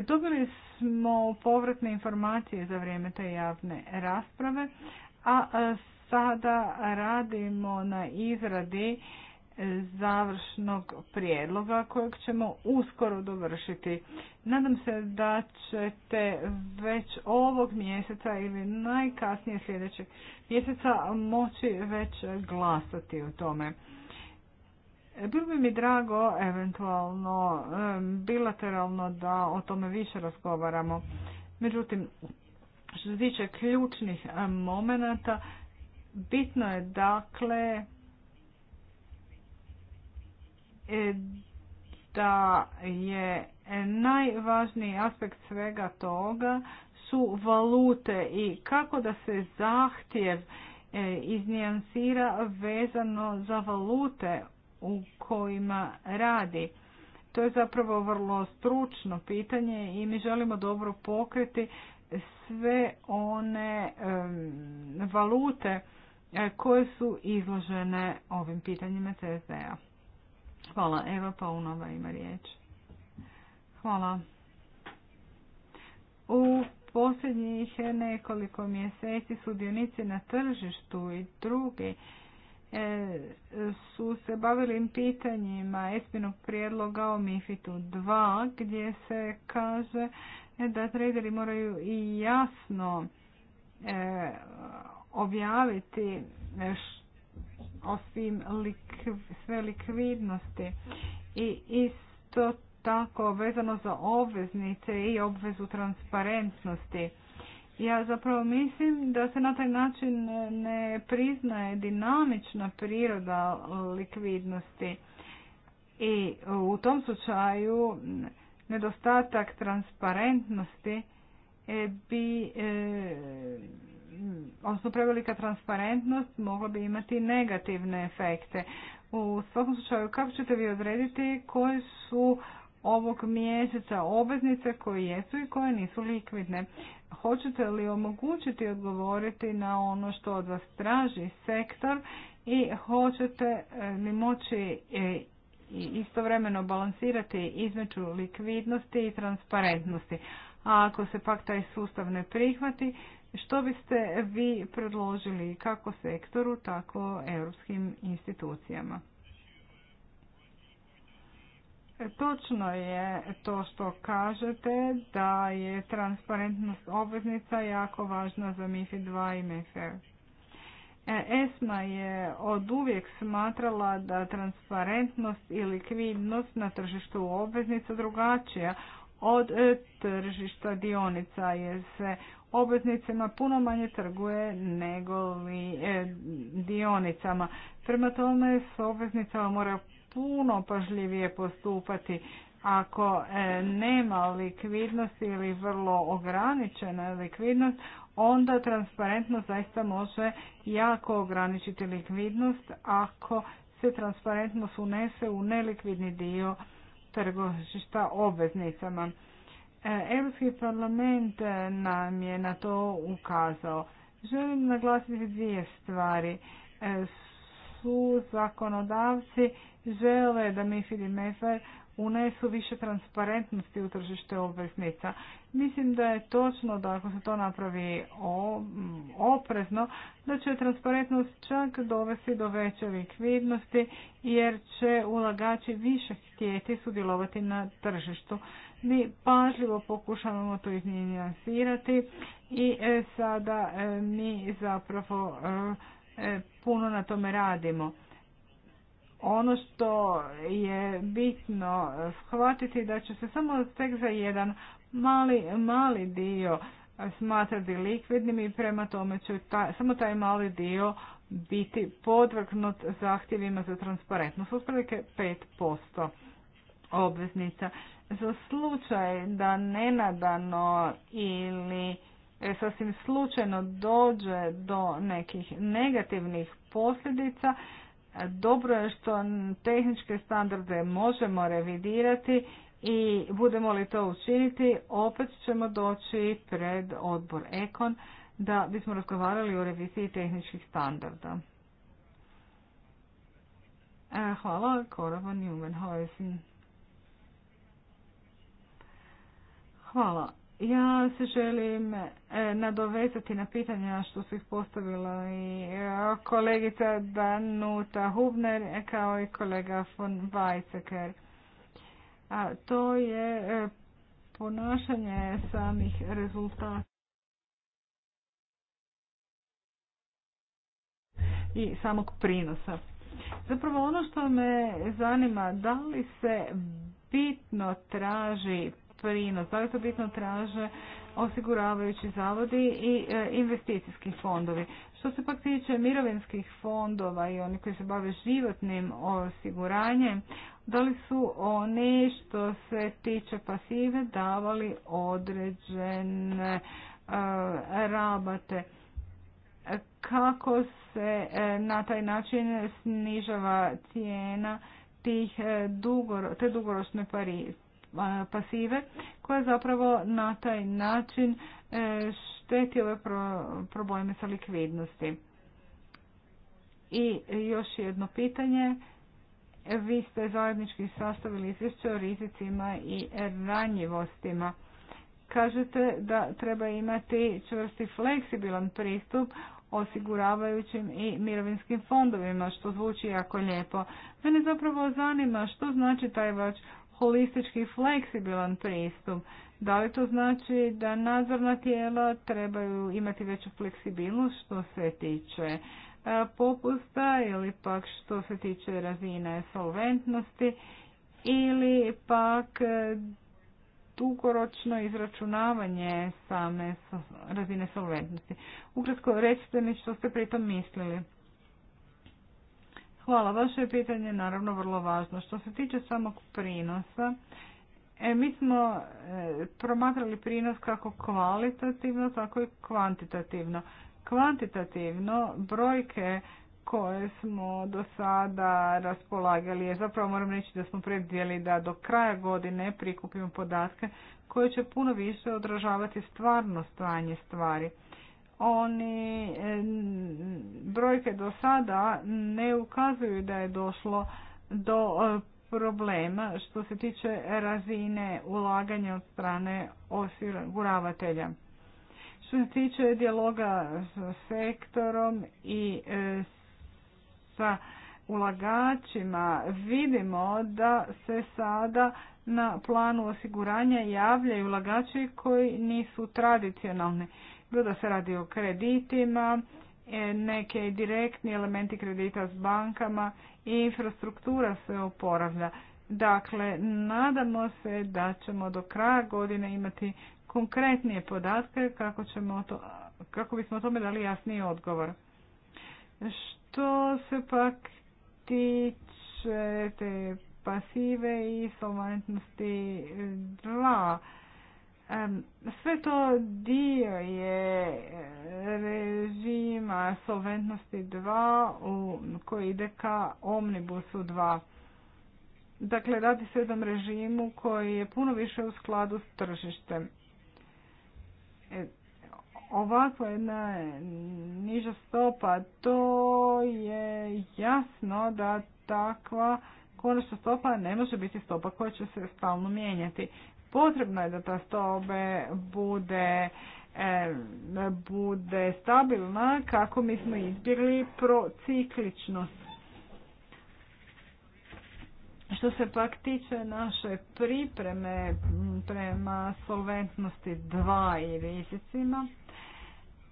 Dobili smo povratne informacije za vrijeme te javne rasprave, a e, sada radimo na izradi završnog prijedloga kojeg ćemo uskoro dovršiti. Nadam se da ćete već ovog mjeseca ili najkasnije sljedećeg mjeseca moći već glasati o tome. Bilo bi mi drago eventualno bilateralno da o tome više razgovaramo. Međutim, što se tiče ključnih momenata, bitno je dakle E, da je najvažniji aspekt svega toga su valute i kako da se zahtjev e, iznijansira vezano za valute u kojima radi. To je zapravo vrlo stručno pitanje i mi želimo dobro pokriti sve one valute e, koje su izložene ovim pitanjima CSD-a. Hvala. Eva Paunova ima riječ. Hvala. U posljednjih nekoliko mjeseci sudionici na tržištu i drugi e, su se bavili pitanjima espinog prijedloga o MIFID-u 2 gdje se kaže da traderi moraju i jasno e, objaviti što osim sve likvidnosti i isto tako vezano za obveznice i obvezu transparentnosti. Ja zapravo mislim da se na taj način ne priznaje dinamična priroda likvidnosti i u tom slučaju nedostatak transparentnosti e, bi e, Mm. odnosno prevelika transparentnost mogla bi imati negativne efekte. U svakom slučaju, kako ćete vi odrediti koje su ovog mjeseca obveznice koje jesu i koje nisu likvidne? Hoćete li omogućiti odgovoriti na ono što od vas traži sektor i hoćete li e, moći e, istovremeno balansirati između likvidnosti i transparentnosti? A ako se pak taj sustav ne prihvati, što biste vi predložili kako sektoru, tako europskim institucijama? Točno je to što kažete da je transparentnost obveznica jako važna za MIFID 2 i MIFIR. E, ESMA je od uvijek smatrala da transparentnost i likvidnost na tržištu obveznica drugačija od e, tržišta dionica jer se obveznicama puno manje trguje nego li e, dionicama. Prema tome s obveznicama mora puno pažljivije postupati. Ako e, nema likvidnosti ili vrlo ograničena likvidnost, onda transparentnost zaista može jako ograničiti likvidnost ako se transparentnost unese u nelikvidni dio trgovišta obveznicama. E, Europski parlament e, nam je na to ukazao. Želim naglasiti dvije stvari. E, su zakonodavci žele da mi i unesu više transparentnosti u tržište obveznica. Mislim da je točno da ako se to napravi mm, oprezno, da će transparentnost čak dovesti do veće likvidnosti jer će ulagači više htjeti sudjelovati na tržištu. Mi pažljivo pokušavamo to iznijansirati i e, sada e, mi zapravo e, puno na tome radimo. Ono što je bitno shvatiti da će se samo tek za jedan mali, mali dio smatrati likvidnim i prema tome će samo taj mali dio biti podvrgnut zahtjevima za transparentnost, otprilike 5% obveznica. Za slučaj da nenadano ili e, sasvim slučajno dođe do nekih negativnih posljedica, dobro je što tehničke standarde možemo revidirati i budemo li to učiniti, opet ćemo doći pred odbor Ekon da bismo razgovarali o reviziji tehničkih standarda. E, hvala, von Hvala. Ja se želim e, nadovezati na pitanja što su ih postavila i e, kolegica Danuta Hubner kao i kolega von Weizsäcker. A to je e, ponašanje samih rezultata. i samog prinosa. Zapravo ono što me zanima, da li se bitno traži prinos. Da li to bitno traže osiguravajući zavodi i e, investicijski fondovi. Što se pak tiče mirovinskih fondova i oni koji se bave životnim osiguranjem, da li su oni što se tiče pasive davali određene e, rabate? Kako se e, na taj način snižava cijena tih te dugoročne pasive koja zapravo na taj način e, šteti ove probleme sa likvidnosti. I još jedno pitanje. Vi ste zajednički sastavili izvješće o rizicima i ranjivostima. Kažete da treba imati čvrsti fleksibilan pristup osiguravajućim i mirovinskim fondovima, što zvuči jako lijepo. Mene zapravo zanima što znači taj vaš holistički fleksibilan pristup. Da li to znači da nadzorna tijela trebaju imati veću fleksibilnost što se tiče e, popusta ili pak što se tiče razine solventnosti ili pak e, dugoročno izračunavanje same razine solventnosti. Ukratko, recite mi što ste pritom mislili. Hvala, vaše pitanje je naravno vrlo važno. Što se tiče samog prinosa, e, mi smo e, promatrali prinos kako kvalitativno, tako i kvantitativno. Kvantitativno brojke koje smo do sada raspolagali je, zapravo moram reći da smo predvidjeli da do kraja godine prikupimo podatke koje će puno više odražavati stvarno stanje stvari oni e, brojke do sada ne ukazuju da je došlo do e, problema što se tiče razine ulaganja od strane osiguravatelja. Što se tiče dijaloga s sektorom i e, sa ulagačima vidimo da se sada na planu osiguranja javljaju ulagači koji nisu tradicionalni bilo da se radi o kreditima, e, neke direktni elementi kredita s bankama i infrastruktura se oporavlja. Dakle, nadamo se da ćemo do kraja godine imati konkretnije podatke kako, ćemo to, kako bismo o tome dali jasniji odgovor. Što se pak tiče te pasive i solventnosti 2, sve to dio je eh, režima solventnosti 2 koji ide ka Omnibusu 2. Dakle, radi se jednom režimu koji je puno više u skladu s tržištem. E, Ovako jedna niža stopa, to je jasno da takva konačna stopa ne može biti stopa koja će se stalno mijenjati. Potrebno je da ta stobe bude e, bude stabilna kako mi smo izbjegli procikličnost. Što se pak tiče naše pripreme prema solventnosti 2 i rizicima,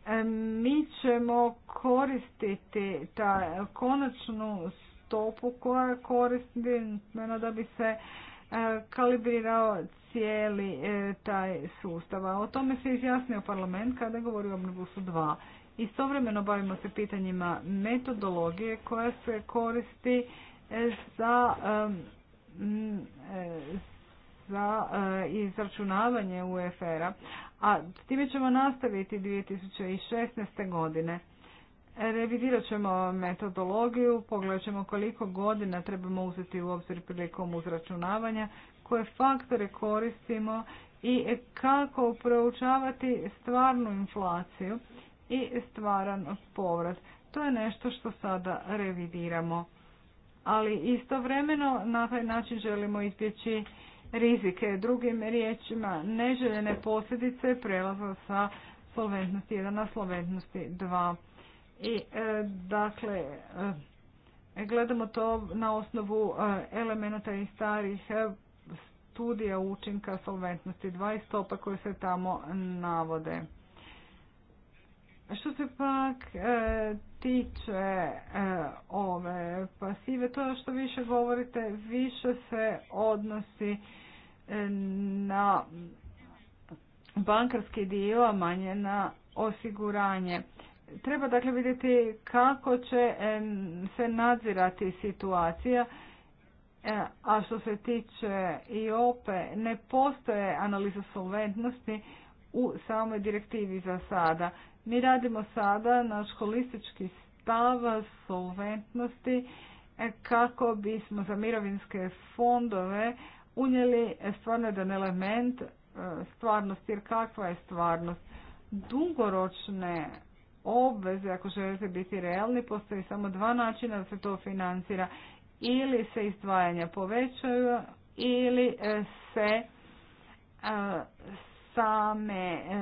e, mi ćemo koristiti ta konačnu stopu koja je da bi se e, kalibrirao cijeli e, taj sustav. A o tome se izjasnio parlament kada govori o omnibusu 2. Istovremeno bavimo se pitanjima metodologije koja se koristi e, za, e, za izračunavanje UFR-a, a s time ćemo nastaviti 2016. godine. Revidirat ćemo metodologiju, pogledat ćemo koliko godina trebamo uzeti u obzir prilikom uzračunavanja, koje faktore koristimo i kako proučavati stvarnu inflaciju i stvaran povrat. To je nešto što sada revidiramo. Ali istovremeno na taj način želimo izbjeći rizike. Drugim riječima, neželjene posljedice prelaza sa solventnosti 1 na solventnosti 2. I e, dakle, e, gledamo to na osnovu e, elemenata i starih studija učinka solventnosti dva stopa koje se tamo navode. Što se pak e, tiče e, ove pasive, to ono što više govorite, više se odnosi e, na bankarski dio, a manje na osiguranje. Treba dakle vidjeti kako će se nadzirati situacija E, a što se tiče i OPE, ne postoje analiza solventnosti u samoj direktivi za sada. Mi radimo sada na holistički stav solventnosti e, kako bismo za mirovinske fondove unijeli stvarno jedan element e, stvarnosti, jer kakva je stvarnost? Dugoročne obveze, ako želite biti realni, postoji samo dva načina da se to financira ili se izdvajanja povećaju ili e, se e, same e,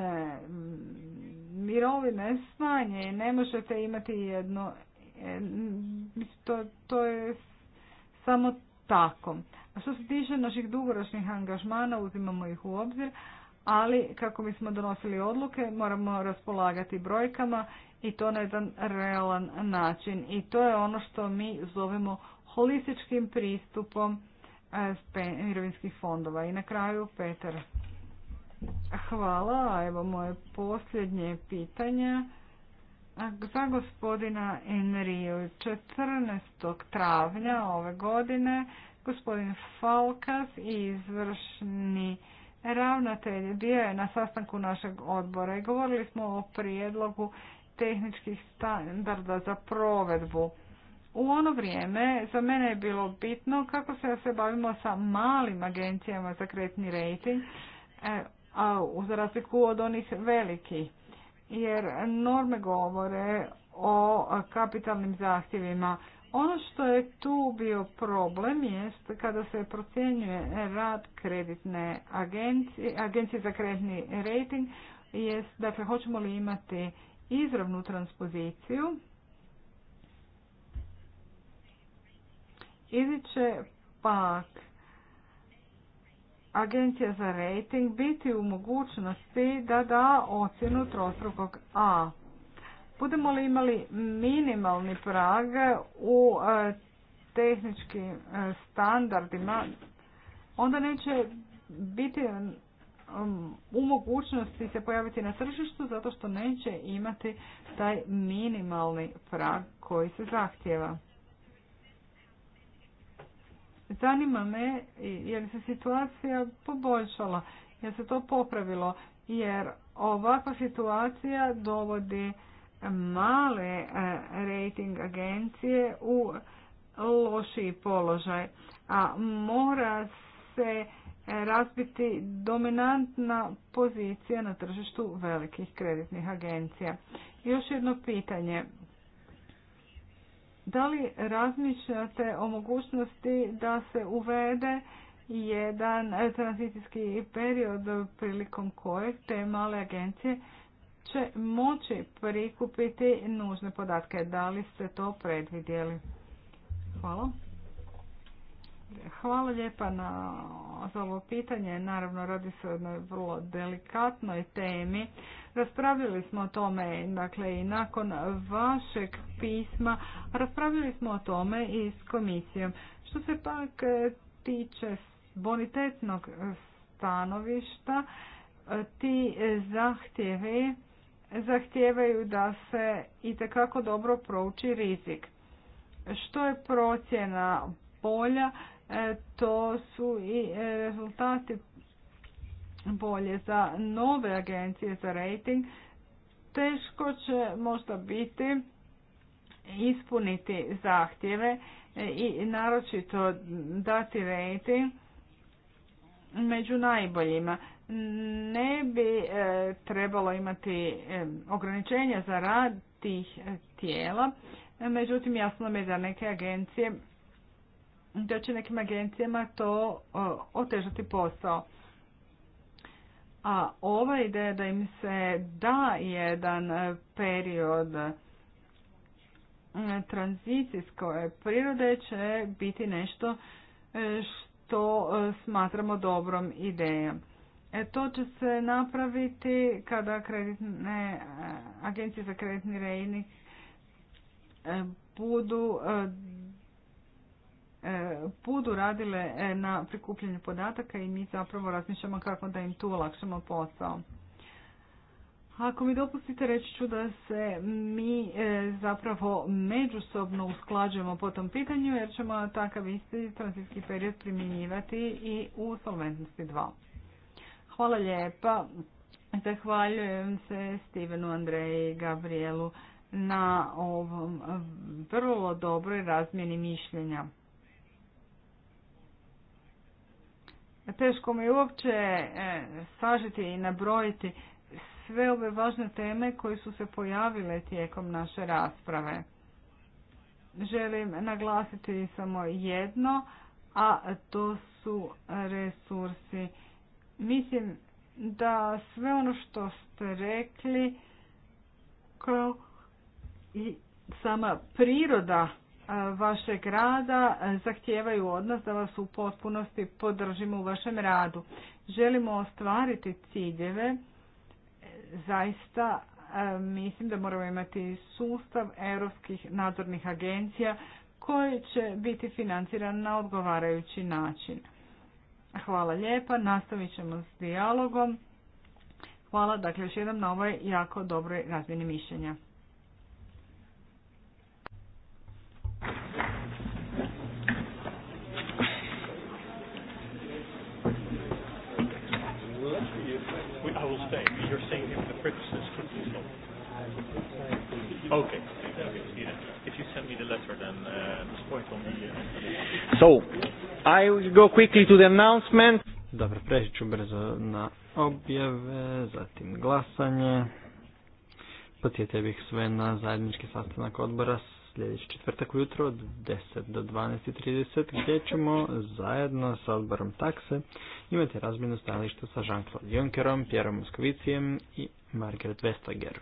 mirovine smanje i ne možete imati jedno to, to je samo tako. A što se tiče naših dugoročnih angažmana, uzimamo ih u obzir, ali kako bismo donosili odluke, moramo raspolagati brojkama i to na jedan realan način. I to je ono što mi zovemo holističkim pristupom e, mirovinskih fondova. I na kraju, Petar. Hvala. Evo moje posljednje pitanje. Za gospodina Enriju, 14. travnja ove godine gospodin Falkas i izvršni ravnatelj bio je na sastanku našeg odbora i govorili smo o prijedlogu tehničkih standarda za provedbu u ono vrijeme za mene je bilo bitno kako se, se bavimo sa malim agencijama za kreditni rejting, e, a za razliku od onih velikih. Jer norme govore o kapitalnim zahtjevima. Ono što je tu bio problem jest kada se procjenjuje rad kreditne agencije, agencije za kreditni rating, jest, dakle, hoćemo li imati izravnu transpoziciju, ili će pak agencija za rating biti u mogućnosti da da ocjenu trostrukog A. Budemo li imali minimalni prag u e, tehničkim e, standardima, onda neće biti u mogućnosti se pojaviti na tržištu zato što neće imati taj minimalni prag koji se zahtjeva. Zanima me je li se situacija poboljšala, je se to popravilo, jer ovakva situacija dovodi male e, rating agencije u lošiji položaj, a mora se razbiti dominantna pozicija na tržištu velikih kreditnih agencija. Još jedno pitanje. Da li razmišljate o mogućnosti da se uvede jedan tranzicijski period prilikom kojeg te male agencije će moći prikupiti nužne podatke? Da li ste to predvidjeli? Hvala. Hvala lijepa na, ovo pitanje. Naravno, radi se o jednoj vrlo delikatnoj temi Raspravili smo o tome, dakle i nakon vašeg pisma, raspravili smo o tome i s komisijom. Što se pak e, tiče bonitetnog stanovišta, e, ti zahtjevi zahtijevaju da se itekako dobro prouči rizik. Što je procjena polja, e, to su i rezultati bolje za nove agencije za rating, teško će možda biti ispuniti zahtjeve i naročito dati rating među najboljima. Ne bi e, trebalo imati e, ograničenja za rad tih tijela, međutim jasno mi je da neke agencije, da će nekim agencijama to e, otežati posao. A ova ideja da im se da jedan e, period e, tranzicijske prirode će biti nešto e, što smatramo dobrom idejom. E, to će se napraviti kada kreditne, agencije za kreditni rejnik budu budu radile e, na prikupljanju podataka i mi zapravo razmišljamo kako da im tu olakšamo posao. Ako mi dopustite, reći ću da se mi e, zapravo međusobno usklađujemo po tom pitanju jer ćemo takav isti tranzitski period primjenjivati i u Solventnosti 2. Hvala lijepa. Zahvaljujem se Stevenu, Andreji i Gabrielu na ovom vrlo dobroj razmjeni mišljenja. Teško mi je uopće e, sažiti i nabrojiti sve ove važne teme koje su se pojavile tijekom naše rasprave. Želim naglasiti samo jedno, a to su resursi. Mislim da sve ono što ste rekli kao i sama priroda vašeg rada zahtijevaju od nas da vas u potpunosti podržimo u vašem radu. Želimo ostvariti ciljeve, e, zaista mislim da moramo imati sustav europskih nadzornih agencija koji će biti financiran na odgovarajući način. Hvala lijepa, nastavit ćemo s dijalogom. Hvala dakle još jednom na ovoj jako dobroj razmjeni mišljenja. total state. You're saying that the purchases could be sold. Okay. If you send me the letter, then uh, this point on the... Uh, so, I will go quickly to the announcement. Dobro, preći ću brzo na objave, zatim glasanje. Podsjetio bih sve na zajednički sastanak odbora sljedeći četvrtak ujutro od 10 do 12.30 gdje ćemo zajedno sa odborom takse imati razmjenu stajališta sa Jean-Claude Junckerom, Pjerom Moskovicijem i Margaret Vestager.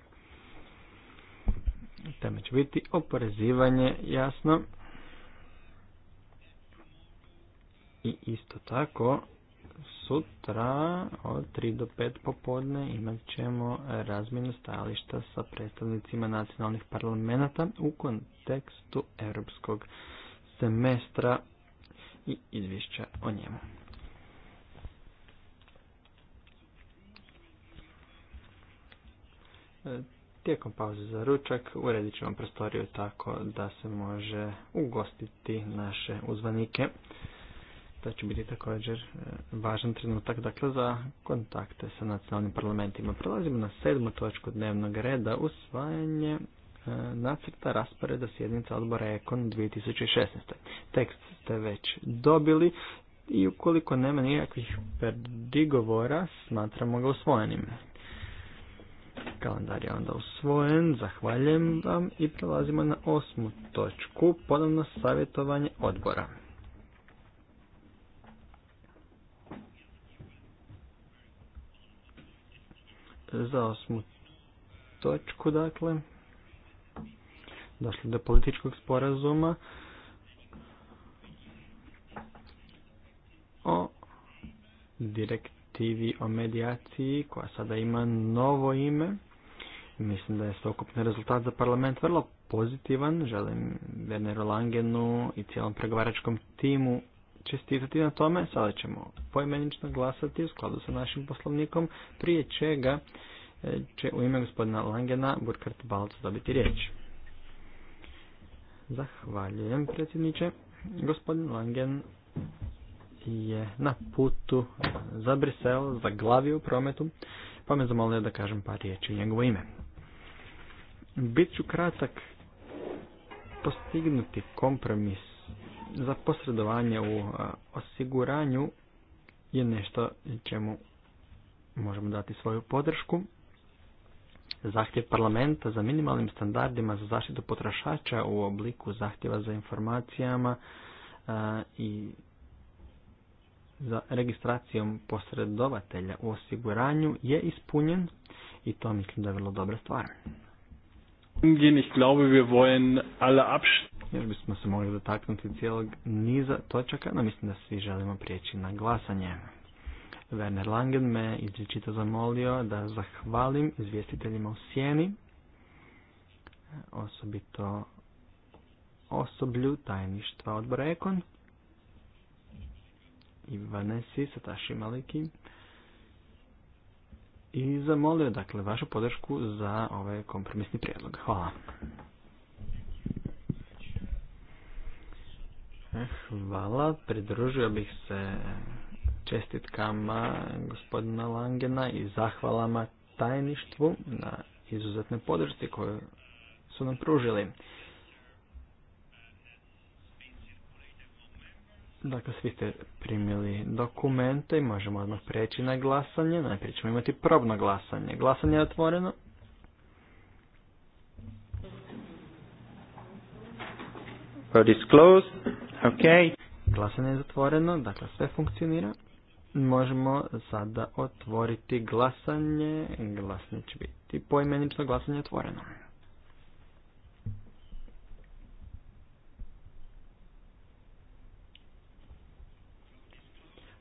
Tema će biti oporezivanje, jasno. I isto tako sutra od 3 do 5 popodne imat ćemo razmjenu stajališta sa predstavnicima nacionalnih parlamenta u kontekstu europskog semestra i izvješća o njemu. E, tijekom pauze za ručak uredit ćemo prostoriju tako da se može ugostiti naše uzvanike to će biti također e, važan trenutak dakle, za kontakte sa nacionalnim parlamentima. Prelazimo na sedmu točku dnevnog reda, usvajanje e, nacrta rasporeda sjednica odbora Ekon 2016. Tekst ste već dobili i ukoliko nema nikakvih predigovora, smatramo ga usvojenim. Kalendar je onda usvojen, zahvaljujem vam i prelazimo na osmu točku, ponovno savjetovanje odbora. za osmu točku, dakle, došli do političkog sporazuma o direktivi o medijaciji koja sada ima novo ime. Mislim da je sveukupni rezultat za parlament vrlo pozitivan. Želim Werneru Langenu i cijelom pregovaračkom timu čestitati na tome. Sada ćemo poimenično glasati u skladu sa našim poslovnikom, prije čega e, će u ime gospodina Langena Burkart Balc dobiti riječ. Zahvaljujem predsjedniče. Gospodin Langen je na putu za Brisel, za glavi u prometu, pa me zamolio da kažem par riječi njegovo ime. Bit ću kratak, postignuti kompromis za posredovanje u e, osiguranju je nešto čemu možemo dati svoju podršku. Zahtjev parlamenta za minimalnim standardima za zaštitu potrošača u obliku zahtjeva za informacijama e, i za registracijom posredovatelja u osiguranju je ispunjen i to mislim da je vrlo dobra stvar. Ich još bismo se mogli dotaknuti cijelog niza točaka, no mislim da svi želimo prijeći na glasanje. Werner Langen me izričito zamolio da zahvalim izvjestiteljima u sjeni, osobito osoblju tajništva odbora Ekon, sa Taši Maliki, i zamolio dakle vašu podršku za ovaj kompromisni prijedlog. Hvala. Hvala, pridružio bih se čestitkama gospodina Langena i zahvalama tajništvu na izuzetne podršci koju su nam pružili. Dakle, svi ste primili dokumente i možemo odmah preći na glasanje. Najprije ćemo imati probno glasanje. Glasanje je otvoreno. Vote Ok. Glasanje je zatvoreno, dakle sve funkcionira. Možemo sada otvoriti glasanje. Glasanje će biti poimenično glasanje otvoreno.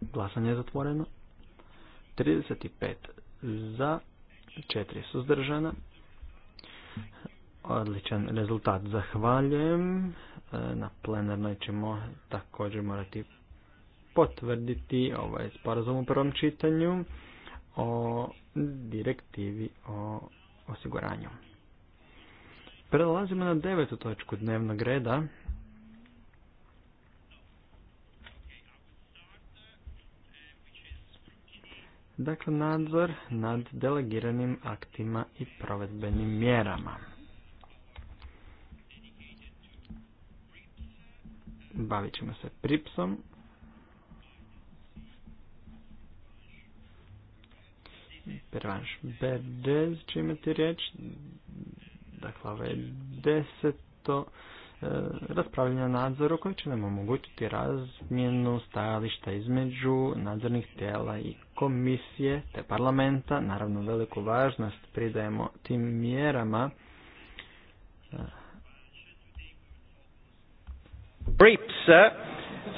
Glasanje je zatvoreno. 35 za, 4 suzdržana. Odličan rezultat. Zahvaljujem. E, na plenarnoj ćemo također morati potvrditi ovaj sporazum u prvom čitanju o direktivi o osiguranju. Prelazimo na devetu točku dnevnog reda. Dakle, nadzor nad delegiranim aktima i provedbenim mjerama. Bavit ćemo se pripsom. Pervanš Berdez će imati riječ. Dakle, ovo je deseto e, raspravljanje o nadzoru koje će nam omogućiti razmjenu stajališta između nadzornih tijela i komisije te parlamenta. Naravno, veliku važnost pridajemo tim mjerama. E,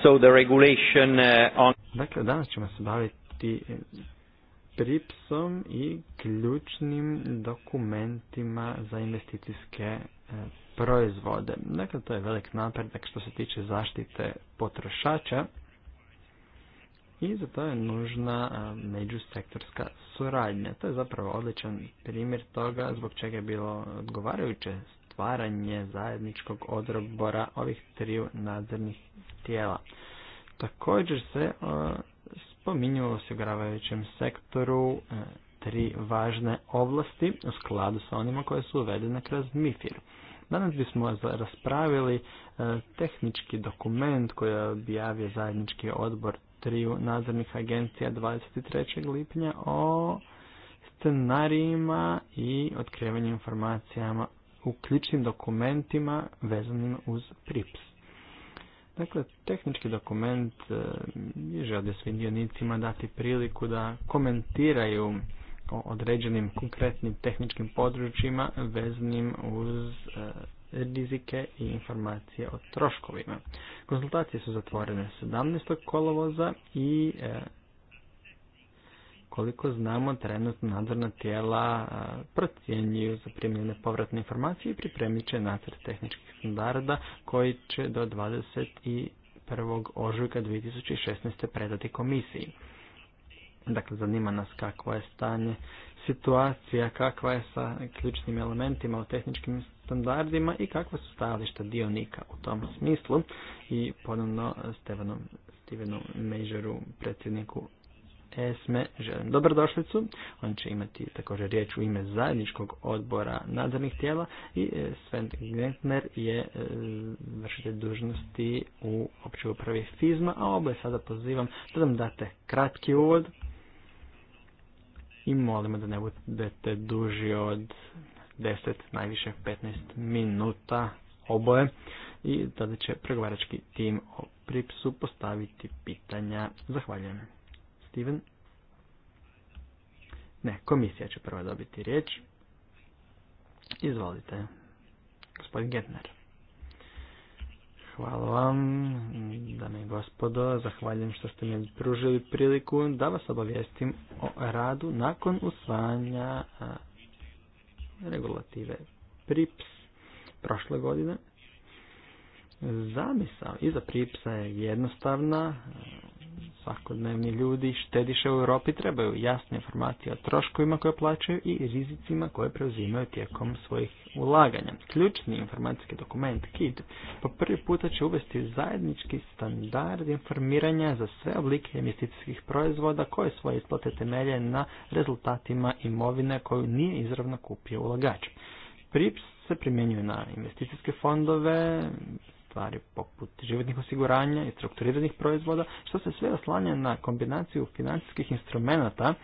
so the regulation uh, on... Dakle, danas ćemo se baviti eh, pripsom i ključnim dokumentima za investicijske eh, proizvode. Dakle, to je velik napredak što se tiče zaštite potrošača i za to je nužna eh, međusektorska suradnja. To je zapravo odličan primjer toga zbog čega je bilo odgovarajuće stvaranje zajedničkog odrobora ovih triju nadzornih tijela. Također se e, spominju u osiguravajućem sektoru e, tri važne ovlasti u skladu sa onima koje su uvedene kroz MIFIR. Danas bismo raspravili e, tehnički dokument koji je objavio zajednički odbor triju nadzornih agencija 23. lipnja o scenarijima i otkrivanju informacijama u ključnim dokumentima vezanim uz PRIPS. Dakle, tehnički dokument e, je želio dionicima dati priliku da komentiraju o određenim konkretnim tehničkim područjima vezanim uz e, rizike i informacije o troškovima. Konzultacije su zatvorene 17. kolovoza i e, koliko znamo trenutno nadzorna tijela procjenjuju zaprimljene povratne informacije i pripremit će nacrt tehničkih standarda koji će do 21. ožujka 2016. predati komisiji. Dakle, zanima nas kakvo je stanje situacija, kakva je sa ključnim elementima u tehničkim standardima i kakva su stajališta dionika u tom smislu. I ponovno Stevanu, Stevenu Majoru, predsjedniku Esme želim dobrodošlicu. On će imati također riječ u ime zajedničkog odbora nadzornih tijela i e, Sven Gentner je e, vršitelj dužnosti u općoj upravi FIZMA, a oboje sada pozivam da nam date kratki uvod i molimo da ne budete duži od 10, najviše 15 minuta oboje i tada će pregovarački tim o pripsu postaviti pitanja. Zahvaljujem. Steven? Ne, komisija će prva dobiti riječ. Izvolite, gospodin Gertner. Hvala vam, dame i gospodo, zahvaljujem što ste mi pružili priliku da vas obavijestim o radu nakon usvajanja regulative PRIPS prošle godine. Zamisao iza PRIPSA je jednostavna, svakodnevni ljudi štediše u Europi trebaju jasne informacije o troškovima koje plaćaju i rizicima koje preuzimaju tijekom svojih ulaganja. Ključni informacijski dokument KID po prvi puta će uvesti zajednički standard informiranja za sve oblike investicijskih proizvoda koje svoje isplate temelje na rezultatima imovine koju nije izravno kupio ulagač. PRIPS se primjenjuje na investicijske fondove, stvari poput životnih osiguranja i strukturiranih proizvoda, što se sve oslanja na kombinaciju financijskih instrumenata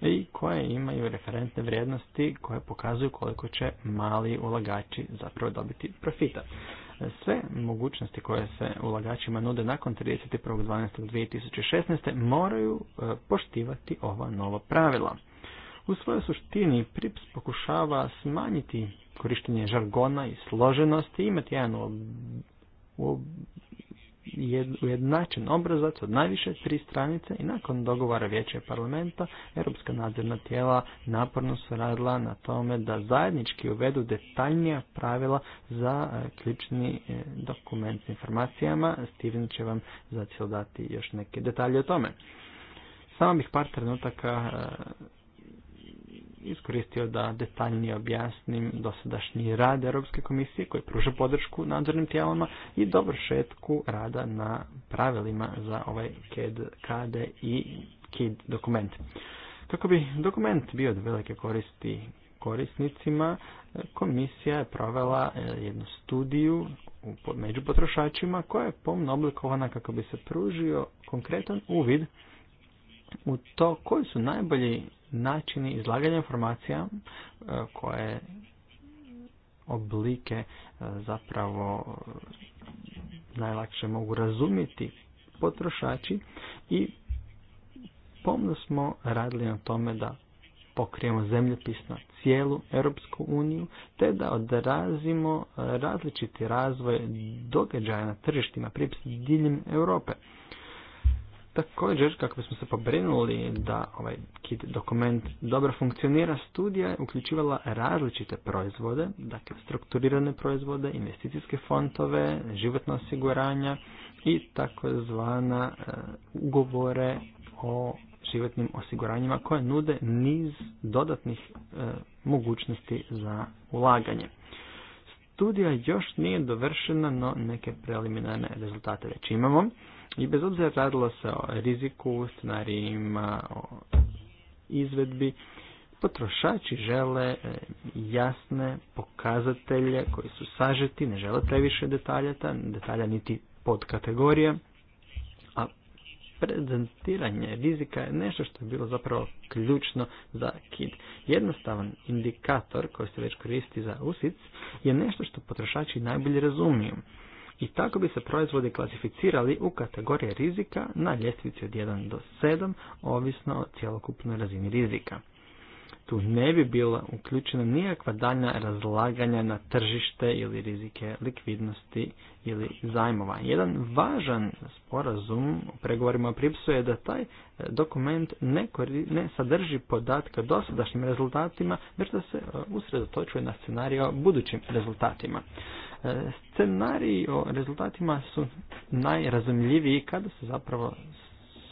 i koje imaju referentne vrijednosti koje pokazuju koliko će mali ulagači zapravo dobiti profita. Sve mogućnosti koje se ulagačima nude nakon 31.12.2016. moraju e, poštivati ova nova pravila. U svojoj suštini PRIPS pokušava smanjiti korištenje žargona i složenosti imati jedan ujednačen obrazac od najviše tri stranice i nakon dogovara vijeća parlamenta, Europska nadzirna tijela naporno su radila na tome da zajednički uvedu detaljnija pravila za e, ključni e, dokument s informacijama. Steven će vam zacijel dati još neke detalje o tome. Samo bih par trenutaka e, iskoristio da detaljnije objasnim dosadašnji rad Europske komisije koji pruža podršku nadzornim tijelama i dovršetku rada na pravilima za ovaj KED, KD i KID dokument. Kako bi dokument bio od velike koristi korisnicima, komisija je provela e, jednu studiju među potrošačima koja je pomno oblikovana kako bi se pružio konkretan uvid u to koji su najbolji načini izlaganja informacija e, koje oblike e, zapravo e, najlakše mogu razumjeti potrošači i pomno smo radili na tome da pokrijemo zemljopisno cijelu Europsku uniju, te da odrazimo različiti razvoj događaja na tržištima diljem Europe. Također, kako bismo se pobrinuli da ovaj dokument dobro funkcionira, studija je uključivala različite proizvode, dakle strukturirane proizvode, investicijske fontove, životna osiguranja i takozvana e, ugovore o životnim osiguranjima koje nude niz dodatnih e, mogućnosti za ulaganje. Studija još nije dovršena, no neke preliminarne rezultate već imamo. I bez obzira radilo se o riziku, scenarijima, o izvedbi, potrošači žele e, jasne pokazatelje koji su sažeti, ne žele previše detaljata, detalja niti kategorije a prezentiranje rizika je nešto što je bilo zapravo ključno za KID. Jednostavan indikator koji se već koristi za USIC je nešto što potrošači najbolje razumiju i tako bi se proizvodi klasificirali u kategorije rizika na ljestvici od 1 do 7, ovisno o cjelokupnoj razini rizika. Tu ne bi bila uključena nijakva daljna razlaganja na tržište ili rizike likvidnosti ili zajmova. Jedan važan sporazum u pregovorima o je da taj e, dokument ne, sadrži podatke o dosadašnjim rezultatima, već da se e, usredotočuje na scenarija o budućim rezultatima. Scenariji o rezultatima su najrazumljiviji kada se zapravo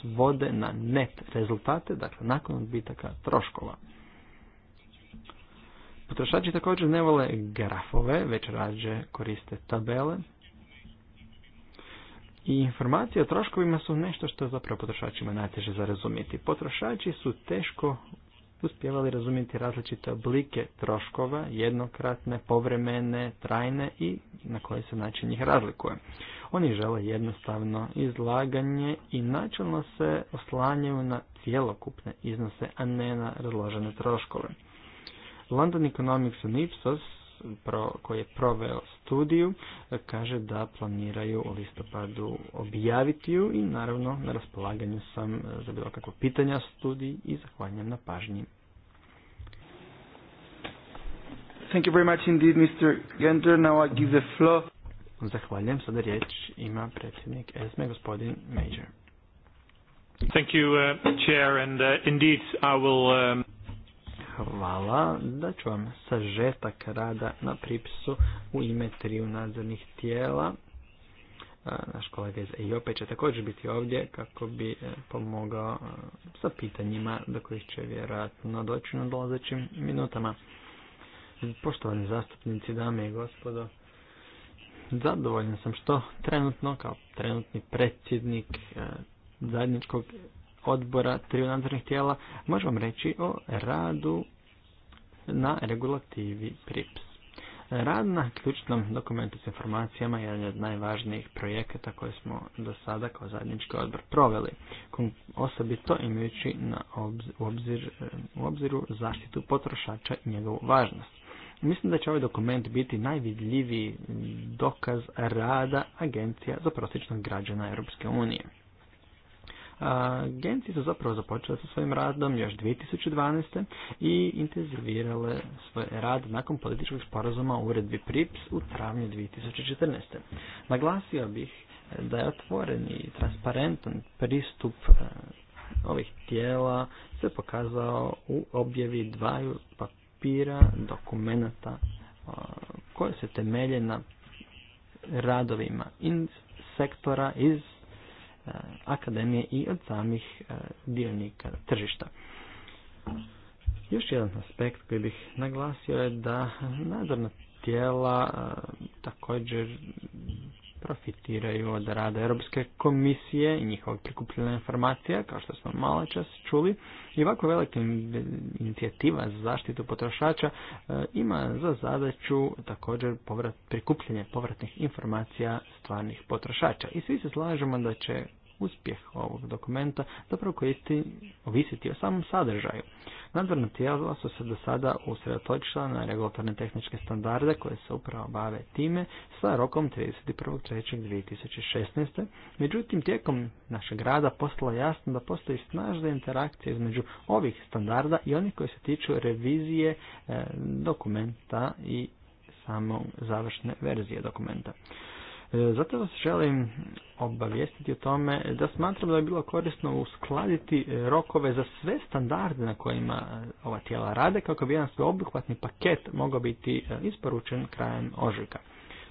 svode na net rezultate, dakle nakon odbitaka troškova. Potrošači također ne vole grafove, već rađe koriste tabele. I informacije o troškovima su nešto što zapravo potrošačima najteže za razumjeti. Potrošači su teško uspjevali razumjeti različite oblike troškova, jednokratne, povremene, trajne i na koji se način ih razlikuje. Oni žele jednostavno izlaganje i načelno se oslanjaju na cjelokupne iznose, a ne na razložene troškove. London Economics and Ipsos pro, koji je proveo studiju e, kaže da planiraju u listopadu objaviti ju i naravno na raspolaganju sam e, za bilo kakva pitanja studiji i zahvaljujem na pažnji. Thank you very much indeed, Mr. Gender. Now I give the floor. Zahvaljujem. Sada riječ ima predsjednik ESME, gospodin Major. Thank you, uh, Chair, and uh, indeed I will... Um, hvala. Da ću vam sažetak rada na pripsu u ime triju nadzornih tijela. E, naš kolega iz EIOPE će također biti ovdje kako bi e, pomogao e, sa pitanjima do kojih će vjerojatno doći na dolazećim minutama. Poštovani zastupnici, dame i gospodo, zadovoljan sam što trenutno kao trenutni predsjednik zajedničkog odbora, triju nadzornih tijela, možemo reći o radu na regulativi PRIPS. Rad na ključnom dokumentu s informacijama je jedan od najvažnijih projekata koje smo do sada kao zajednički odbor proveli, osobito imajući na obzir, u, obzir, u obziru zaštitu potrošača i njegovu važnost. Mislim da će ovaj dokument biti najvidljiviji dokaz rada agencija za prosječnog građana Europske unije. Agencije su zapravo započele sa svojim radom još 2012. i intenzivirale svoj rad nakon političkog sporazuma u uredbi PRIPS u travnju 2014. Naglasio bih da je otvoren i transparentan pristup e, ovih tijela se pokazao u objavi dvaju papira, dokumenata e, koje se temelje na radovima iz sektora iz Eh, akademije i od samih eh, dionika tržišta. Još jedan aspekt koji bih naglasio je da nadzorna tijela eh, također profitiraju od rada Europske komisije i njihovog prikupljena informacija, kao što smo malo čas čuli. I ovako velika inicijativa za zaštitu potrošača e, ima za zadaću također povrat, prikupljanje povratnih informacija stvarnih potrošača. I svi se slažemo da će uspjeh ovog dokumenta zapravo koristi ovisiti o samom sadržaju. Nadzorna tijela su se do sada usredotočila na regulatorne tehničke standarde koje se upravo bave time sa rokom 31.3.2016. Međutim, tijekom našeg rada postalo jasno da postoji snažna interakcija između ovih standarda i onih koji se tiču revizije eh, dokumenta i samo završne verzije dokumenta. E, zato vas želim obavijestiti o tome da smatram da je bilo korisno uskladiti e, rokove za sve standarde na kojima e, ova tijela rade kako bi jedan sveobuhvatni paket mogao biti isporučen krajem ožujka.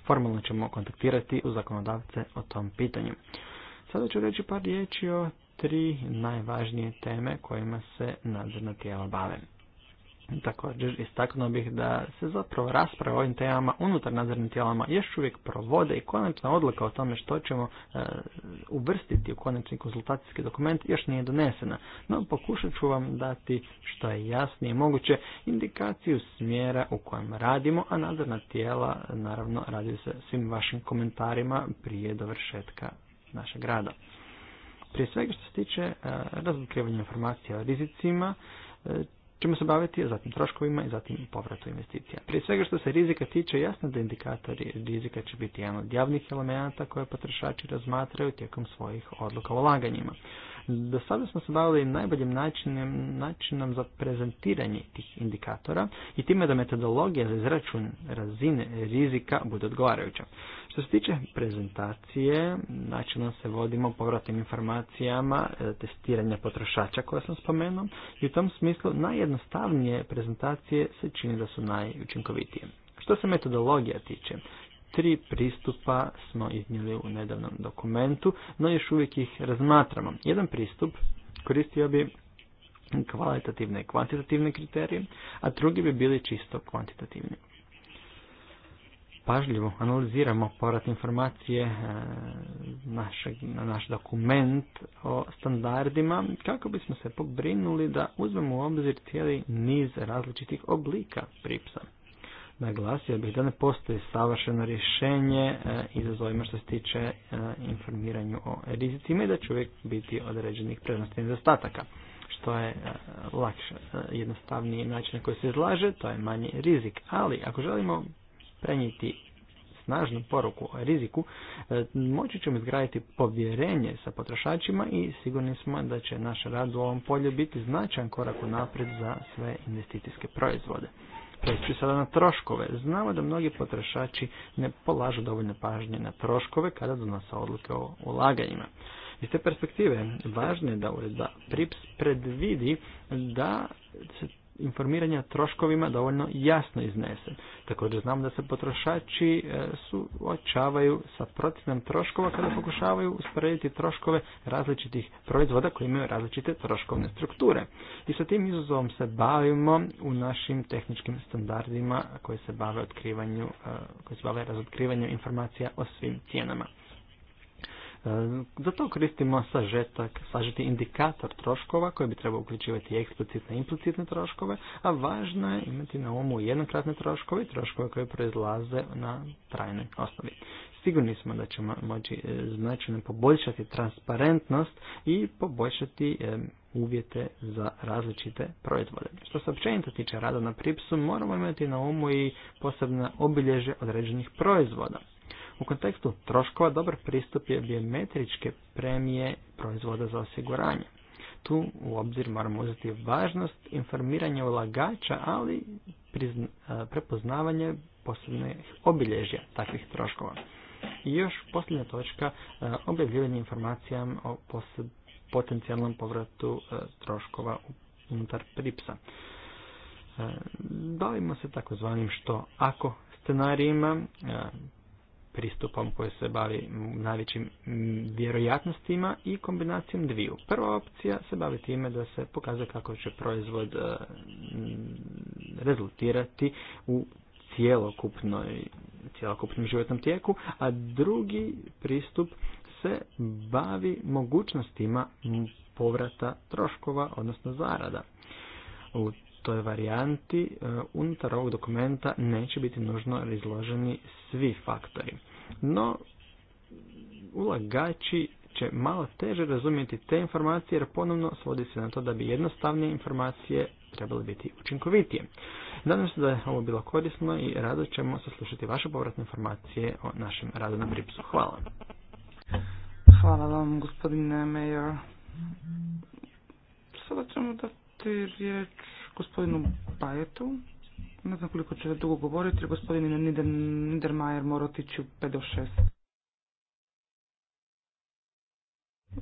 Formalno ćemo kontaktirati u zakonodavce o tom pitanju. Sada ću reći par riječi o tri najvažnije teme kojima se nadzorna tijela bave. Također istaknuo bih da se zapravo rasprave o ovim temama unutar nadzornim tijelama još uvijek provode i konačna odluka o tome što ćemo e, uvrstiti u konačni konzultacijski dokument još nije donesena. No pokušat ću vam dati što je jasnije moguće indikaciju smjera u kojem radimo, a nadzorna tijela naravno radi se svim vašim komentarima prije dovršetka našeg rada. Prije svega što se tiče e, informacija o rizicima, e, ćemo se baviti, zatim troškovima i zatim povratu investicija. Prije svega što se rizika tiče, jasno da indikatori rizika će biti jedan od javnih elemenata koje potrošači razmatraju tijekom svojih odluka o ulaganjima. Do sada smo se bavili najboljim načinom za prezentiranje tih indikatora i time da metodologija za izračun razine rizika bude odgovarajuća. Što se tiče prezentacije, načinom se vodimo povratnim informacijama e, testiranja potrošača koje sam spomenuo i u tom smislu najjednostavnije prezentacije se čini da su najučinkovitije. Što se metodologija tiče, tri pristupa smo iznijeli u nedavnom dokumentu, no još uvijek ih razmatramo. Jedan pristup koristio bi kvalitativne i kvantitativne kriterije, a drugi bi bili čisto kvantitativni pažljivo analiziramo povrat informacije e, na naš dokument o standardima kako bismo se pobrinuli da uzmemo u obzir cijeli niz različitih oblika pripsa. Naglasio bih da ne postoji savršeno rješenje e, izazovima što se tiče e, informiranju o rizicima i da će uvijek biti određenih prednosti i nedostataka Što je lakše, jednostavniji način na koji se izlaže, to je manji rizik. Ali ako želimo prenijeti snažnu poruku o riziku, e, moći ćemo izgraditi povjerenje sa potrošačima i sigurni smo da će naš rad u ovom polju biti značajan korak u za sve investicijske proizvode. Preći sada na troškove. Znamo da mnogi potrošači ne polažu dovoljno pažnje na troškove kada donose odluke o ulaganjima. Iz te perspektive važno je da uredba PRIPS predvidi da se informiranja troškovima dovoljno jasno iznese. Također znam da se potrošači e, suočavaju sa procjenom troškova kada pokušavaju usporediti troškove različitih proizvoda koji imaju različite troškovne strukture. I sa tim izazovom se bavimo u našim tehničkim standardima koji se bave otkrivanju, e, koji se bave razotkrivanju informacija o svim cijenama. Za to koristimo sažetak, sažeti indikator troškova koji bi trebao uključivati eksplicitne i implicitne troškove, a važno je imati na umu jednokratne troškove i troškove koje proizlaze na trajnoj osnovi. Sigurni smo da ćemo moći e, značajno poboljšati transparentnost i poboljšati e, uvjete za različite proizvode. Što se općenito tiče rada na pripsu, moramo imati na umu i posebna obilježe određenih proizvoda. U kontekstu troškova dobar pristup je biometričke premije proizvoda za osiguranje. Tu u obzir moramo uzeti važnost informiranja ulagača, ali prepoznavanje posebnih obilježja takvih troškova. I još posljednja točka, objavljivanje informacija o potencijalnom povratu troškova unutar pripsa. Bavimo se takozvanim što ako scenarijima, pristupom koji se bavi najvećim vjerojatnostima i kombinacijom dviju. Prva opcija se bavi time da se pokazuje kako će proizvod e, rezultirati u cjelokupnom cijelokupnom životnom tijeku, a drugi pristup se bavi mogućnostima povrata troškova, odnosno zarada. U toj varijanti e, unutar ovog dokumenta neće biti nužno izloženi svi faktori. No, ulagači će malo teže razumjeti te informacije jer ponovno svodi se na to da bi jednostavnije informacije trebale biti učinkovitije. Nadam se da je ovo bilo korisno i rado ćemo saslušati vaše povratne informacije o našem radu na Bripsu. Hvala. Hvala vam gospodine Mejor. Sada ćemo dati riječ gospodinu Bajetu, Ne znam koliko će dugo govoriti, gospodin Niedermayer mora otići u 5 do 6.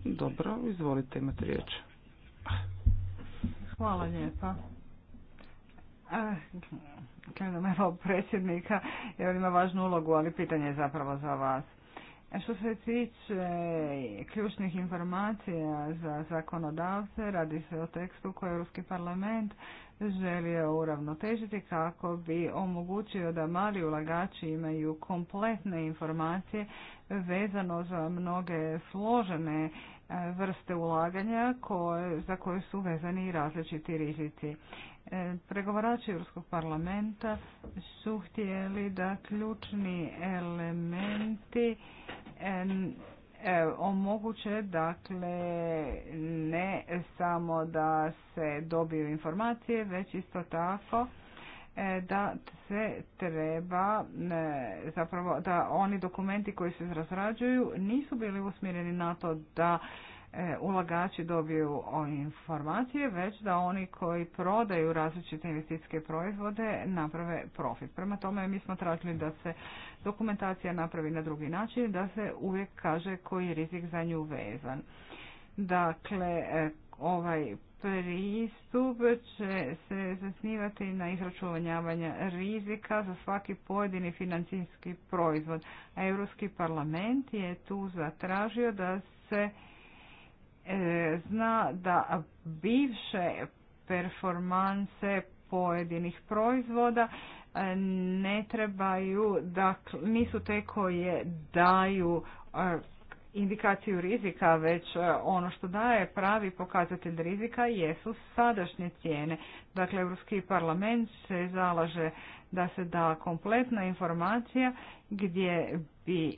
Dobro, izvolite, imate riječ. Hvala lijepa. Krenem evo predsjednika jer ima važnu ulogu, ali pitanje je zapravo za vas. Što se tiče ključnih informacija za zakonodavce, radi se o tekstu koji Europski parlament želio uravnotežiti kako bi omogućio da mali ulagači imaju kompletne informacije vezano za mnoge složene e, vrste ulaganja za koje su vezani različiti rizici. E, pregovarači Europskog parlamenta su htjeli da ključni elementi E, omoguće dakle ne samo da se dobiju informacije, već isto tako e, da se treba e, zapravo da oni dokumenti koji se razrađuju nisu bili usmjereni na to da E, ulagači dobiju informacije, već da oni koji prodaju različite investicijske proizvode naprave profit. Prema tome mi smo tražili da se dokumentacija napravi na drugi način, da se uvijek kaže koji je rizik za nju vezan. Dakle, e, ovaj pristup će se zasnivati na izračunavanja rizika za svaki pojedini financijski proizvod. Europski parlament je tu zatražio da se E, zna da bivše performanse pojedinih proizvoda e, ne trebaju, dakle, nisu te koje daju e, indikaciju rizika, već ono što daje pravi pokazatelj rizika jesu sadašnje cijene. Dakle, Europski parlament se zalaže da se da kompletna informacija gdje bi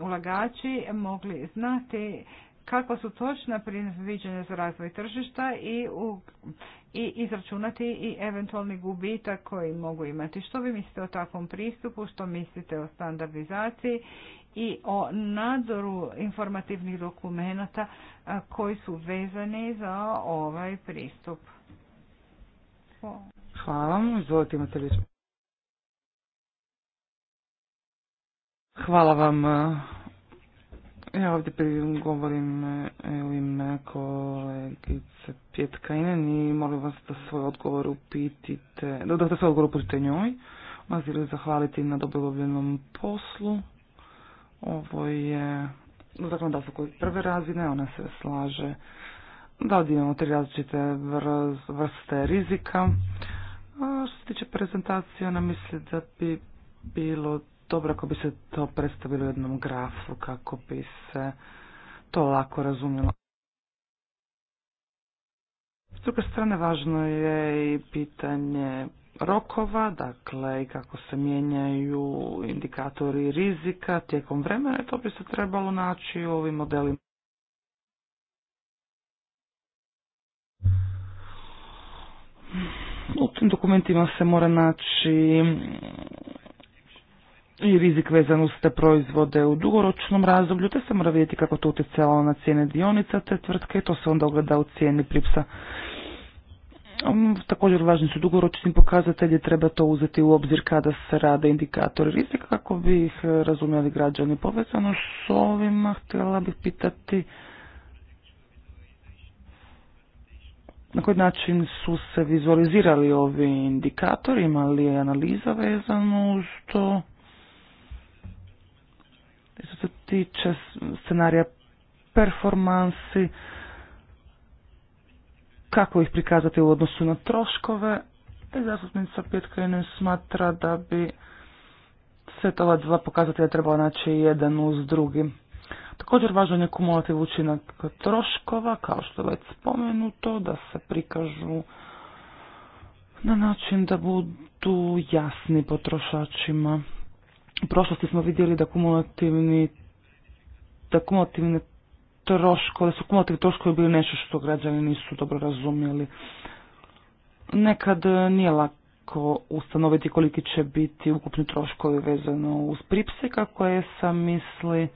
ulagači mogli znati kakva su točna predviđanja za razvoj tržišta i, u, i izračunati i eventualni gubitak koji mogu imati. Što vi mislite o takvom pristupu, što mislite o standardizaciji i o nadzoru informativnih dokumenata koji su vezani za ovaj pristup? Hvala vam, izvolite Hvala vam ja ovdje govorim e, u ime kolegice Pjetkajnen i molim vas da svoj odgovor upitite, da da svoj odgovor upitite njoj. Vas želim zahvaliti na dobrovoljnom poslu. Ovo je zakonodavstvo koje prve razine, ona se slaže da ovdje imamo tri različite vrste rizika. A što se tiče prezentacije, ona misli da bi bilo dobro ako bi se to predstavilo u jednom grafu kako bi se to lako razumjelo. S druge strane važno je i pitanje rokova, dakle i kako se mijenjaju indikatori rizika tijekom vremena, to bi se trebalo naći u ovim modelima. U tim dokumentima se mora naći i rizik vezan uz te proizvode u dugoročnom razdoblju, te se mora vidjeti kako to utjecalo na cijene dionica te tvrtke to se onda ogleda u cijeni pripsa. Um, također važni su dugoročni pokazatelji, treba to uzeti u obzir kada se rade indikatori rizika kako bi ih razumjeli građani. Povezano s ovima htjela bih pitati na koji način su se vizualizirali ovi indikatori, imali je analiza vezano uz to. Što se tiče scenarija performansi, kako ih prikazati u odnosu na troškove, i zastupnica ne smatra da bi se ova dva pokazatelja trebala naći jedan uz drugi. Također važan je kumulativ učinak troškova, kao što je već spomenuto, da se prikažu na način da budu jasni potrošačima. U prošlosti smo vidjeli da kumulativni da kumulativne troškove, su kumulativni troškovi bili nešto što građani nisu dobro razumjeli. Nekad nije lako ustanoviti koliki će biti ukupni troškovi vezano uz pripse, kako je sam misli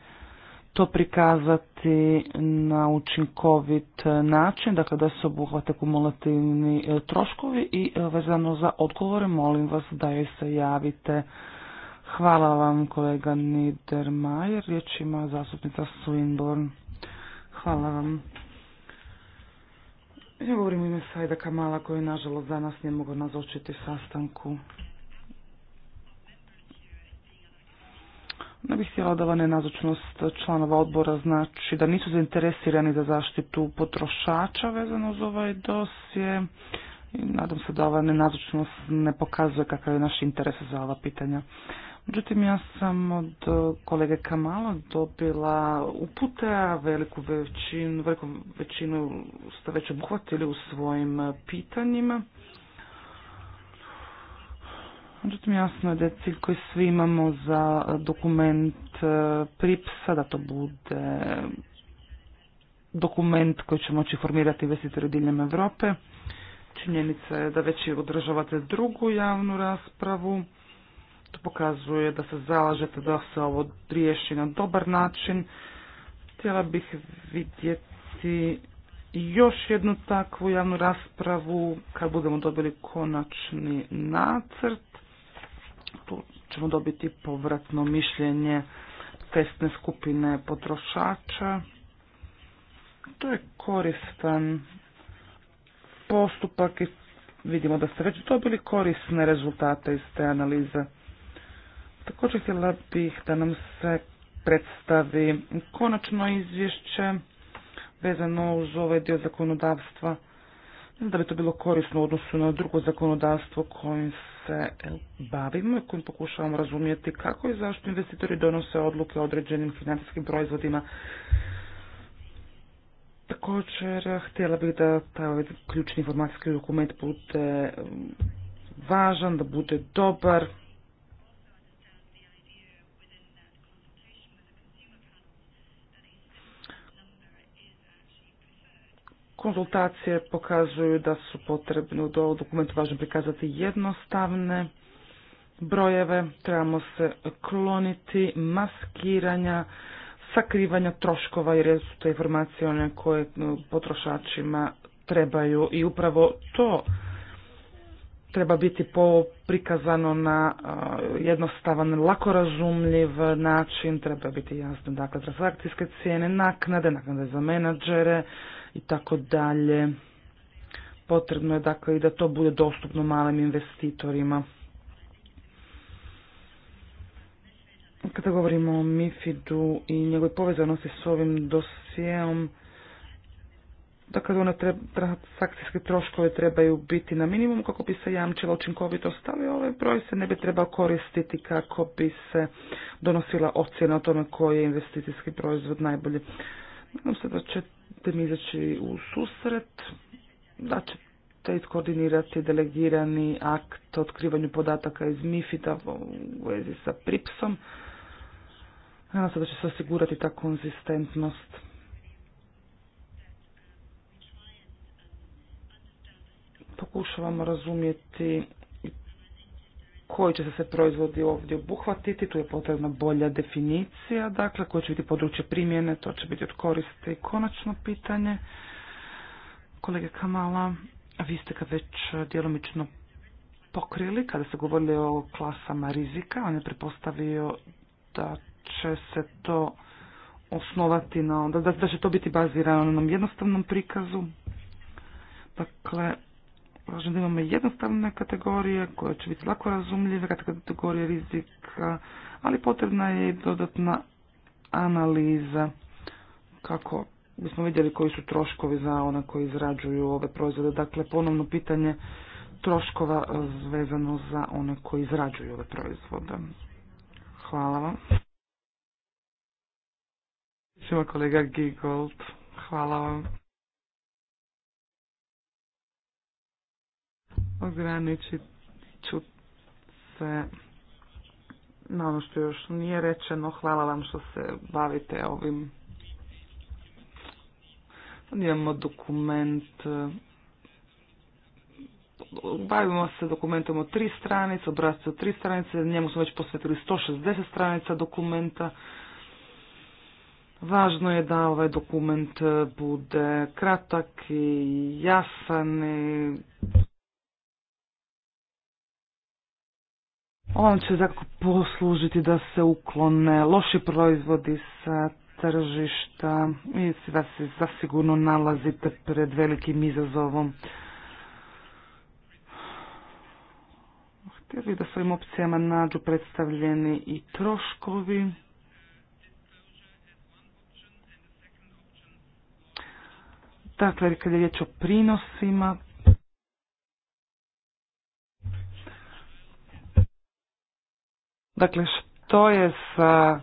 to prikazati na učinkovit način, dakle da se obuhvate kumulativni e, troškovi i e, vezano za odgovore molim vas da joj se javite Hvala vam kolega Niedermayer. Riječ ima zastupnica Swinborn. Hvala vam. Ja govorim ime Sajda Kamala koji nažalost danas nije mogu nazočiti sastanku. Ne bih htjela da ova nenazočnost članova odbora znači da nisu zainteresirani za zaštitu potrošača vezano uz ovaj dosje. I nadam se da ova nenazočnost ne pokazuje kakav je naš interes za ova pitanja. Međutim, ja sam od e, kolege Kamala dobila upute, a veliku većinu, veliku većinu ste već obuhvatili u svojim e, pitanjima. Međutim, jasno je da je cilj koji svi imamo za e, dokument pripsa, da to bude dokument koji će moći formirati investitori diljem Europe. Činjenica je da već održavate drugu javnu raspravu to pokazuje da se zalažete da se ovo riješi na dobar način. Htjela bih vidjeti još jednu takvu javnu raspravu kad budemo dobili konačni nacrt. Tu ćemo dobiti povratno mišljenje testne skupine potrošača. To je koristan postupak i vidimo da ste već dobili korisne rezultate iz te analize. Također htjela bih da nam se predstavi konačno izvješće vezano uz ovaj dio zakonodavstva. da bi to bilo korisno u odnosu na drugo zakonodavstvo kojim se bavimo i kojim pokušavamo razumjeti kako i zašto investitori donose odluke o određenim financijskim proizvodima. Također, htjela bih da taj ovaj ključni informacijski dokument bude mm, važan, da bude dobar, Konzultacije pokazuju da su potrebno do ovom dokumentu važno prikazati jednostavne brojeve, trebamo se kloniti maskiranja, sakrivanja troškova jer su to informacije one koje potrošačima trebaju i upravo to treba biti prikazano na jednostavan, lako razumljiv način, treba biti jasno, dakle, transakcijske cijene, naknade, naknade za menadžere, i tako dalje. Potrebno je dakle i da to bude dostupno malim investitorima. Kada govorimo o MiFidu i njegovoj povezanosti s ovim dosijeom, dakle, ona treba, transakcijski troškovi trebaju biti na minimum kako bi se jamčila učinkovitost, ali ovaj broj se ne bi trebao koristiti kako bi se donosila ocjena o tome koji je investicijski proizvod najbolji. Nadam se da će te mi izaći u susret, da ćete iskoordinirati delegirani akt o otkrivanju podataka iz MIFID-a u vezi sa PRIPS-om. se da će se osigurati ta konzistentnost. Pokušavamo razumjeti koji će se proizvodi ovdje obuhvatiti, tu je potrebna bolja definicija, dakle koje će biti područje primjene, to će biti od koriste i konačno pitanje. Kolege Kamala, vi ste ga već djelomično pokrili kada se govorili o klasama rizika, on je prepostavio da će se to osnovati na, da, da će to biti bazirano na jednostavnom prikazu. Dakle, Važno da imamo jednostavne kategorije koje će biti lako razumljive, kategorije rizika, ali potrebna je i dodatna analiza kako bismo vidjeli koji su troškovi za one koji izrađuju ove proizvode. Dakle, ponovno pitanje troškova vezano za one koji izrađuju ove proizvode. Hvala vam. kolega Gigold. Hvala vam. Ograničit ću se na ono što još nije rečeno. Hvala vam što se bavite ovim. Imamo dokument bavimo se dokumentom od tri stranice, obrazice od tri stranice, njemu smo već posvetili 160 stranica dokumenta. Važno je da ovaj dokument bude kratak i jasan i On će zakako poslužiti da se uklone loši proizvodi sa tržišta i da se zasigurno nalazite pred velikim izazovom. Htio da svojim opcijama nađu predstavljeni i troškovi. Dakle, kad je riječ o prinosima, Dakle, što je sa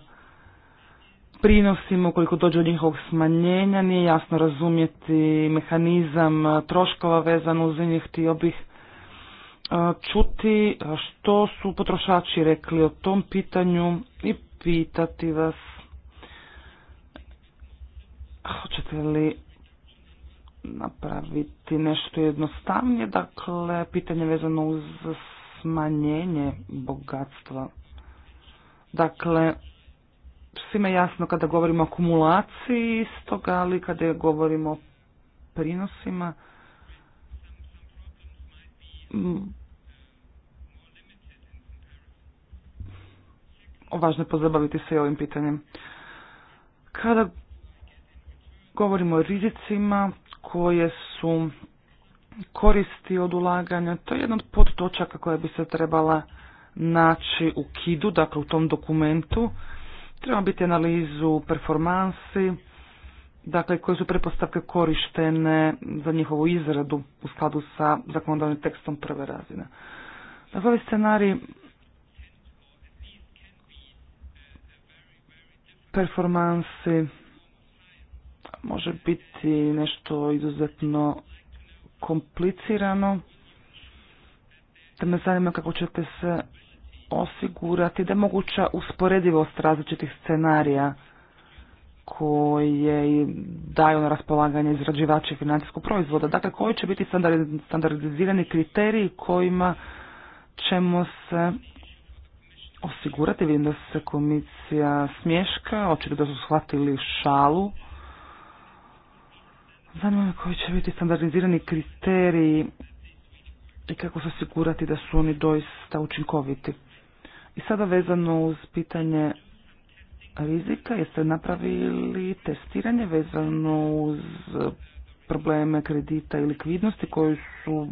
prinosima ukoliko dođe od njihovog smanjenja, nije jasno razumjeti mehanizam troškova vezan uz njih, htio bih e, čuti što su potrošači rekli o tom pitanju i pitati vas hoćete li napraviti nešto jednostavnije, dakle pitanje vezano uz smanjenje bogatstva Dakle, svima jasno kada govorimo o akumulaciji istoga, ali kada govorimo o prinosima, mm, važno je pozabaviti se i ovim pitanjem. Kada govorimo o rizicima koje su koristi od ulaganja, to je jedna od podtočaka koja bi se trebala naći u KID-u, dakle u tom dokumentu. Treba biti analizu performansi, dakle koje su pretpostavke korištene za njihovu izradu u skladu sa zakonodavnim tekstom prve razine. Dakle, ovaj scenarij performansi može biti nešto izuzetno komplicirano. Te me zanima kako ćete se osigurati da je moguća usporedivost različitih scenarija koje daju na raspolaganje izrađivači financijskog proizvoda. Dakle, koji će biti standardizirani kriteriji kojima ćemo se osigurati. Vidim da se komisija smješka, očito da su shvatili šalu. Zanima koji će biti standardizirani kriteriji i kako se osigurati da su oni doista učinkoviti. I sada vezano uz pitanje rizika, jeste napravili testiranje vezano uz probleme kredita i likvidnosti koji su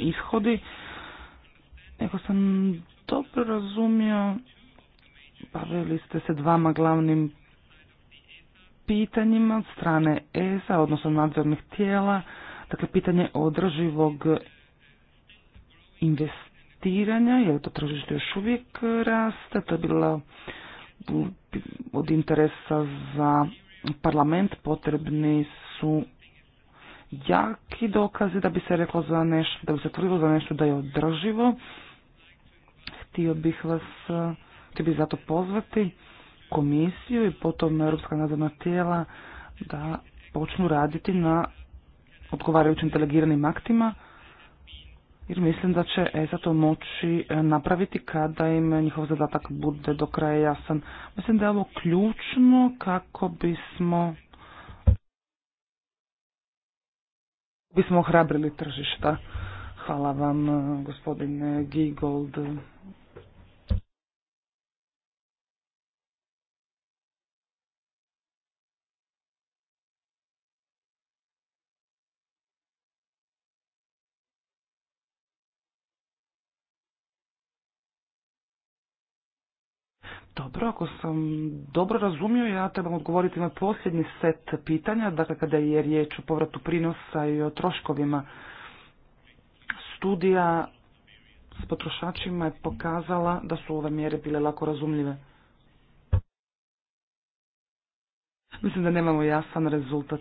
ishodi. Ako sam dobro razumio, bavili ste se dvama glavnim pitanjima od strane ESA, odnosno nadzornih tijela, dakle pitanje održivog investiranja investiranja, jer to tržište još uvijek e, raste, to je bilo od interesa za parlament, potrebni su jaki dokazi da bi se reklo za nešto, da bi se tvrdilo za nešto da je održivo. Htio bih vas, e, htio bih zato pozvati komisiju i potom Europska nadzorna tijela da počnu raditi na odgovarajućim delegiranim aktima jer mislim da će ESA to moći e, napraviti kada im njihov zadatak bude do kraja jasan. Mislim da je ovo ključno kako bismo bismo ohrabrili tržišta. Hvala vam e, gospodine Gigold. Dobro, ako sam dobro razumio, ja trebam odgovoriti na posljednji set pitanja, dakle kada je riječ o povratu prinosa i o troškovima studija s potrošačima je pokazala da su ove mjere bile lako razumljive. Mislim da nemamo jasan rezultat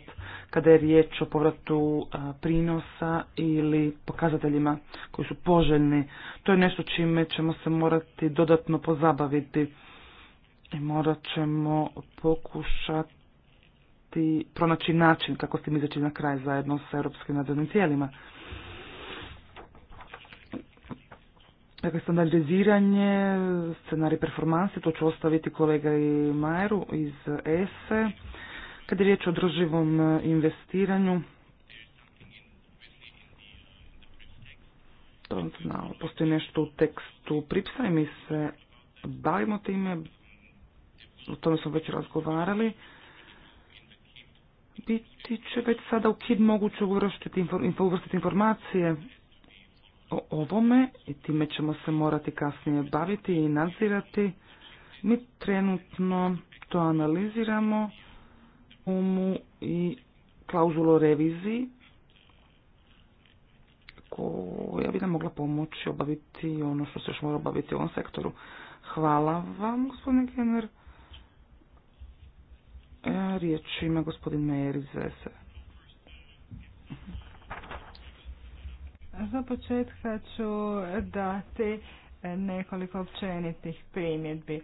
kada je riječ o povratu prinosa ili pokazateljima koji su poželjni. To je nešto čime ćemo se morati dodatno pozabaviti. I morat ćemo pokušati pronaći način kako s tim izaći na kraj zajedno sa europskim nadzornim tijelima. Dakle, standardiziranje, scenarij performansi, to ću ostaviti kolega i Majeru iz ESE. Kad je riječ o drživom investiranju, to znao, postoji nešto u tekstu Pripsa i mi se bavimo time, o tome smo već razgovarali, biti će već sada u KID moguće uvrstiti, informacije o ovome i time ćemo se morati kasnije baviti i nadzirati. Mi trenutno to analiziramo, mu i klauzulu reviziji koja bi nam mogla pomoći obaviti ono što se još mora obaviti u ovom sektoru. Hvala vam, gospodine Kenner. E, riječ ima gospodin Mejer iz Vese. Za početka ću dati nekoliko općenitih primjedbi.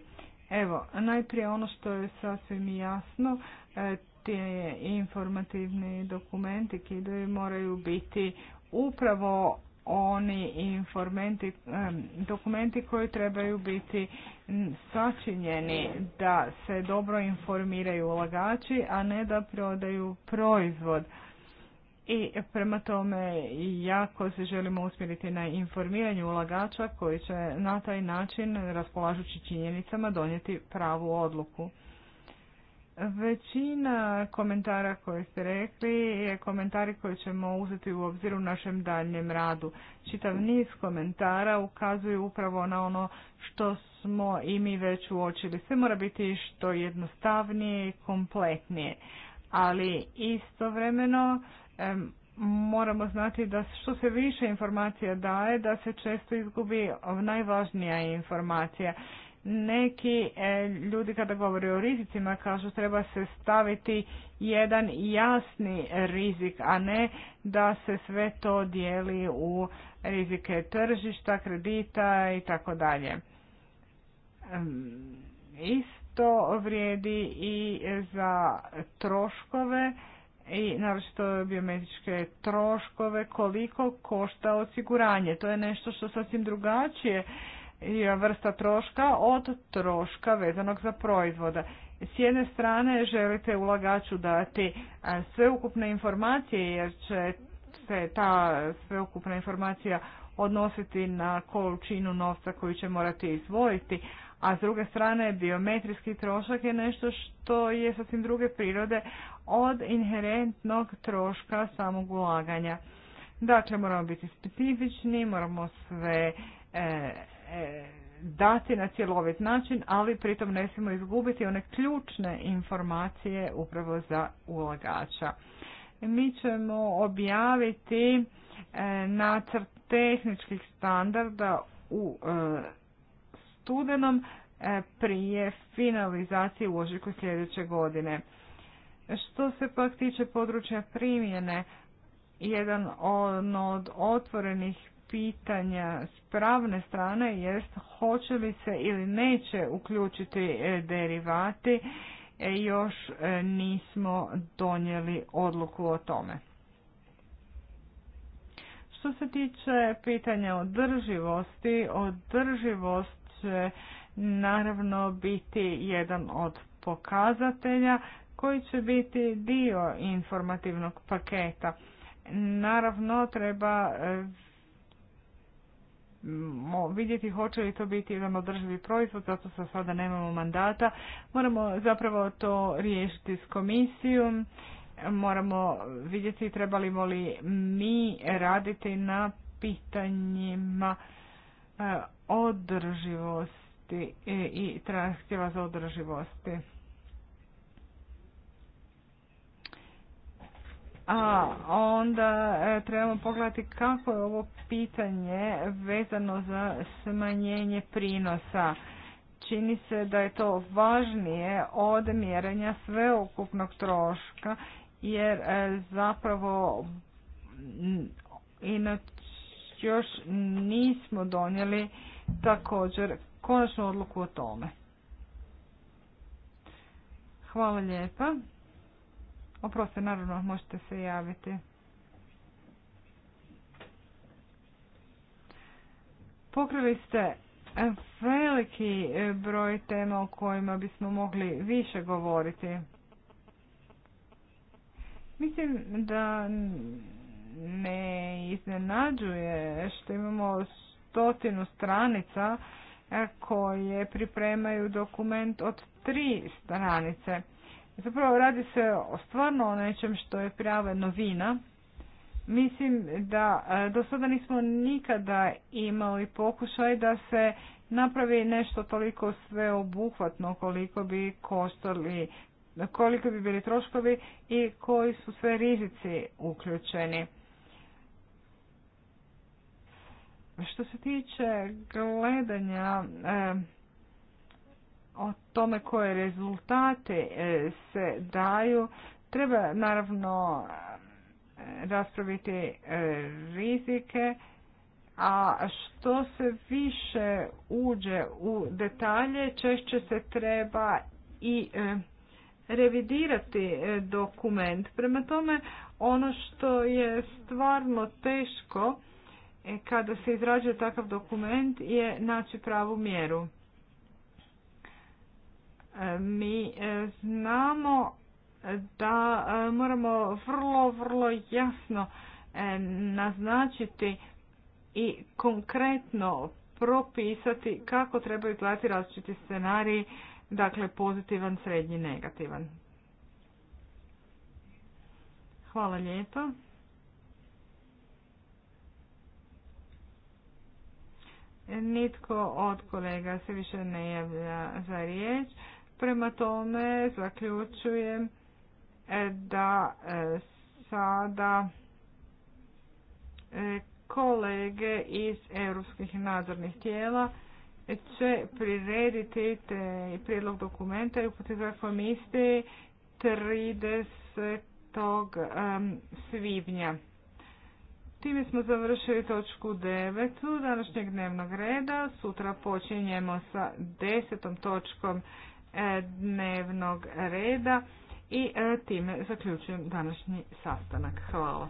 Evo, najprije ono što je sasvim jasno, te informativni dokumenti kidovi moraju biti upravo oni informenti, dokumenti koji trebaju biti sačinjeni da se dobro informiraju ulagači, a ne da prodaju proizvod. I prema tome jako se želimo usmjeriti na informiranju ulagača koji će na taj način raspolažući činjenicama donijeti pravu odluku. Većina komentara koje ste rekli je komentari koje ćemo uzeti u obzir u našem daljnjem radu. Čitav niz komentara ukazuju upravo na ono što smo i mi već uočili. Sve mora biti što jednostavnije i kompletnije, ali istovremeno moramo znati da što se više informacija daje, da se često izgubi najvažnija informacija neki e, ljudi kada govore o rizicima kažu treba se staviti jedan jasni rizik, a ne da se sve to dijeli u rizike tržišta, kredita i tako dalje. Isto vrijedi i za troškove i naročito biometričke troškove koliko košta osiguranje. To je nešto što sasvim drugačije vrsta troška od troška vezanog za proizvoda. S jedne strane želite ulagaču dati e, sveukupne informacije jer će se ta sveukupna informacija odnositi na količinu novca koju će morati izvojiti, a s druge strane biometrijski trošak je nešto što je sasvim druge prirode od inherentnog troška samog ulaganja. Dakle, moramo biti specifični, moramo sve e, E, dati na cjelovit ovaj način, ali pritom ne smijemo izgubiti one ključne informacije upravo za ulagača. Mi ćemo objaviti e, nacrt tehničkih standarda u e, studenom prije finalizacije u ožiku sljedeće godine. Što se pak tiče područja primjene, jedan od otvorenih pitanja s pravne strane jest hoće li se ili neće uključiti e, derivati, e, još e, nismo donijeli odluku o tome. Što se tiče pitanja održivosti, održivost će naravno biti jedan od pokazatelja koji će biti dio informativnog paketa. Naravno treba vidjeti hoće li to biti jedan održivi proizvod, zato što sada nemamo mandata. Moramo zapravo to riješiti s komisijom, moramo vidjeti trebali li mi raditi na pitanjima e, održivosti e, i trahtjeva za održivosti. a onda e, trebamo pogledati kako je ovo pitanje vezano za smanjenje prinosa. Čini se da je to važnije od mjerenja sveukupnog troška jer e, zapravo inače još nismo donijeli također konačnu odluku o tome. Hvala lijepa. Oproste, naravno, možete se javiti. Pokrili ste veliki e, broj tema o kojima bismo mogli više govoriti. Mislim da ne iznenađuje što imamo stotinu stranica e, koje pripremaju dokument od tri stranice. Zapravo radi se o stvarno o nečem što je prava novina. Mislim da e, do sada nismo nikada imali pokušaj da se napravi nešto toliko sveobuhvatno koliko bi koštali, koliko bi bili troškovi i koji su sve rizici uključeni. Što se tiče gledanja e, o tome koje rezultate e, se daju, treba naravno raspraviti e, rizike, a što se više uđe u detalje, češće se treba i e, revidirati dokument. Prema tome, ono što je stvarno teško kada se izrađuje takav dokument je naći pravu mjeru. Mi e, znamo da e, moramo vrlo, vrlo jasno e, naznačiti i konkretno propisati kako trebaju izgledati različiti scenariji, dakle pozitivan, srednji, negativan. Hvala lijepo Nitko od kolega se više ne javlja za riječ. Prema tome zaključujem e, da e, sada e, kolege iz europskih nadzornih tijela će prirediti te prijedlog dokumenta i uputiti za komisiji 30. svibnja. Time smo završili točku 9. današnjeg dnevnog reda. Sutra počinjemo sa 10. točkom E, dnevnog reda i e, time zaključujem današnji sastanak. Hvala.